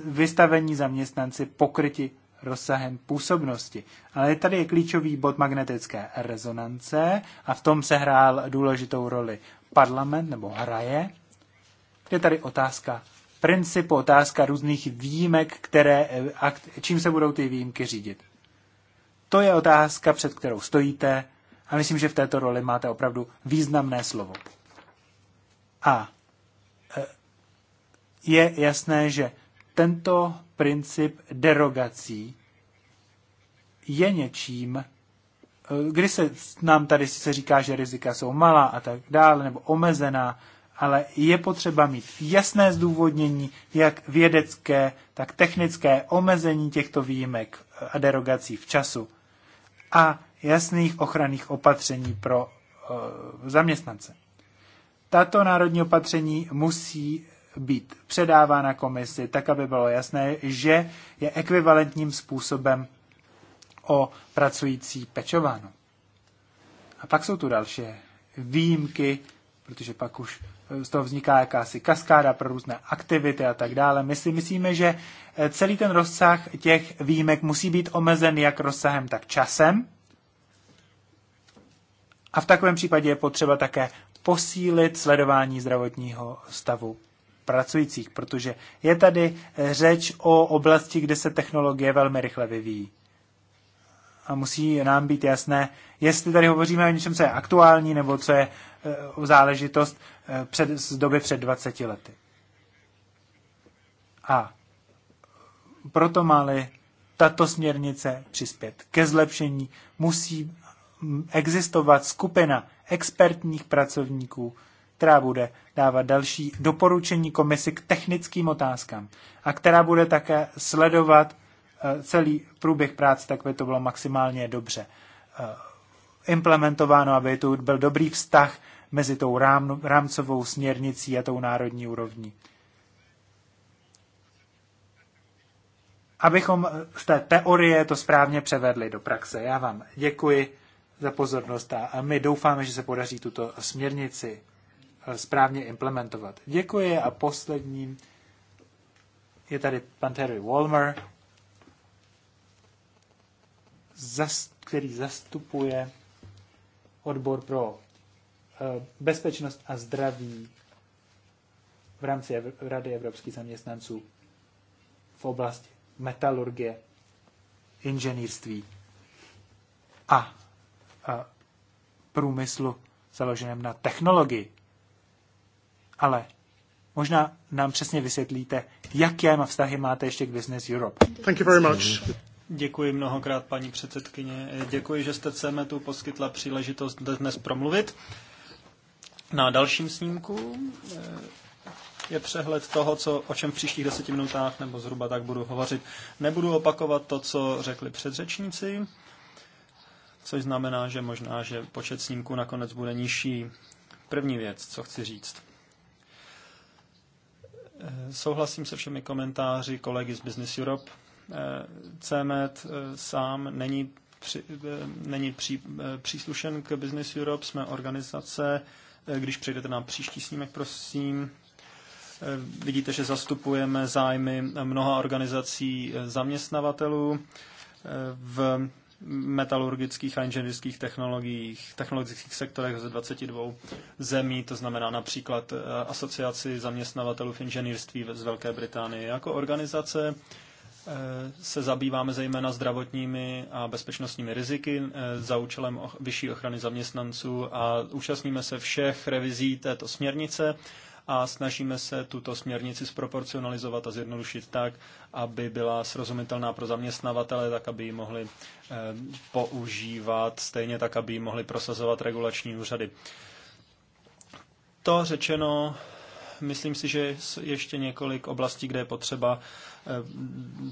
vystavení zaměstnanci pokryti rozsahem působnosti. Ale tady je klíčový bod magnetické rezonance a v tom se hrál důležitou roli parlament nebo hraje je tady otázka principu, otázka různých výjimek, které, eh, a čím se budou ty výjimky řídit. To je otázka, před kterou stojíte a myslím, že v této roli máte opravdu významné slovo. A eh, je jasné, že tento princip derogací je něčím, eh, kdy se nám tady se říká, že rizika jsou malá a tak dále, nebo omezená, ale je potřeba mít jasné zdůvodnění, jak vědecké, tak technické omezení těchto výjimek eh, a derogací v času a jasných ochranných opatření pro e, zaměstnance. Tato národní opatření musí být předávána komisi, tak aby bylo jasné, že je ekvivalentním způsobem o pracující pečováno. A pak jsou tu další výjimky, protože pak už eh, z toho vzniká jakási kaskáda pro různé aktivity a tak dále. My si myslíme, že eh, celý ten rozsah těch výjimek musí být omezen jak rozsahem, tak časem. A v takovém případě je potřeba také posílit sledování zdravotního stavu pracujících, protože je tady eh, řeč o oblasti, kde se technologie velmi rychle vyvíjí a musí nám být jasné, jestli tady hovoříme o něčem, co je aktuální, nebo co je e, záležitost eh, před, z doby před 20 lety. A proto máli tato směrnice přispět ke zlepšení, musí existovat skupina expertních pracovníků, která bude dávat další doporučení komisi k technickým otázkám a která bude také sledovat Eh, celý průběh práce, tak by to bylo maximálně dobře eh, implementováno, aby to byl dobrý vztah mezi tou rám, rámcovou směrnicí a tou národní úrovní. Abychom eh, z té teorie to správně převedli do praxe. Já vám děkuji za pozornost a my doufáme, že se podaří tuto směrnici správně implementovat. Děkuji a posledním je tady pan Terry Walmer který zastupuje odbor pro eh, bezpečnost a zdraví v rámci Rady evropských zaměstnanců v oblasti metalurgie, inženýrství a, průmyslu založeném na technologii. Ale možná nám přesně vysvětlíte, jaké vztahy máte ještě k Business Europe. Thank you very much. Děkuji mnohokrát, paní předsedkyně. Děkuji, že jste se tu poskytla příležitost dnes promluvit. Na dalším snímku eh, je přehled toho, co, o čem v příštích deseti minutách nebo zhruba tak budu hovořit. Nebudu opakovat to, co řekli předřečníci, což znamená, že možná, že počet snímků nakonec bude nižší. První věc, co chci říct. Eh, souhlasím se všemi komentáři kolegy z Business Europe, Eh, Cmet eh, sám není, při, eh, není při, příslušen k Business Europe, jsme organizace, když přejdete na příští snímek, prosím, vidíte, že zastupujeme zájmy mnoha organizací zaměstnavatelů v metalurgických a inženýrských technologiích, technologických sektorech ze 22 zemí, to znamená například asociaci zaměstnavatelů v inženýrství z Velké Británie. Jako organizace Eh, se zabýváme zejména zdravotními a bezpečnostními riziky eh, za účelem vyšší ochrany zaměstnanců a účastníme se všech revizí této směrnice a snažíme se tuto směrnici zproporcionalizovat a zjednodušit tak, aby byla srozumitelná pro zaměstnavatele, tak aby ji mohli eh, používat, stejně tak, aby ji mohli prosazovat regulační úřady. To řečeno, Myslím si, že ještě několik oblastí, kde je potřeba eh,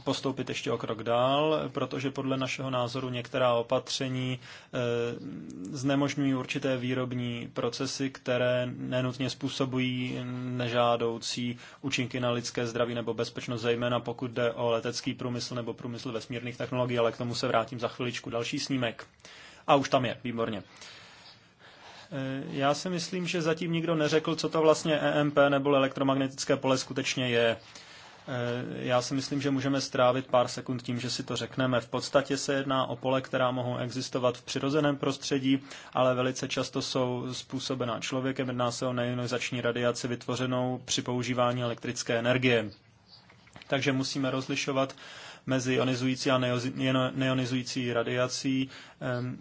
postoupit ještě o krok dál, protože podle našeho názoru některá opatření eh, znemožňují určité výrobní procesy, které nenutně způsobují nežádoucí účinky na lidské zdraví nebo bezpečnost, zejména pokud jde o letecký průmysl nebo průmysl vesmírných technologií, ale k tomu se vrátím za chviličku. Další snímek. A už tam je, výborně. Eh, já si myslím, že zatím nikdo neřekl, co to vlastně EMP nebo elektromagnetické pole skutečně je. Eh, já si myslím, že můžeme strávit pár sekund tím, že si to řekneme. V podstatě se jedná o pole, která mohou existovat v přirozeném prostředí, ale velice často jsou způsobená člověkem. Jedná se o nejonizační radiaci vytvořenou při používání elektrické energie. Takže musíme rozlišovat mezi ionizující a neionizující radiací. Ehm,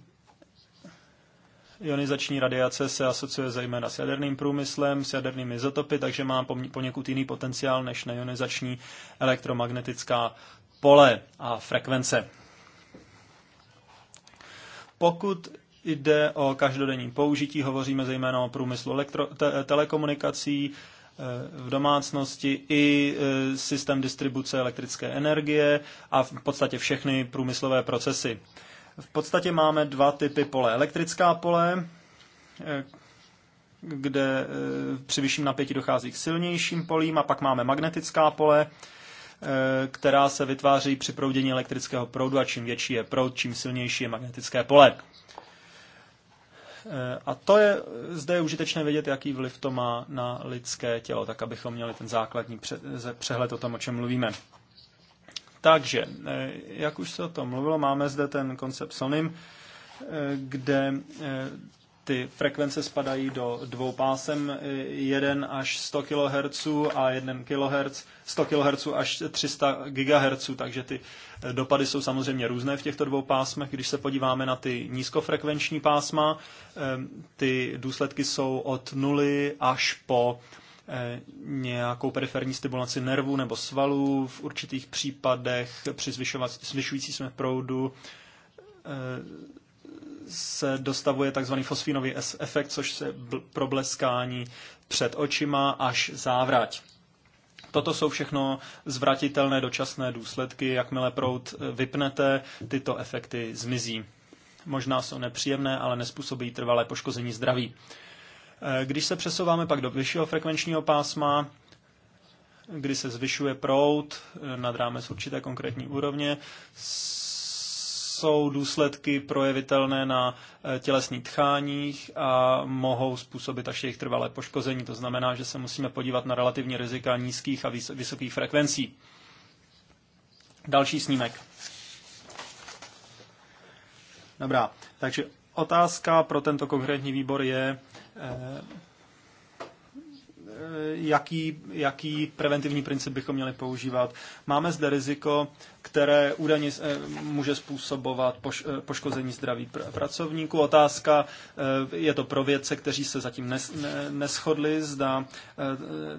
Ionizační radiace se asociuje zejména s jaderným průmyslem, s jadernými izotopy, takže má poněkud jiný potenciál než neionizační elektromagnetická pole a frekvence. Pokud jde o každodenní použití, hovoříme zejména o průmyslu elektro, te, telekomunikací, eh, v domácnosti i eh, systém distribuce elektrické energie a v podstatě všechny průmyslové procesy. V podstatě máme dva typy pole. Elektrická pole, eh, kde eh, při vyšším napětí dochází k silnějším polím a pak máme magnetická pole, eh, která se vytváří při proudění elektrického proudu a čím větší je proud, čím silnější je magnetické pole. A to je, zde je užitečné vědět, jaký vliv to má na lidské tělo, tak abychom měli ten základní pře přehled o tom, o čem mluvíme. Takže, eh, jak už se o tom mluvilo, máme zde ten koncept SONIM, eh, kde eh, ty frekvence spadají do dvou pásem, 1 až 100 kHz a 1 kHz, 100 kHz až 300 GHz, takže ty dopady jsou samozřejmě různé v těchto dvou pásmech. Když se podíváme na ty nízkofrekvenční pásma, ty důsledky jsou od 0 až po Eh, nějakou periferní stimulaci nervů nebo svalů, v určitých případech při zvyšující jsme proudu eh, se dostavuje tzv. fosfínový efekt, což se probleskání před očima až závrať. Toto jsou všechno zvratitelné dočasné důsledky. Jakmile prout eh, vypnete, tyto efekty zmizí. Možná jsou nepříjemné, ale nespůsobí trvalé poškození zdraví. Eh, když se přesouváme pak do vyššího frekvenčního pásma, kdy se zvyšuje proud eh, nad rámec určité konkrétní úrovně, jsou důsledky projevitelné na eh, tělesných tcháních a mohou způsobit až jejich trvalé poškození. To znamená, že se musíme podívat na relativní rizika nízkých a vysokých frekvencí. Další snímek. Dobrá, takže otázka pro tento konkrétní výbor je, Eh, jaký, jaký preventivní princip bychom měli používat. Máme zde riziko, které údajně eh, může způsobovat poš, eh, poškození zdraví pr- pracovníků. Otázka je to pro vědce, kteří se zatím nes, ne, neschodli, zda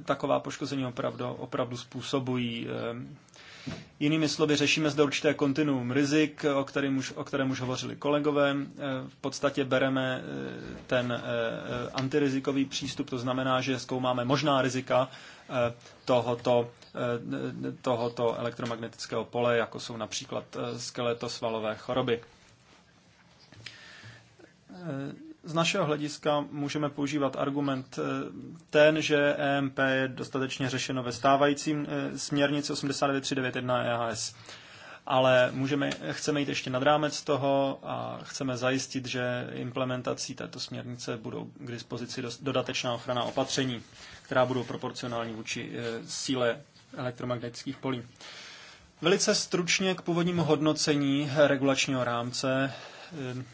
taková poškození opravdu, opravdu způsobují Jinými slovy, řešíme zde určité kontinuum rizik, o kterém už, o kterém už hovořili kolegové. E, v podstatě bereme e, ten e, antirizikový přístup, to znamená, že zkoumáme možná rizika tohoto, tohoto elektromagnetického pole, jako jsou například skeletosvalové choroby. Z našeho hlediska můžeme používat argument eh, ten, že EMP je dostatečně řešeno ve stávajícím eh, směrnici 89391 EHS. Ale můžeme, chceme jít ještě nad rámec toho a chceme zajistit, že implementací této směrnice budou k dispozici dodatečná ochrana opatření, která budou proporcionální vůči eh, síle elektromagnetických polí. Velice stručně k původnímu hodnocení regulačního rámce ehm,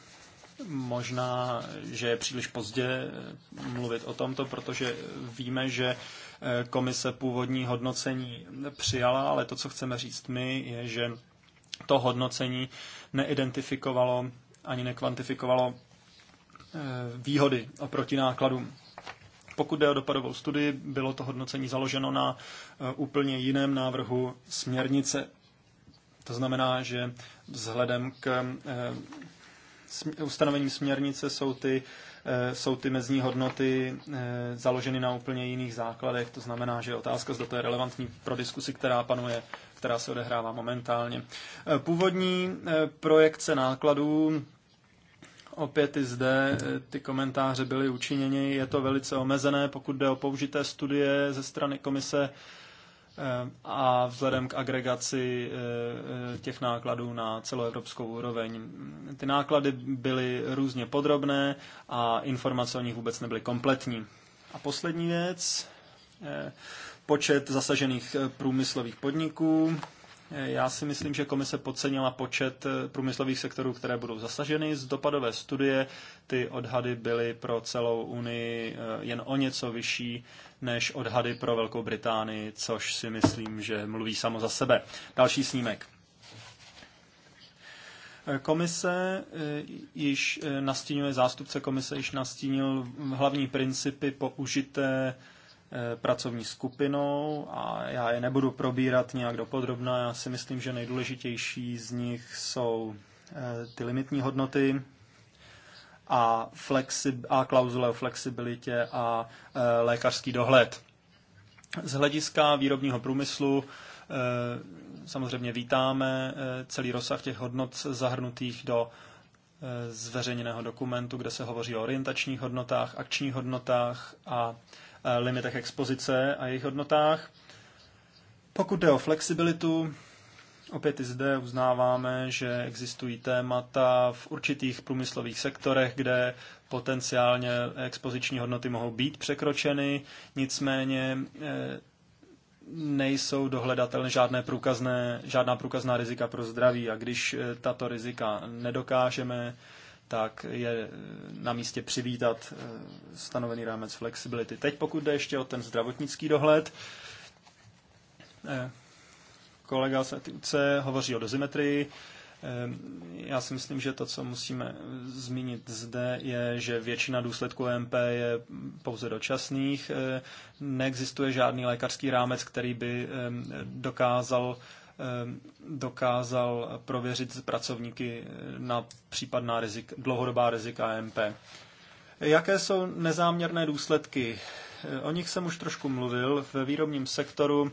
Možná, že je příliš pozdě eh, mluvit o tomto, protože víme, že eh, komise původní hodnocení přijala, ale to, co chceme říct my, je, že to hodnocení neidentifikovalo ani nekvantifikovalo eh, výhody oproti nákladům. Pokud jde o dopadovou studii, bylo to hodnocení založeno na úplně jiném návrhu směrnice. To znamená, že vzhledem k ustanovením směrnice jsou ty, eh, jsou ty mezní hodnoty eh, založeny na úplně jiných základech. To znamená, že otázka, zda to je relevantní pro diskusi, která panuje, která se odehrává momentálně. Eh, původní projekce nákladů opět i zde ty komentáře byly učiněny. Je to velice omezené, pokud jde o použité studie ze strany komise Eh, a vzhledem k agregaci eh, těch nákladů na celoevropskou úroveň. Ty náklady byly různě podrobné a informace o nich vůbec nebyly kompletní. A poslední věc, eh, počet zasažených průmyslových podniků. Já si myslím, že komise podcenila počet eh, průmyslových sektorů, které budou zasaženy. Z dopadové studie ty odhady byly pro celou Unii eh, jen o něco vyšší než odhady pro Velkou Británii, což si myslím, že mluví samo za sebe. Další snímek. Eh, komise již nastínuje, zástupce komise již nastínil hlavní principy použité Eh, pracovní skupinou a já je nebudu probírat nějak dopodrobna. Já si myslím, že nejdůležitější z nich jsou eh, ty limitní hodnoty a, flexib- a klauzule o flexibilitě a eh, lékařský dohled. Z hlediska výrobního průmyslu samozřejmě vítáme celý rozsah těch hodnot zahrnutých do zveřejněného dokumentu, kde se hovoří o orientačních hodnotách, akčních hodnotách a Eh, limitech expozice a jejich hodnotách. Pokud jde o flexibilitu, opět i zde uznáváme, že existují témata v určitých průmyslových sektorech, kde potenciálně expoziční hodnoty mohou být překročeny, nicméně eh, nejsou dohledatelné žádné průkazné, žádná průkazná rizika pro zdraví a když eh, tato rizika nedokážeme tak je eh, na místě přivítat eh, stanovený rámec flexibility. Teď pokud jde ještě o ten zdravotnický dohled, eh, kolega z ETUC hovoří o dozimetrii. Já si myslím, že to, co musíme zmínit zde, je, že většina důsledků MP je pouze dočasných. Neexistuje žádný lékařský rámec, který by dokázal Ehm, dokázal prověřit pracovníky na případná rizika, dlouhodobá rizika AMP. Jaké jsou nezáměrné důsledky? Eh, o nich jsem už trošku mluvil. Ve výrobním sektoru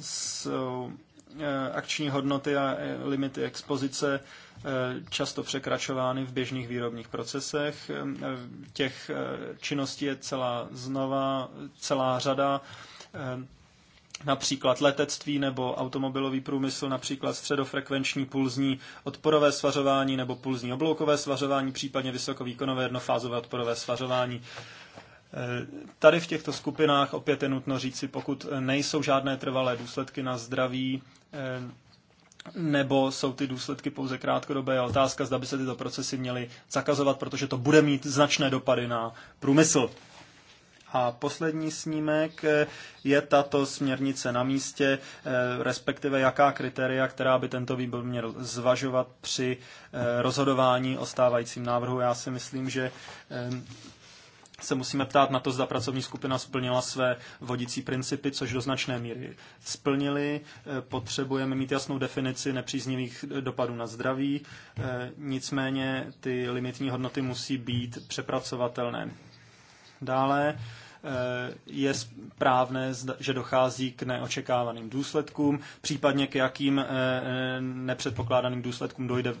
jsou eh, akční hodnoty a eh, limity expozice často překračovány v běžných výrobních procesech. Ehm, těch činností je celá znova, celá řada ehm, například letectví nebo automobilový průmysl, například středofrekvenční pulzní odporové svařování nebo pulzní obloukové svařování, případně vysokovýkonové jednofázové odporové svařování. Eh, tady v těchto skupinách opět je nutno říci, pokud nejsou žádné trvalé důsledky na zdraví, eh, nebo jsou ty důsledky pouze krátkodobé. Je otázka, zda by se tyto procesy měly zakazovat, protože to bude mít značné dopady na průmysl. A poslední snímek eh, je tato směrnice na místě, eh, respektive jaká kritéria, která by tento výbor měl zvažovat při eh, rozhodování o stávajícím návrhu. Já si myslím, že se musíme ptát na to, zda pracovní skupina splnila své vodící principy, což do značné míry splnili. Potřebujeme mít jasnou definici nepříznivých dopadů na zdraví, nicméně ty limitní hodnoty musí být přepracovatelné. Dále Eh, je správné, že dochází k neočekávaným důsledkům, případně k jakým eh, eh, nepředpokládaným důsledkům dojde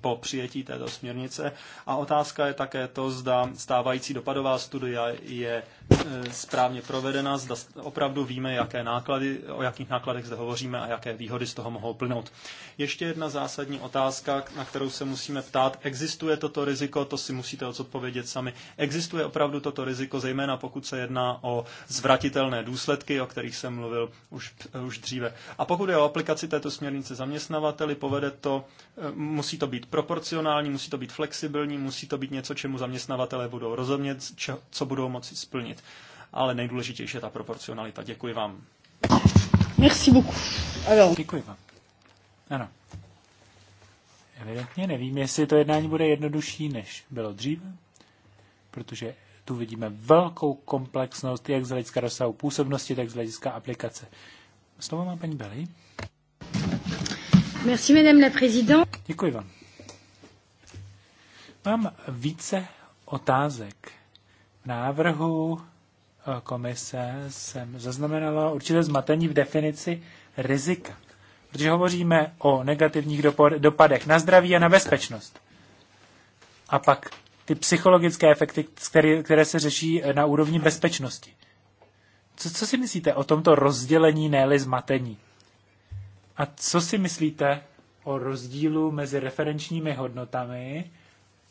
po přijetí této směrnice. A otázka je také to, zda stávající dopadová studia je správně provedena, zda opravdu víme, jaké náklady, o jakých nákladech zde hovoříme a jaké výhody z toho mohou plynout. Ještě jedna zásadní otázka, na kterou se musíme ptát. Existuje toto riziko, to si musíte odpovědět sami. Existuje opravdu toto riziko, zejména pokud se jedná o zvratitelné důsledky, o kterých jsem mluvil už, eh, už dříve. A pokud je o aplikaci této směrnice zaměstnavateli, povede to, eh, musí to být proporcionální, musí to být flexibilní, musí to být něco, čemu zaměstnavatele budou rozumět, co budou moci splnit. Ale nejdůležitější je ta proporcionalita. Děkuji vám. Merci beaucoup. Alors... Děkuji vám. Ano. Evidentně nevím, jestli to jednání bude jednodušší, než bylo dříve, protože tu vidíme velkou komplexnost, jak z hlediska rozsahu působnosti, tak z hlediska aplikace. Slovo má paní Beli. Merci, madame la présidente. Děkuji vám. Mám více otázek. V návrhu eh, komise jsem zaznamenala určité zmatení v definici rizika. Protože hovoříme o negativních dopadech na zdraví a na bezpečnost. A pak ty psychologické efekty, které, které se řeší eh, na úrovni bezpečnosti. Co, co si myslíte o tomto rozdělení, ne zmatení? A co si myslíte o rozdílu mezi referenčními hodnotami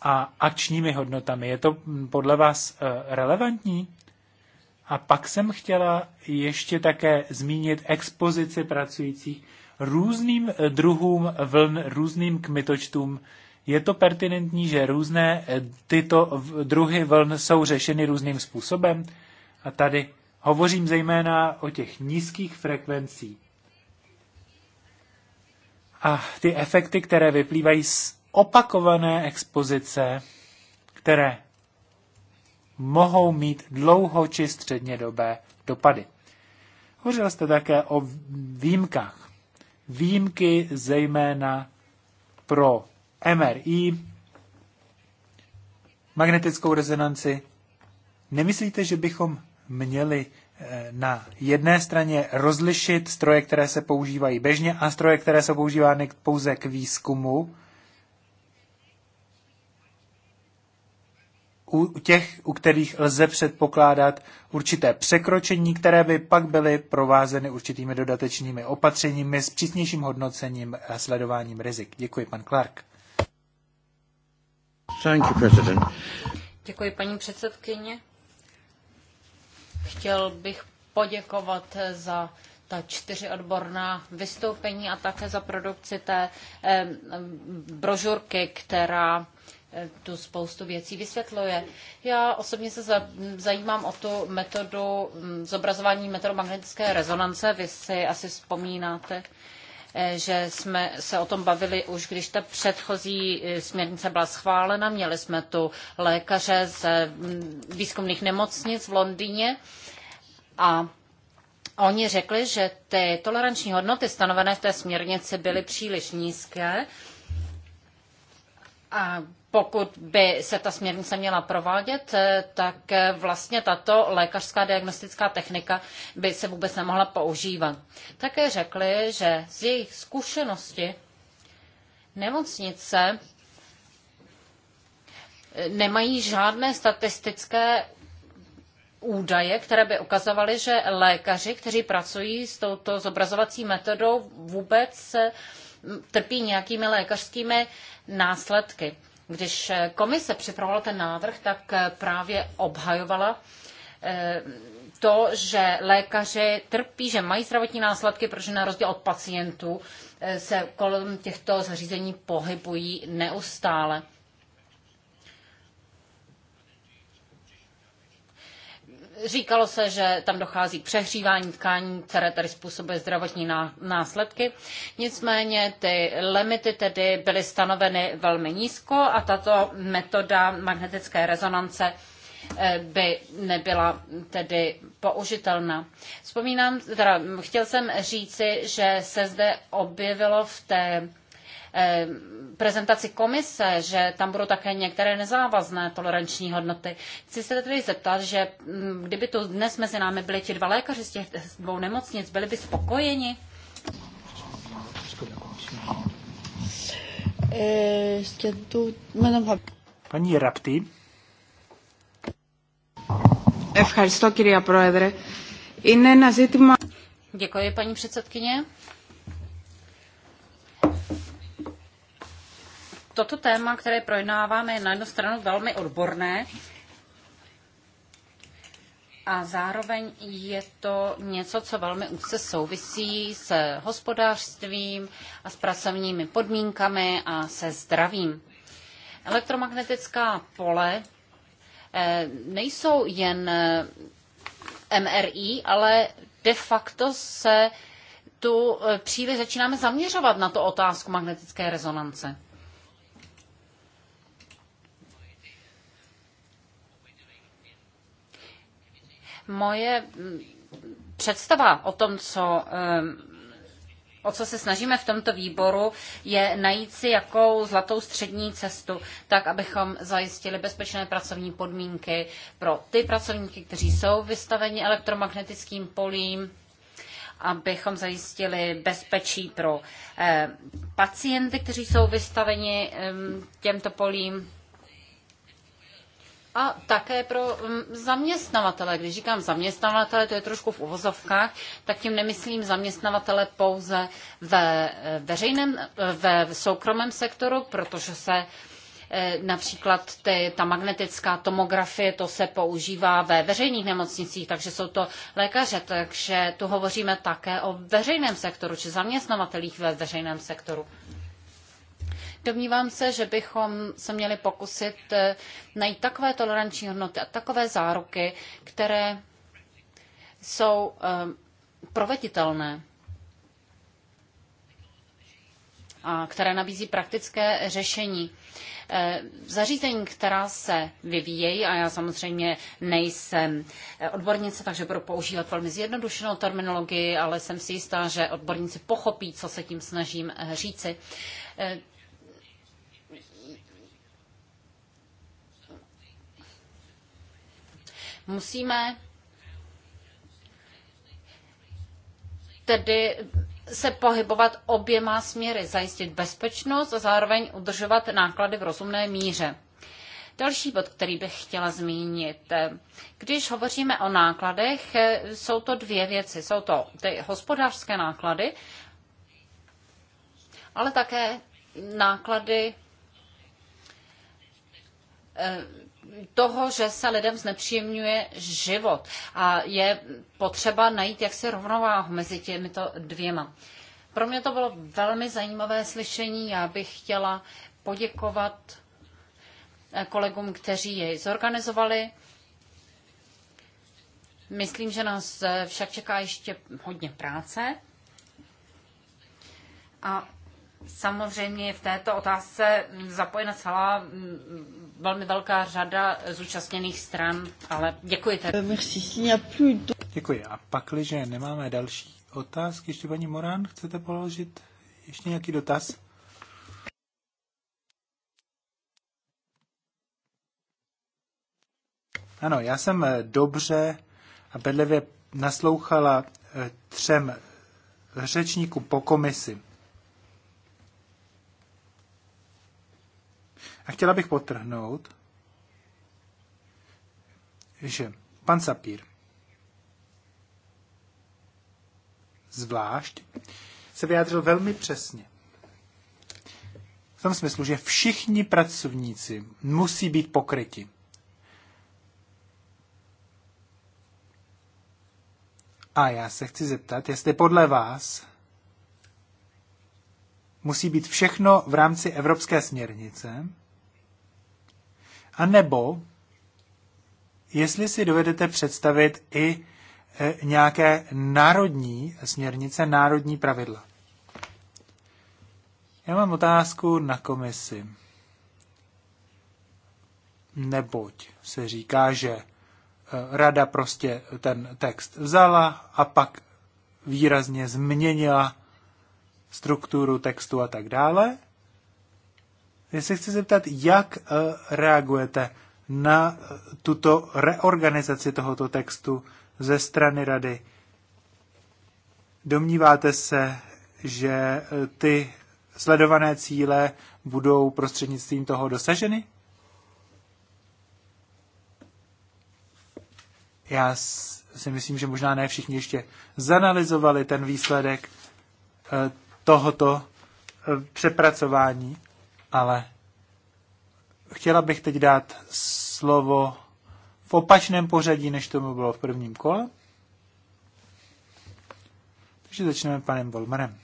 a akčními hodnotami? Je to mm, podle vás eh, relevantní? A pak jsem chtěla ještě také zmínit expozici pracujících různým eh, druhům vln, různým kmitočtům je to pertinentní, že různé eh, tyto druhy vln jsou řešeny různým způsobem? A tady hovořím zejména o těch nízkých frekvencí A ty efekty, které vyplývají z opakované expozice, které mohou mít dlouho či střednědobé dopady. Hovořil jste také o výjimkách. Výjimky zejména pro MRI, magnetickou rezonanci. Nemyslíte, že bychom měli eh, na jedné straně rozlišit stroje, které se používají běžně a stroje, které jsou používány pouze k výzkumu. U těch, u kterých lze předpokládat určité překročení, které by pak byly provázeny určitými dodatečnými opatřeními s přísnějším hodnocením a sledováním rizik. Děkuji, pan Clark. Thank you, President. Děkuji, paní předsedkyně. Chtěl bych poděkovat za ta čtyři odborná vystoupení a také za produkci té brožurky, která eh, tu spoustu věcí vysvětluje. Já osobně se zajímám o tu metodu mm, zobrazování metodou magnetické rezonance. Vy si asi vzpomínáte, Eh, že jsme se o tom bavili už, když ta předchozí eh, směrnice byla schválena. Měli jsme tu lékaře z mm, výzkumných nemocnic v Londýně a Oni řekli, že ty toleranční hodnoty stanovené v té směrnici byly příliš nízké a pokud by se ta směrnice měla provádět, eh, tak eh, vlastně tato lékařská diagnostická technika by se vůbec nemohla používat. Také řekli, že z jejich zkušenosti nemocnice eh, nemají žádné statistické údaje, které by ukazovaly, že lékaři, kteří pracují s touto zobrazovací metodou, vůbec trpí nějakými lékařskými následky. Když eh, komise připravovala ten návrh, tak eh, právě obhajovala eh, to, že lékaři trpí, že mají zdravotní následky, protože na rozdíl od pacientů se kolem těchto zařízení pohybují neustále. Říkalo se, že tam dochází k přehřívání tkání, které tady způsobuje zdravotní následky. Nicméně ty limity tedy byly stanoveny velmi nízko a tato metoda magnetické rezonance eh, by nebyla tedy použitelná. Vzpomínám, teda chtěl jsem říci, že se zde objevilo v té Eh, prezentaci komise, že tam budou také některé nezávazné toleranční hodnoty. Chci se tedy zeptat, že mm, kdyby tu dnes mezi námi byli ti dva lékaři z těch dvou nemocnic, byli by spokojeni? Eh, paní Rapti. Děkuji, paní předsedkyně. toto téma, které projednáváme, je na jednu stranu velmi odborné a zároveň je to něco, co velmi úzce souvisí s hospodářstvím a s pracovními podmínkami a se zdravím. Elektromagnetická pole eh, nejsou jen eh, MRI, ale de facto se tu eh, příliš začínáme zaměřovat na tu otázku magnetické rezonance. Moje mm, představa o tom, co o co se snažíme v tomto výboru, je najít si jakou zlatou střední cestu, tak abychom zajistili bezpečné pracovní podmínky pro ty pracovníky, kteří jsou vystaveni elektromagnetickým polím, abychom zajistili bezpečí pro pacienty, kteří jsou vystaveni těmto polím a také pro mm, zaměstnavatele. Když říkám zaměstnavatele, to je trošku v uvozovkách, tak tím nemyslím zaměstnavatele pouze ve e, veřejném, e, ve soukromém sektoru, protože se e, například ty, ta magnetická tomografie, to se používá ve veřejných nemocnicích, takže jsou to lékaře, takže tu hovoříme také o veřejném sektoru, či zaměstnavatelích ve veřejném sektoru. Domnívám se, že bychom se měli pokusit eh, najít takové toleranční hodnoty a takové záruky, které jsou eh, proveditelné a které nabízí praktické řešení. Eh, zařízení, která se vyvíjejí, a já samozřejmě nejsem odbornice, takže budu používat velmi zjednodušenou terminologii, ale jsem si jistá, že odborníci pochopí, co se tím snažím říci. Musíme tedy se pohybovat oběma směry, zajistit bezpečnost a zároveň udržovat náklady v rozumné míře. Další bod, který bych chtěla zmínit. Když hovoříme o nákladech, jsou to dvě věci. Jsou to ty hospodářské náklady, ale také náklady eh, toho, že se lidem znepříjemňuje život a je potřeba najít jaksi rovnováhu mezi těmito dvěma. Pro mě to bylo velmi zajímavé slyšení. Já bych chtěla poděkovat eh, kolegům, kteří jej zorganizovali. Myslím, že nás eh, však čeká ještě hodně práce. A Samozřejmě v této otázce zapojena celá mm, velmi velká řada zúčastněných stran, ale děkuji. Eh, děkuji. A pakliže nemáme další otázky, ještě paní Morán, chcete položit ještě nějaký dotaz? Ano, já jsem eh, dobře a bedlivě naslouchala eh, třem řečníkům po komisi. A chtěla bych potrhnout, že pan Sapír zvlášť se vyjádřil velmi přesně. V tom smyslu, že všichni pracovníci musí být pokryti. A já se chci zeptat, jestli podle vás musí být všechno v rámci evropské směrnice, a nebo, jestli si dovedete představit i e, nějaké národní směrnice, národní pravidla. Já mám otázku na komisi. Neboť se říká, že e, rada prostě ten text vzala a pak výrazně změnila strukturu textu a tak dále. Já se chci zeptat, jak eh, reagujete na eh, tuto reorganizaci tohoto textu ze strany rady. Domníváte se, že eh, ty sledované cíle budou prostřednictvím toho dosaženy? Já si myslím, že možná ne všichni ještě zanalizovali ten výsledek tohoto přepracování ale chtěla bych teď dát slovo v opačném pořadí, než tomu bylo v prvním kole. Takže začneme panem Volmerem.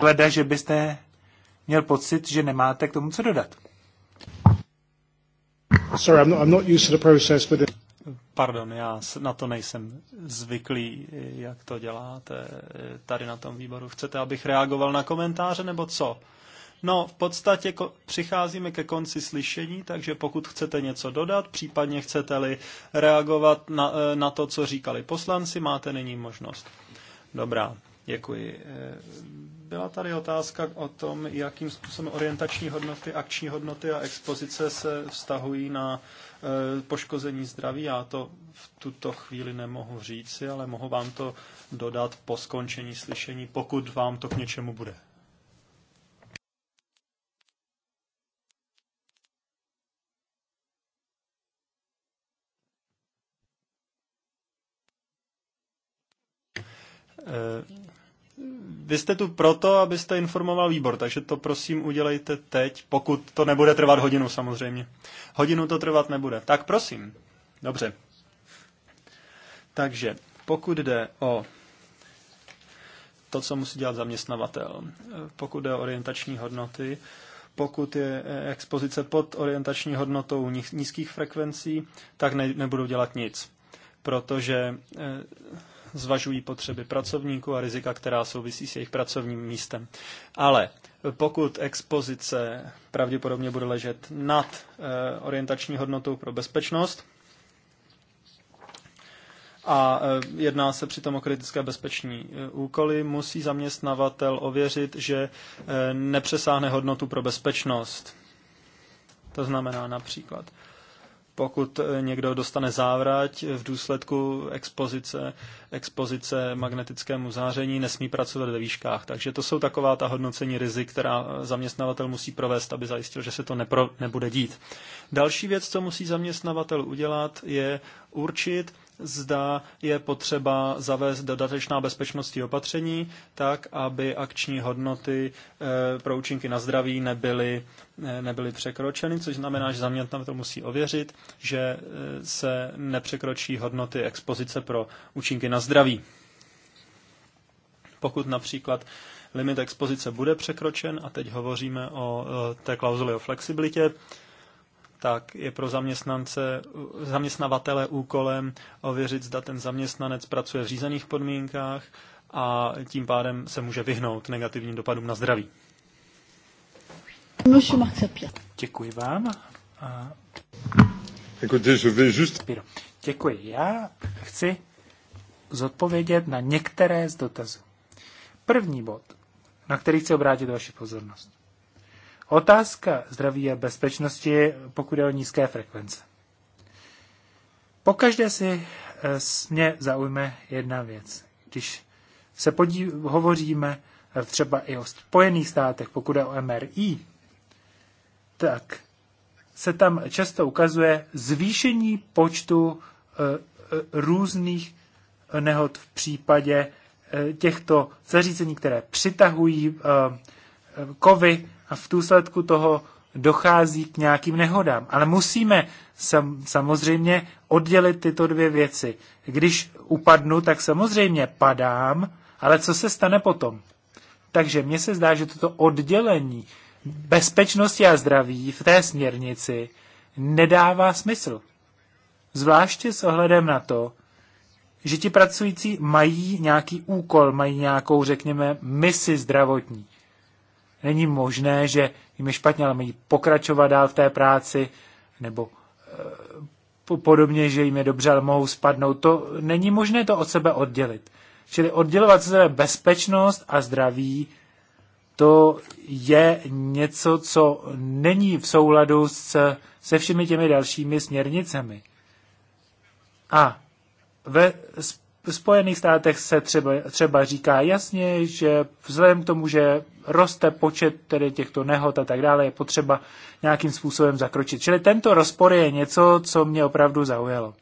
Hleda, že byste měl pocit, že nemáte k tomu co dodat. Sorry, I'm not, I'm not used to the process, but... Pardon, já na to nejsem zvyklý, jak to děláte tady na tom výboru. Chcete, abych reagoval na komentáře nebo co? No, v podstatě ko- přicházíme ke konci slyšení, takže pokud chcete něco dodat, případně chcete-li reagovat na, eh, na to, co říkali poslanci, máte nyní možnost. Dobrá. Děkuji. Eh, byla tady otázka o tom, jakým způsobem orientační hodnoty, akční hodnoty a expozice se vztahují na eh, poškození zdraví. Já to v tuto chvíli nemohu říci, ale mohu vám to dodat po skončení slyšení, pokud vám to k něčemu bude. Eh, vy jste tu proto, abyste informoval výbor, takže to prosím udělejte teď, pokud to nebude trvat hodinu samozřejmě. Hodinu to trvat nebude. Tak prosím. Dobře. Takže pokud jde o to, co musí dělat zaměstnavatel, pokud jde o orientační hodnoty, pokud je expozice pod orientační hodnotou nízkých frekvencí, tak ne, nebudou dělat nic, protože eh, zvažují potřeby pracovníků a rizika, která souvisí s jejich pracovním místem. Ale pokud expozice pravděpodobně bude ležet nad eh, orientační hodnotou pro bezpečnost, a eh, jedná se přitom o kritické bezpeční eh, úkoly, musí zaměstnavatel ověřit, že nepřesáhne hodnotu pro bezpečnost. To znamená například pokud eh, někdo dostane závrať v důsledku expozice, expozice magnetickému záření, nesmí pracovat ve výškách. Takže to jsou taková ta hodnocení rizik, která eh, zaměstnavatel musí provést, aby zajistil, že se to nepro, nebude dít. Další věc, co musí zaměstnavatel udělat, je určit, zda je potřeba zavést dodatečná bezpečnostní opatření, tak aby akční hodnoty eh, pro účinky na zdraví nebyly, eh, nebyly překročeny, což znamená, že zaměstnan to musí ověřit, že eh, se nepřekročí hodnoty expozice pro účinky na zdraví. Pokud například limit expozice bude překročen, a teď hovoříme o té klauzuli o flexibilitě, tak je pro zaměstnance, zaměstnavatele úkolem ověřit, zda ten zaměstnanec pracuje v řízených podmínkách a tím pádem se může vyhnout negativním dopadům na zdraví. Děkuji vám. Děkuji. Já chci zodpovědět na některé z dotazů. První bod, na který chci obrátit vaši pozornost. Otázka zdraví a bezpečnosti, pokud je o nízké frekvence. Pokaždé si eh, mě zaujme jedna věc. Když se podí, hovoříme eh, třeba i o Spojených státech, pokud je o MRI, tak se tam často ukazuje zvýšení počtu eh, různých nehod v případě těchto zařízení, které přitahují kovy a v důsledku toho dochází k nějakým nehodám. Ale musíme sam, samozřejmě oddělit tyto dvě věci. Když upadnu, tak samozřejmě padám, ale co se stane potom? Takže mně se zdá, že toto oddělení bezpečnosti a zdraví v té směrnici nedává smysl. Zvláště s ohledem na to, že ti pracující mají nějaký úkol, mají nějakou, řekněme, misi zdravotní. Není možné, že jim je špatně, ale mají pokračovat dál v té práci, nebo e, podobně, že jim je dobře, ale mohou spadnout. To není možné to od sebe oddělit. Čili oddělovat se bezpečnost a zdraví, to je něco, co není v souladu s, se všemi těmi dalšími směrnicemi. A ve v Spojených státech se třeba, třeba říká jasně, že vzhledem k tomu, že roste počet tedy těchto nehod a tak dále, je potřeba nějakým způsobem zakročit. Čili tento rozpor je něco, co mě opravdu zaujalo.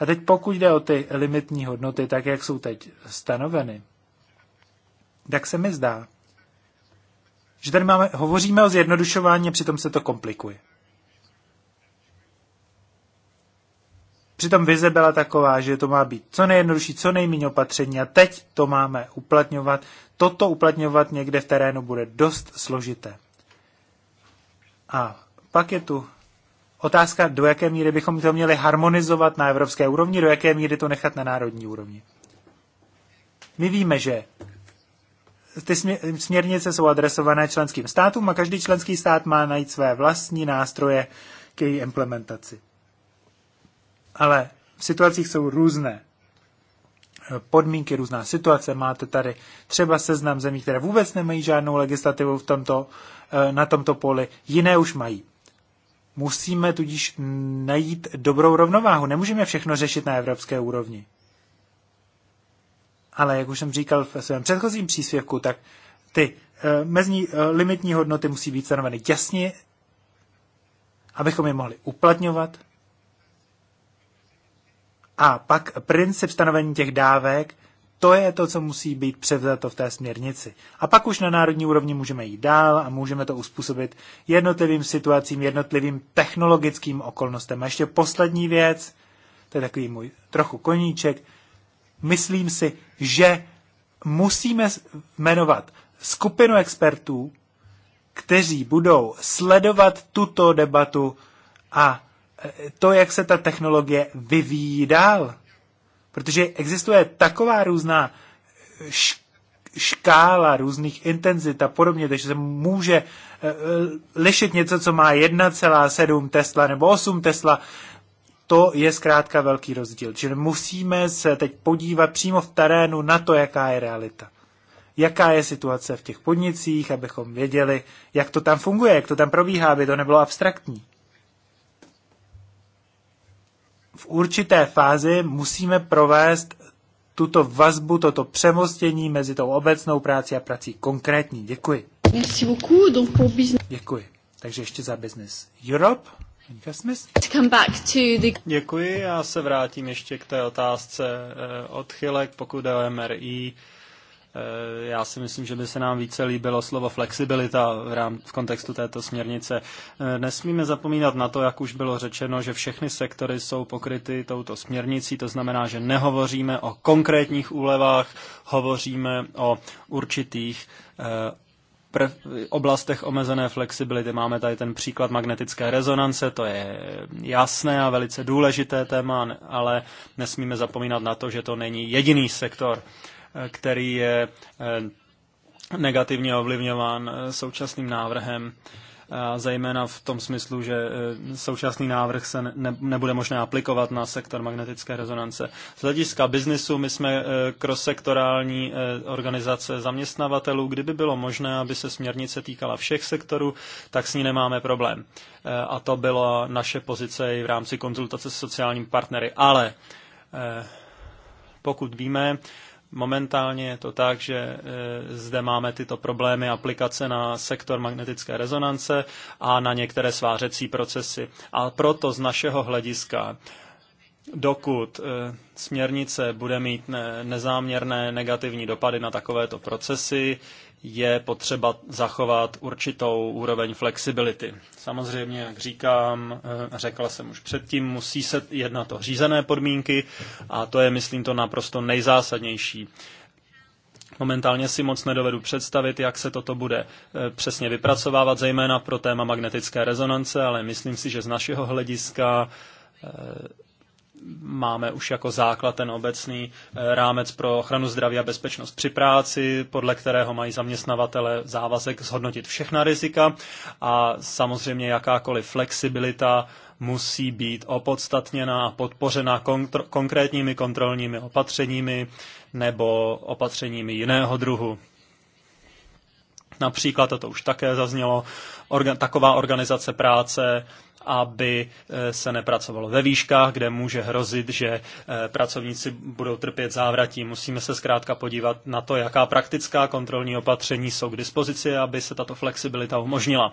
A teď pokud jde o ty limitní hodnoty, tak jak jsou teď stanoveny, tak se mi zdá, že tady máme, hovoříme o zjednodušování a přitom se to komplikuje. Přitom vize byla taková, že to má být co nejjednodušší, co nejméně opatření a teď to máme uplatňovat. Toto uplatňovat někde v terénu bude dost složité. A pak je tu otázka, do jaké míry bychom to měli harmonizovat na evropské úrovni, do jaké míry to nechat na národní úrovni. My víme, že ty směrnice jsou adresované členským státům a každý členský stát má najít své vlastní nástroje k její implementaci. Ale v situacích jsou různé podmínky, různá situace. Máte tady třeba seznam zemí, které vůbec nemají žádnou legislativu v tomto, eh, na tomto poli, jiné už mají. Musíme tudíž najít dobrou rovnováhu. Nemůžeme všechno řešit na evropské úrovni. Ale jak už jsem říkal v svém předchozím příspěvku, tak ty eh, mezní eh, limitní hodnoty musí být stanoveny jasně, abychom je mohli uplatňovat a pak princip stanovení těch dávek, to je to, co musí být převzato v té směrnici. A pak už na národní úrovni můžeme jít dál a můžeme to uspůsobit jednotlivým situacím, jednotlivým technologickým okolnostem. A ještě poslední věc, to je takový můj trochu koníček, myslím si, že musíme jmenovat skupinu expertů, kteří budou sledovat tuto debatu a to, jak se ta technologie vyvíjí dál. Protože existuje taková různá eh, škála různých intenzit a podobně, takže se může eh, lišit něco, co má 1,7 Tesla nebo 8 Tesla. To je zkrátka velký rozdíl. Čili musíme se teď podívat přímo v terénu na to, jaká je realita. Jaká je situace v těch podnicích, abychom věděli, jak to tam funguje, jak to tam probíhá, aby to nebylo abstraktní. v určité fázi musíme provést tuto vazbu, toto přemostění mezi tou obecnou práci a prací konkrétní. Děkuji. Merci beaucoup. Donc pour business... Děkuji. Takže ještě za Business Europe. Děkuji, já se vrátím ještě k té otázce eh, odchylek, pokud je o MRI Eh, já si myslím, že by se nám více líbilo slovo flexibilita v, rám, v kontextu této směrnice. Eh, nesmíme zapomínat na to, jak už bylo řečeno, že všechny sektory jsou pokryty touto směrnicí, to znamená, že nehovoříme o konkrétních úlevách, hovoříme o určitých eh, prv, oblastech omezené flexibility. Máme tady ten příklad magnetické rezonance, to je jasné a velice důležité téma, ale nesmíme zapomínat na to, že to není jediný sektor který je eh, negativně ovlivňován eh, současným návrhem, zejména v tom smyslu, že eh, současný návrh se nebude možné aplikovat na sektor magnetické rezonance. Z hlediska biznisu my jsme krosektorální organizace zaměstnavatelů. Kdyby bylo možné, aby se směrnice týkala všech sektorů, tak s ní nemáme problém. A to byla naše pozice i v rámci konzultace s sociálním partnery. Ale pokud víme, Momentálně je to tak, že e, zde máme tyto problémy aplikace na sektor magnetické rezonance a na některé svářecí procesy. A proto z našeho hlediska dokud e, směrnice bude mít nezáměrné negativní dopady na takovéto procesy, je potřeba zachovat určitou úroveň flexibility. Samozřejmě, jak říkám, eh, řekla jsem už předtím, musí se jednat o řízené podmínky a to je, myslím, to naprosto nejzásadnější. Momentálně si moc nedovedu představit, jak se toto bude eh, přesně vypracovávat, zejména pro téma magnetické rezonance, ale myslím si, že z našeho hlediska eh, máme už jako základ ten obecný eh, rámec pro ochranu zdraví a bezpečnost při práci, podle kterého mají zaměstnavatele závazek zhodnotit všechna rizika a samozřejmě jakákoliv flexibilita musí být opodstatněná a podpořena kontr- konkrétními kontrolními opatřeními nebo opatřeními jiného druhu. Například, a to už také zaznělo, orga- taková organizace práce aby eh, se nepracovalo ve výškách, kde může hrozit, že eh, pracovníci budou trpět závratí. Musíme se zkrátka podívat na to, jaká praktická kontrolní opatření jsou k dispozici, aby se tato flexibilita umožnila.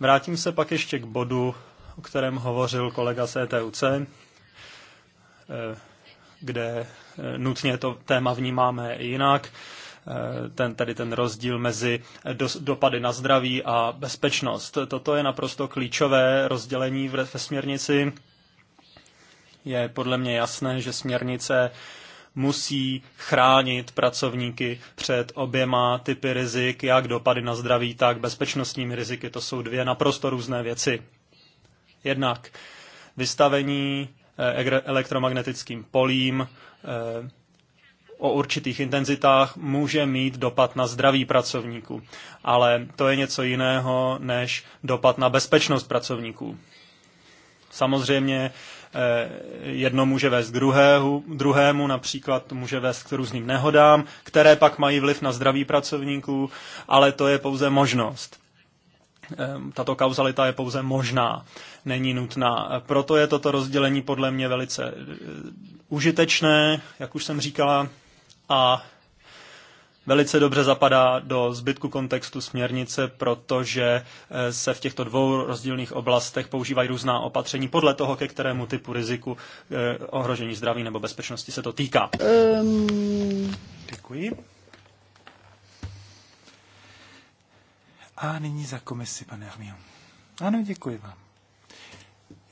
Vrátím se pak ještě k bodu, o kterém hovořil kolega CTUC, e eh, kde nutně to téma vnímáme jinak. Eh, ten, tady ten rozdíl mezi do, dopady na zdraví a bezpečnost. Toto je naprosto klíčové rozdělení v, ve směrnici. Je podle mě jasné, že směrnice musí chránit pracovníky před oběma typy rizik, jak dopady na zdraví, tak bezpečnostními riziky. To jsou dvě naprosto různé věci. Jednak vystavení eh, elektromagnetickým polím, eh, o určitých intenzitách může mít dopad na zdraví pracovníků, ale to je něco jiného než dopad na bezpečnost pracovníků. Samozřejmě eh, jedno může vést k druhému, druhému, například může vést k různým nehodám, které pak mají vliv na zdraví pracovníků, ale to je pouze možnost. Ehm, tato kauzalita je pouze možná, není nutná. Proto je toto rozdělení podle mě velice eh, užitečné, jak už jsem říkala, a velice dobře zapadá do zbytku kontextu směrnice, protože eh, se v těchto dvou rozdílných oblastech používají různá opatření podle toho, ke kterému typu riziku eh, ohrožení zdraví nebo bezpečnosti se to týká. Um... Děkuji. A nyní za komisi, pane Hermion. Ano, děkuji vám.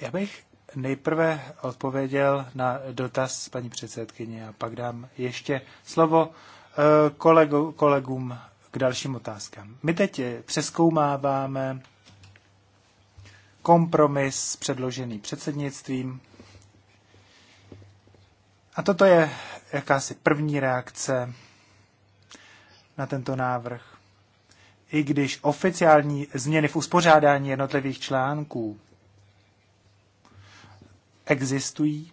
Já bych nejprve odpověděl na dotaz paní předsedkyně a pak dám ještě slovo eh, kolegu, kolegům k dalším otázkám. My teď přeskoumáváme kompromis předložený předsednictvím. A toto je jakási první reakce na tento návrh. I když oficiální změny v uspořádání jednotlivých článků existují.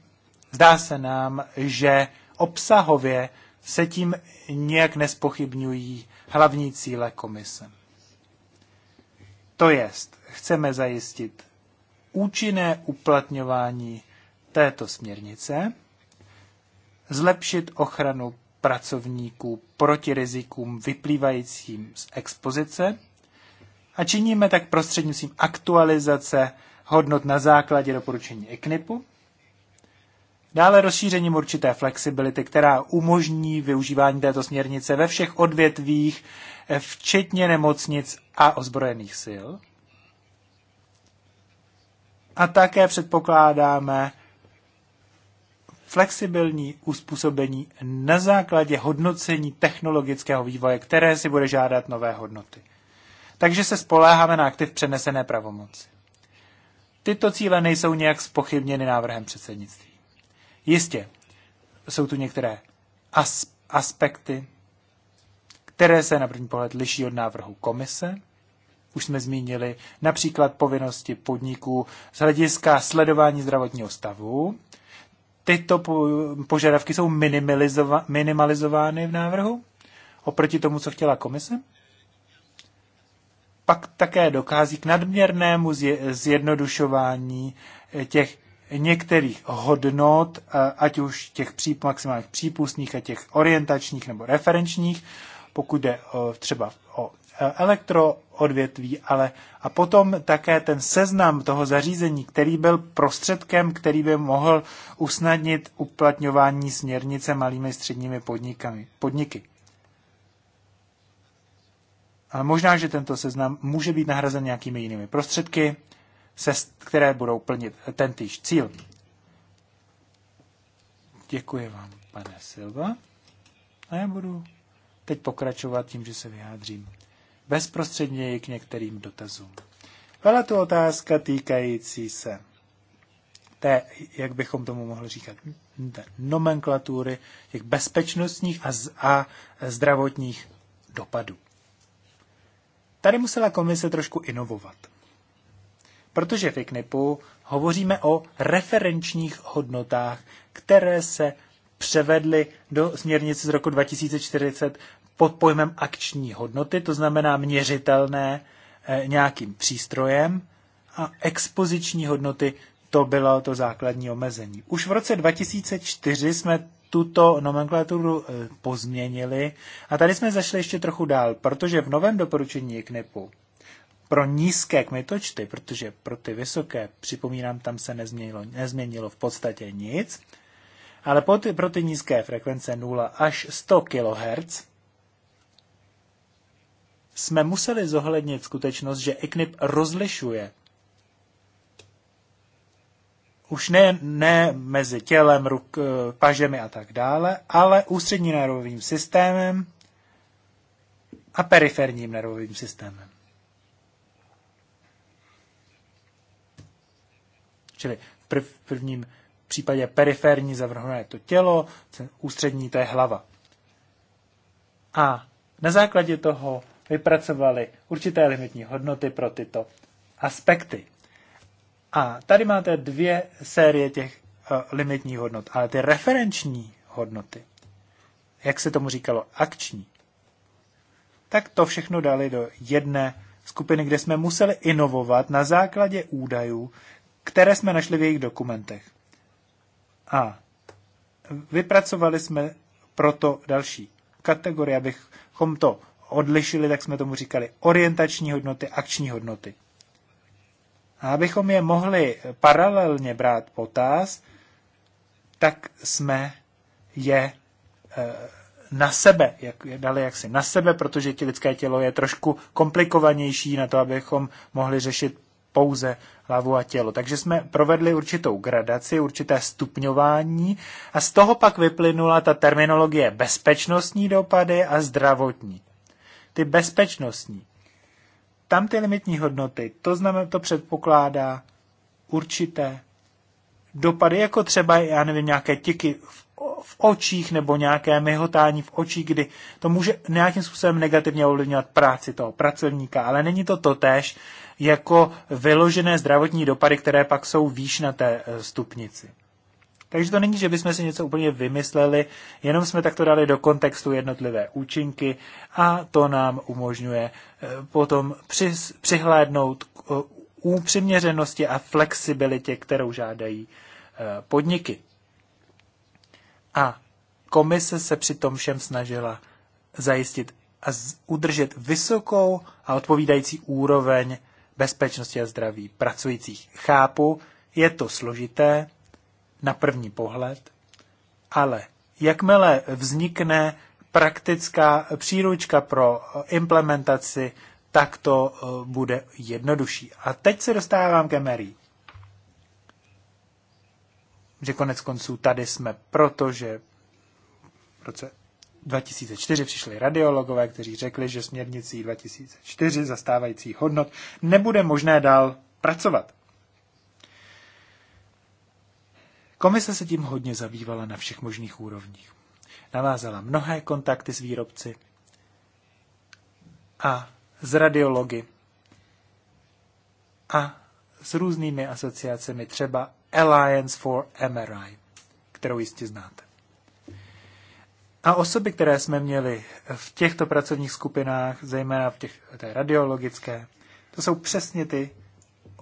Zdá se nám, že obsahově se tím nějak nespochybňují hlavní cíle komise. To jest, chceme zajistit účinné uplatňování této směrnice, zlepšit ochranu pracovníků proti rizikům vyplývajícím z expozice a činíme tak prostřednictvím aktualizace hodnot na základě doporučení ICNIPu, Dále rozšířením určité flexibility, která umožní využívání této směrnice ve všech odvětvích, včetně nemocnic a ozbrojených sil. A také předpokládáme flexibilní uspůsobení na základě hodnocení technologického vývoje, které si bude žádat nové hodnoty. Takže se spoléháme na aktiv přenesené pravomoci. Tyto cíle nejsou nějak spochybněny návrhem předsednictví. Jistě, jsou tu některé as- aspekty, které se na první pohled liší od návrhu komise. Už jsme zmínili například povinnosti podniků z hlediska sledování zdravotního stavu. Tyto požadavky jsou minimalizovány v návrhu oproti tomu, co chtěla komise pak také dokází k nadměrnému zjednodušování eh, těch některých hodnot, eh, ať už těch maximálních přípustných a těch orientačních nebo referenčních, pokud jde třeba o eh, elektroodvětví, ale a potom také ten seznam toho zařízení, který byl prostředkem, který by mohl usnadnit uplatňování směrnice malými středními podnikami, podniky. Ale možná, že tento seznam může být nahrazen nějakými jinými prostředky, které budou plnit týž cíl. Děkuji vám, pane Silva. A já budu teď pokračovat tím, že se vyjádřím bezprostředně k některým dotazům. Byla tu otázka týkající se té, jak bychom tomu mohli říkat, té nomenklatury těch bezpečnostních a, a zdravotních dopadů. Tady musela komise trošku inovovat. Protože v IKNIPu hovoříme o referenčních hodnotách, které se převedly do směrnice z roku 2040 pod pojmem akční hodnoty, to znamená měřitelné eh, nějakým přístrojem a expoziční hodnoty, to bylo to základní omezení. Už v roce 2004 jsme tuto nomenklaturu eh, pozměnili. A tady jsme zašli ještě trochu dál, protože v novém doporučení KNIPu e pro nízké kmitočty, protože pro ty vysoké, připomínám, tam se nezměnilo, nezměnilo v podstatě nic, ale pro ty, pro ty nízké frekvence 0 až 100 kHz jsme museli zohlednit skutečnost, že ICNIP e rozlišuje už ne, ne mezi tělem, ruk, eh, pažemi a tak dále, ale ústřední nervovým systémem a periferním nervovým systémem. Čili v, prv, prvním případě periferní zavrhnuje to tělo, ústřední to je hlava. A na základě toho vypracovali určité limitní hodnoty pro tyto aspekty. A tady máte dvě série těch eh, limitních hodnot, ale ty referenční hodnoty, jak se tomu říkalo, akční, tak to všechno dali do jedné skupiny, kde jsme museli inovovat na základě údajů, které jsme našli v jejich dokumentech. A vypracovali jsme proto další kategorie, abychom to odlišili, tak jsme tomu říkali orientační hodnoty, akční hodnoty. A abychom je mohli paralelně brát potaz, tak jsme je e, na sebe, jak, dali jaksi na sebe, protože ti lidské tělo je trošku komplikovanější na to, abychom mohli řešit pouze hlavu a tělo. Takže jsme provedli určitou gradaci, určité stupňování a z toho pak vyplynula ta terminologie bezpečnostní dopady a zdravotní. Ty bezpečnostní tam ty limitní hodnoty, to znamená, to předpokládá určité dopady, jako třeba, já nevím, nějaké tiky v, v očích nebo nějaké myhotání v očích, kdy to může nějakým způsobem negativně ovlivňovat práci toho pracovníka, ale není to totéž jako vyložené zdravotní dopady, které pak jsou výš na té eh, stupnici. Takže to není, že bychom si něco úplně vymysleli, jenom jsme takto dali do kontextu jednotlivé účinky a to nám umožňuje eh, potom při, přihlédnout k eh, přiměřenosti a flexibilitě, kterou žádají eh, podniky. A komise se při tom, všem snažila zajistit a udržet vysokou a odpovídající úroveň bezpečnosti a zdraví pracujících. Chápu, je to složité, na první pohled, ale jakmile vznikne praktická příručka pro eh, implementaci, tak to eh, bude jednodušší. A teď se dostávám ke Mary. Že konec konců tady jsme, protože v roce 2004 přišli radiologové, kteří řekli, že směrnicí 2004 zastávající hodnot nebude možné dál pracovat. Komise se tím hodně zabývala na všech možných úrovních. Navázala mnohé kontakty s výrobci a s radiology a s různými asociacemi, třeba Alliance for MRI, kterou jistě znáte. A osoby, které jsme měli v těchto pracovních skupinách, zejména v těch, té radiologické, to jsou přesně ty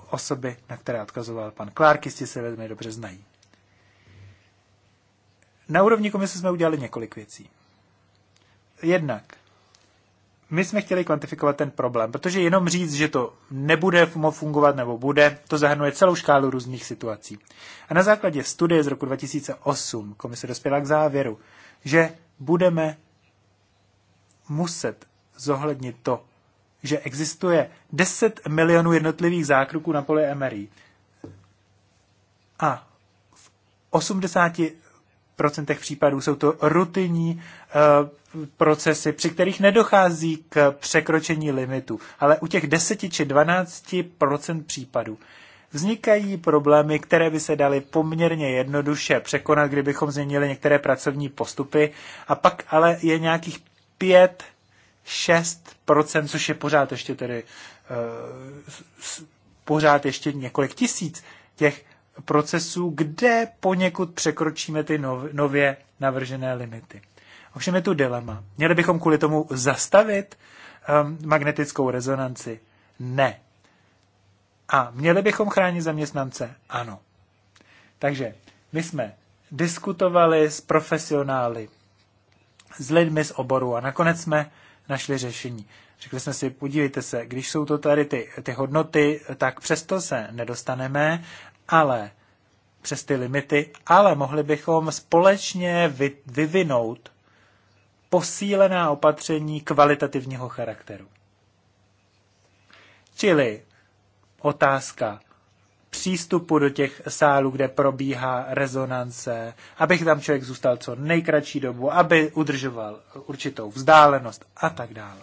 osoby, na které odkazoval pan Clark, jistě se velmi dobře znají. Na úrovni komise jsme udělali několik věcí. Jednak, my jsme chtěli kvantifikovat ten problém, protože jenom říct, že to nebude fungovat nebo bude, to zahrnuje celou škálu různých situací. A na základě studie z roku 2008 komise dospěla k závěru, že budeme muset zohlednit to, že existuje 10 milionů jednotlivých zákruků na poli MRI. A v 80 procentech případů jsou to rutinní eh, procesy, při kterých nedochází k překročení limitu. Ale u těch 10 či 12 případů vznikají problémy, které by se daly poměrně jednoduše překonat, kdybychom změnili některé pracovní postupy. A pak ale je nějakých 5 6%, což je pořád ještě tedy eh, pořád ještě několik tisíc těch procesů, kde poněkud překročíme ty nově navržené limity. Ovšem je tu dilema. Měli bychom kvůli tomu zastavit um, magnetickou rezonanci? Ne. A měli bychom chránit zaměstnance? Ano. Takže my jsme diskutovali s profesionály, s lidmi z oboru a nakonec jsme našli řešení. Řekli jsme si, podívejte se, když jsou to tady ty, ty hodnoty, tak přesto se nedostaneme ale přes ty limity, ale mohli bychom společně vyvinout posílená opatření kvalitativního charakteru. Čili otázka přístupu do těch sálů, kde probíhá rezonance, abych tam člověk zůstal co nejkratší dobu, aby udržoval určitou vzdálenost a tak dále.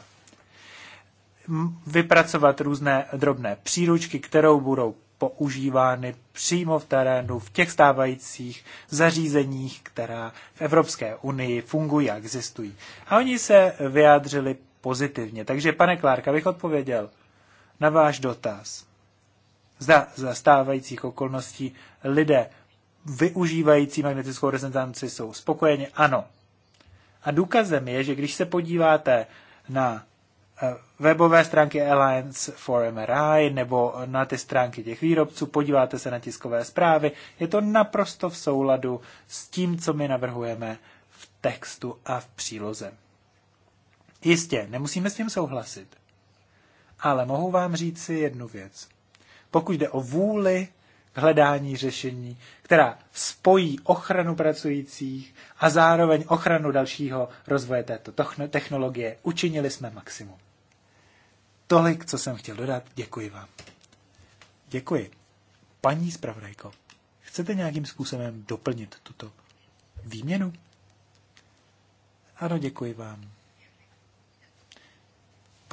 Vypracovat různé drobné příručky, kterou budou používány přímo v terénu, v těch stávajících zařízeních, která v Evropské unii fungují a existují. A oni se vyjádřili pozitivně. Takže, pane Klárka, bych odpověděl na váš dotaz. Zda za stávajících okolností lidé využívající magnetickou rezonanci jsou spokojeni? Ano. A důkazem je, že když se podíváte na Eh, webové stránky Alliance for MRI nebo na ty stránky těch výrobců, podíváte se na tiskové zprávy. Je to naprosto v souladu s tím, co my navrhujeme v textu a v příloze. Jistě, nemusíme s tím souhlasit. Ale mohu vám říct si jednu věc. Pokud jde o vůli hledání řešení, která spojí ochranu pracujících a zároveň ochranu dalšího rozvoje této technologie. Učinili jsme maximum. Tolik, co jsem chtěl dodat. Děkuji vám. Děkuji. Paní zpravodajko, chcete nějakým způsobem doplnit tuto výměnu? Ano, děkuji vám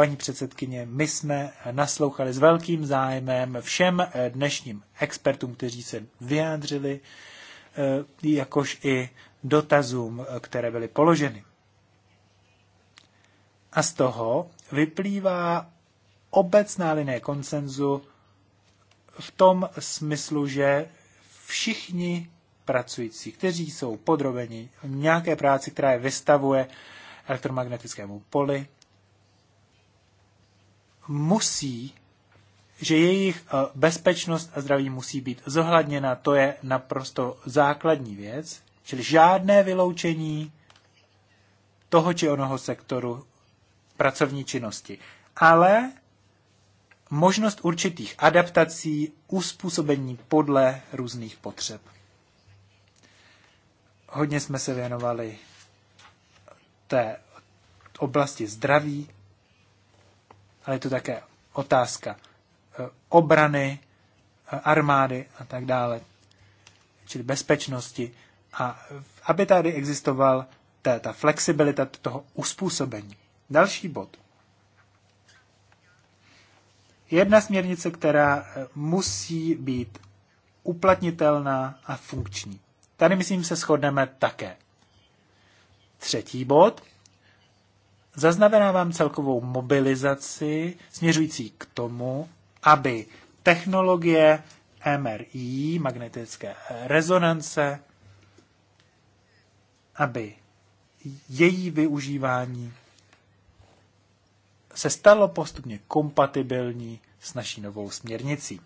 paní předsedkyně, my jsme naslouchali s velkým zájmem všem eh, dnešním expertům, kteří se vyjádřili, eh, jakož i dotazům, eh, které byly položeny. A z toho vyplývá obecná linie konsenzu v tom smyslu, že všichni pracující, kteří jsou podrobeni nějaké práci, která je vystavuje elektromagnetickému poli, musí, že jejich eh, bezpečnost a zdraví musí být zohledněna. To je naprosto základní věc, čili žádné vyloučení toho či onoho sektoru pracovní činnosti. Ale možnost určitých adaptací, uspůsobení podle různých potřeb. Hodně jsme se věnovali té oblasti zdraví ale je to také otázka e, obrany, e, armády a tak dále, čili bezpečnosti. A aby tady existoval ta, ta flexibilita toho uspůsobení. Další bod. Jedna směrnice, která e, musí být uplatnitelná a funkční. Tady, myslím, se shodneme také. Třetí bod – Zaznamenávám celkovou mobilizaci směřující k tomu, aby technologie MRI, magnetické rezonance, aby její využívání se stalo postupně kompatibilní s naší novou směrnicí.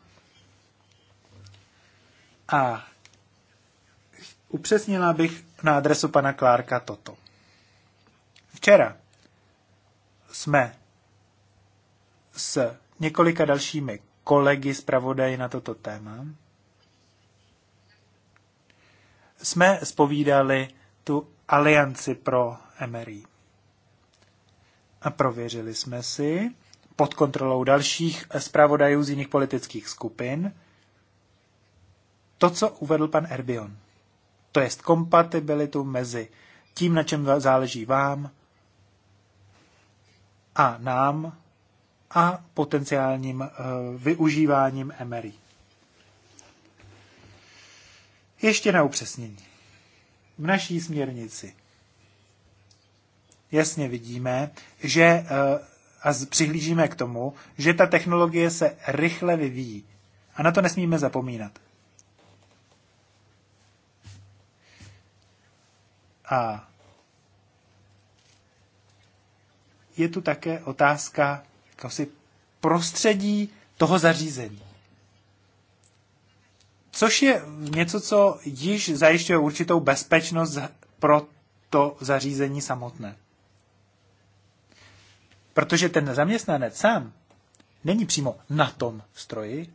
A upřesnila bych na adresu pana Klárka toto. Včera jsme s několika dalšími kolegy zpravodaji na toto téma, jsme spovídali tu alianci pro MRI. A prověřili jsme si pod kontrolou dalších zpravodajů z jiných politických skupin to, co uvedl pan Erbion. To jest kompatibilitu mezi tím, na čem záleží vám, a nám a potenciálním eh, využíváním MRI. Ještě na upřesnění. V naší směrnici jasně vidíme, že eh, a přihlížíme k tomu, že ta technologie se rychle vyvíjí. A na to nesmíme zapomínat. A je tu také otázka jakosi prostředí toho zařízení. Což je něco, co již zajišťuje určitou bezpečnost pro to zařízení samotné. Protože ten zaměstnanec sám není přímo na tom stroji,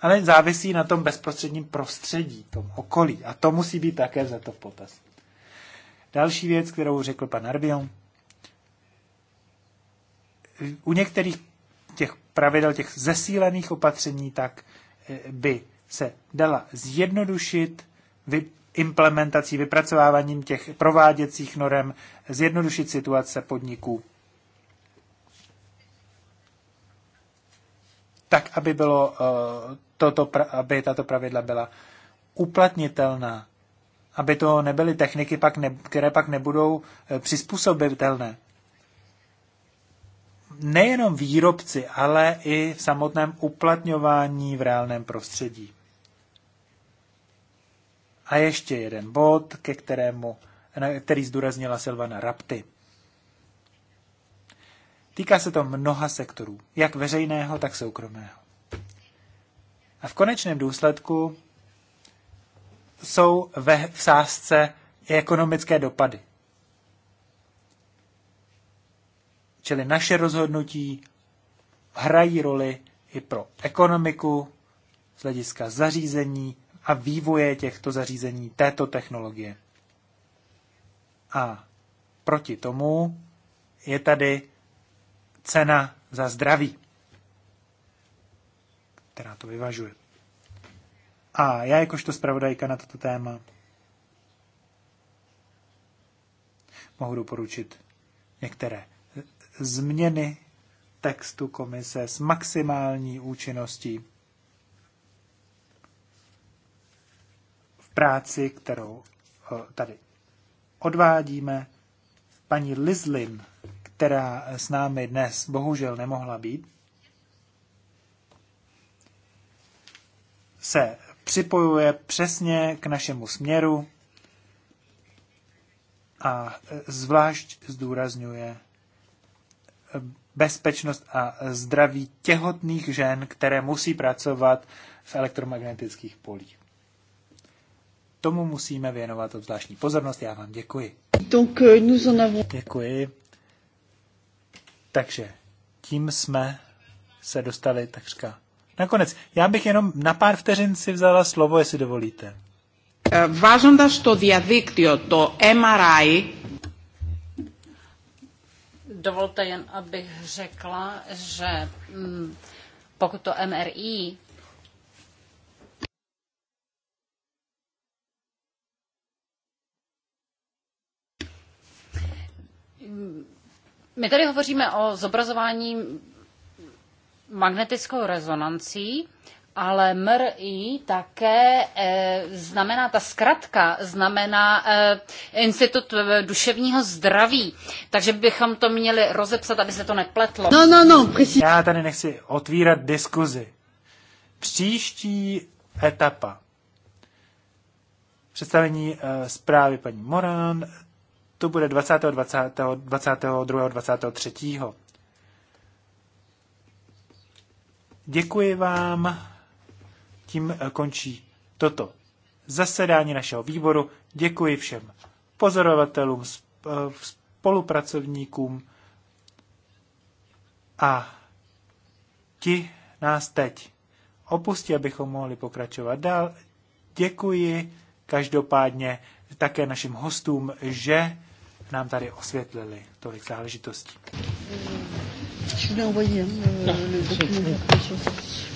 ale závisí na tom bezprostředním prostředí, tom okolí. A to musí být také za to v potaz. Další věc, kterou řekl pan Arbion, u některých těch pravidel, těch zesílených opatření, tak eh, by se dala zjednodušit implementací, vypracováváním těch prováděcích norem, zjednodušit situace podniků. Tak, aby, bylo, eh, toto, aby tato pravidla byla uplatnitelná, aby to nebyly techniky, pak ne, které pak nebudou eh, přizpůsobitelné nejenom výrobci, ale i v samotném uplatňování v reálném prostředí. A ještě jeden bod, ke kterému, který zdůraznila Silvana Rapty. Týká se to mnoha sektorů, jak veřejného, tak soukromého. A v konečném důsledku jsou ve, v sázce ekonomické dopady. Čili naše rozhodnutí hrají roli i pro ekonomiku z hlediska zařízení a vývoje těchto zařízení, této technologie. A proti tomu je tady cena za zdraví, která to vyvažuje. A já jakožto zpravodajka na toto téma mohu doporučit některé změny textu komise s maximální účinností v práci, kterou eh, tady odvádíme. Paní Lizlin, která s námi dnes bohužel nemohla být, se připojuje přesně k našemu směru a eh, zvlášť zdůrazňuje bezpečnost a zdraví těhotných žen, které musí pracovat v elektromagnetických polích. Tomu musíme věnovat obzvláštní pozornost. Já vám děkuji. Euh, děkuji. Takže tím jsme se dostali takřka nakonec. Já bych jenom na pár vteřin si vzala slovo, jestli dovolíte. Βάζοντας στο διαδίκτυο to MRI Dovolte jen, abych řekla, že mm, pokud to MRI My tady hovoříme o zobrazování magnetickou rezonancí, ale MRI také e, znamená, ta zkratka znamená e, Institut eh, duševního zdraví, takže bychom to měli rozepsat, aby se to nepletlo. No, no, no, přesně. Já tady nechci otvírat diskuzi. Příští etapa. Představení e, zprávy paní Moran, to bude 20. 20. 22. 23. Děkuji vám tím eh, končí toto zasedání našeho výboru. Děkuji všem pozorovatelům, eh, spolupracovníkům a ti nás teď opustí, abychom mohli pokračovat dál. Děkuji každopádně také našim hostům, že nám tady osvětlili tolik záležitostí. Je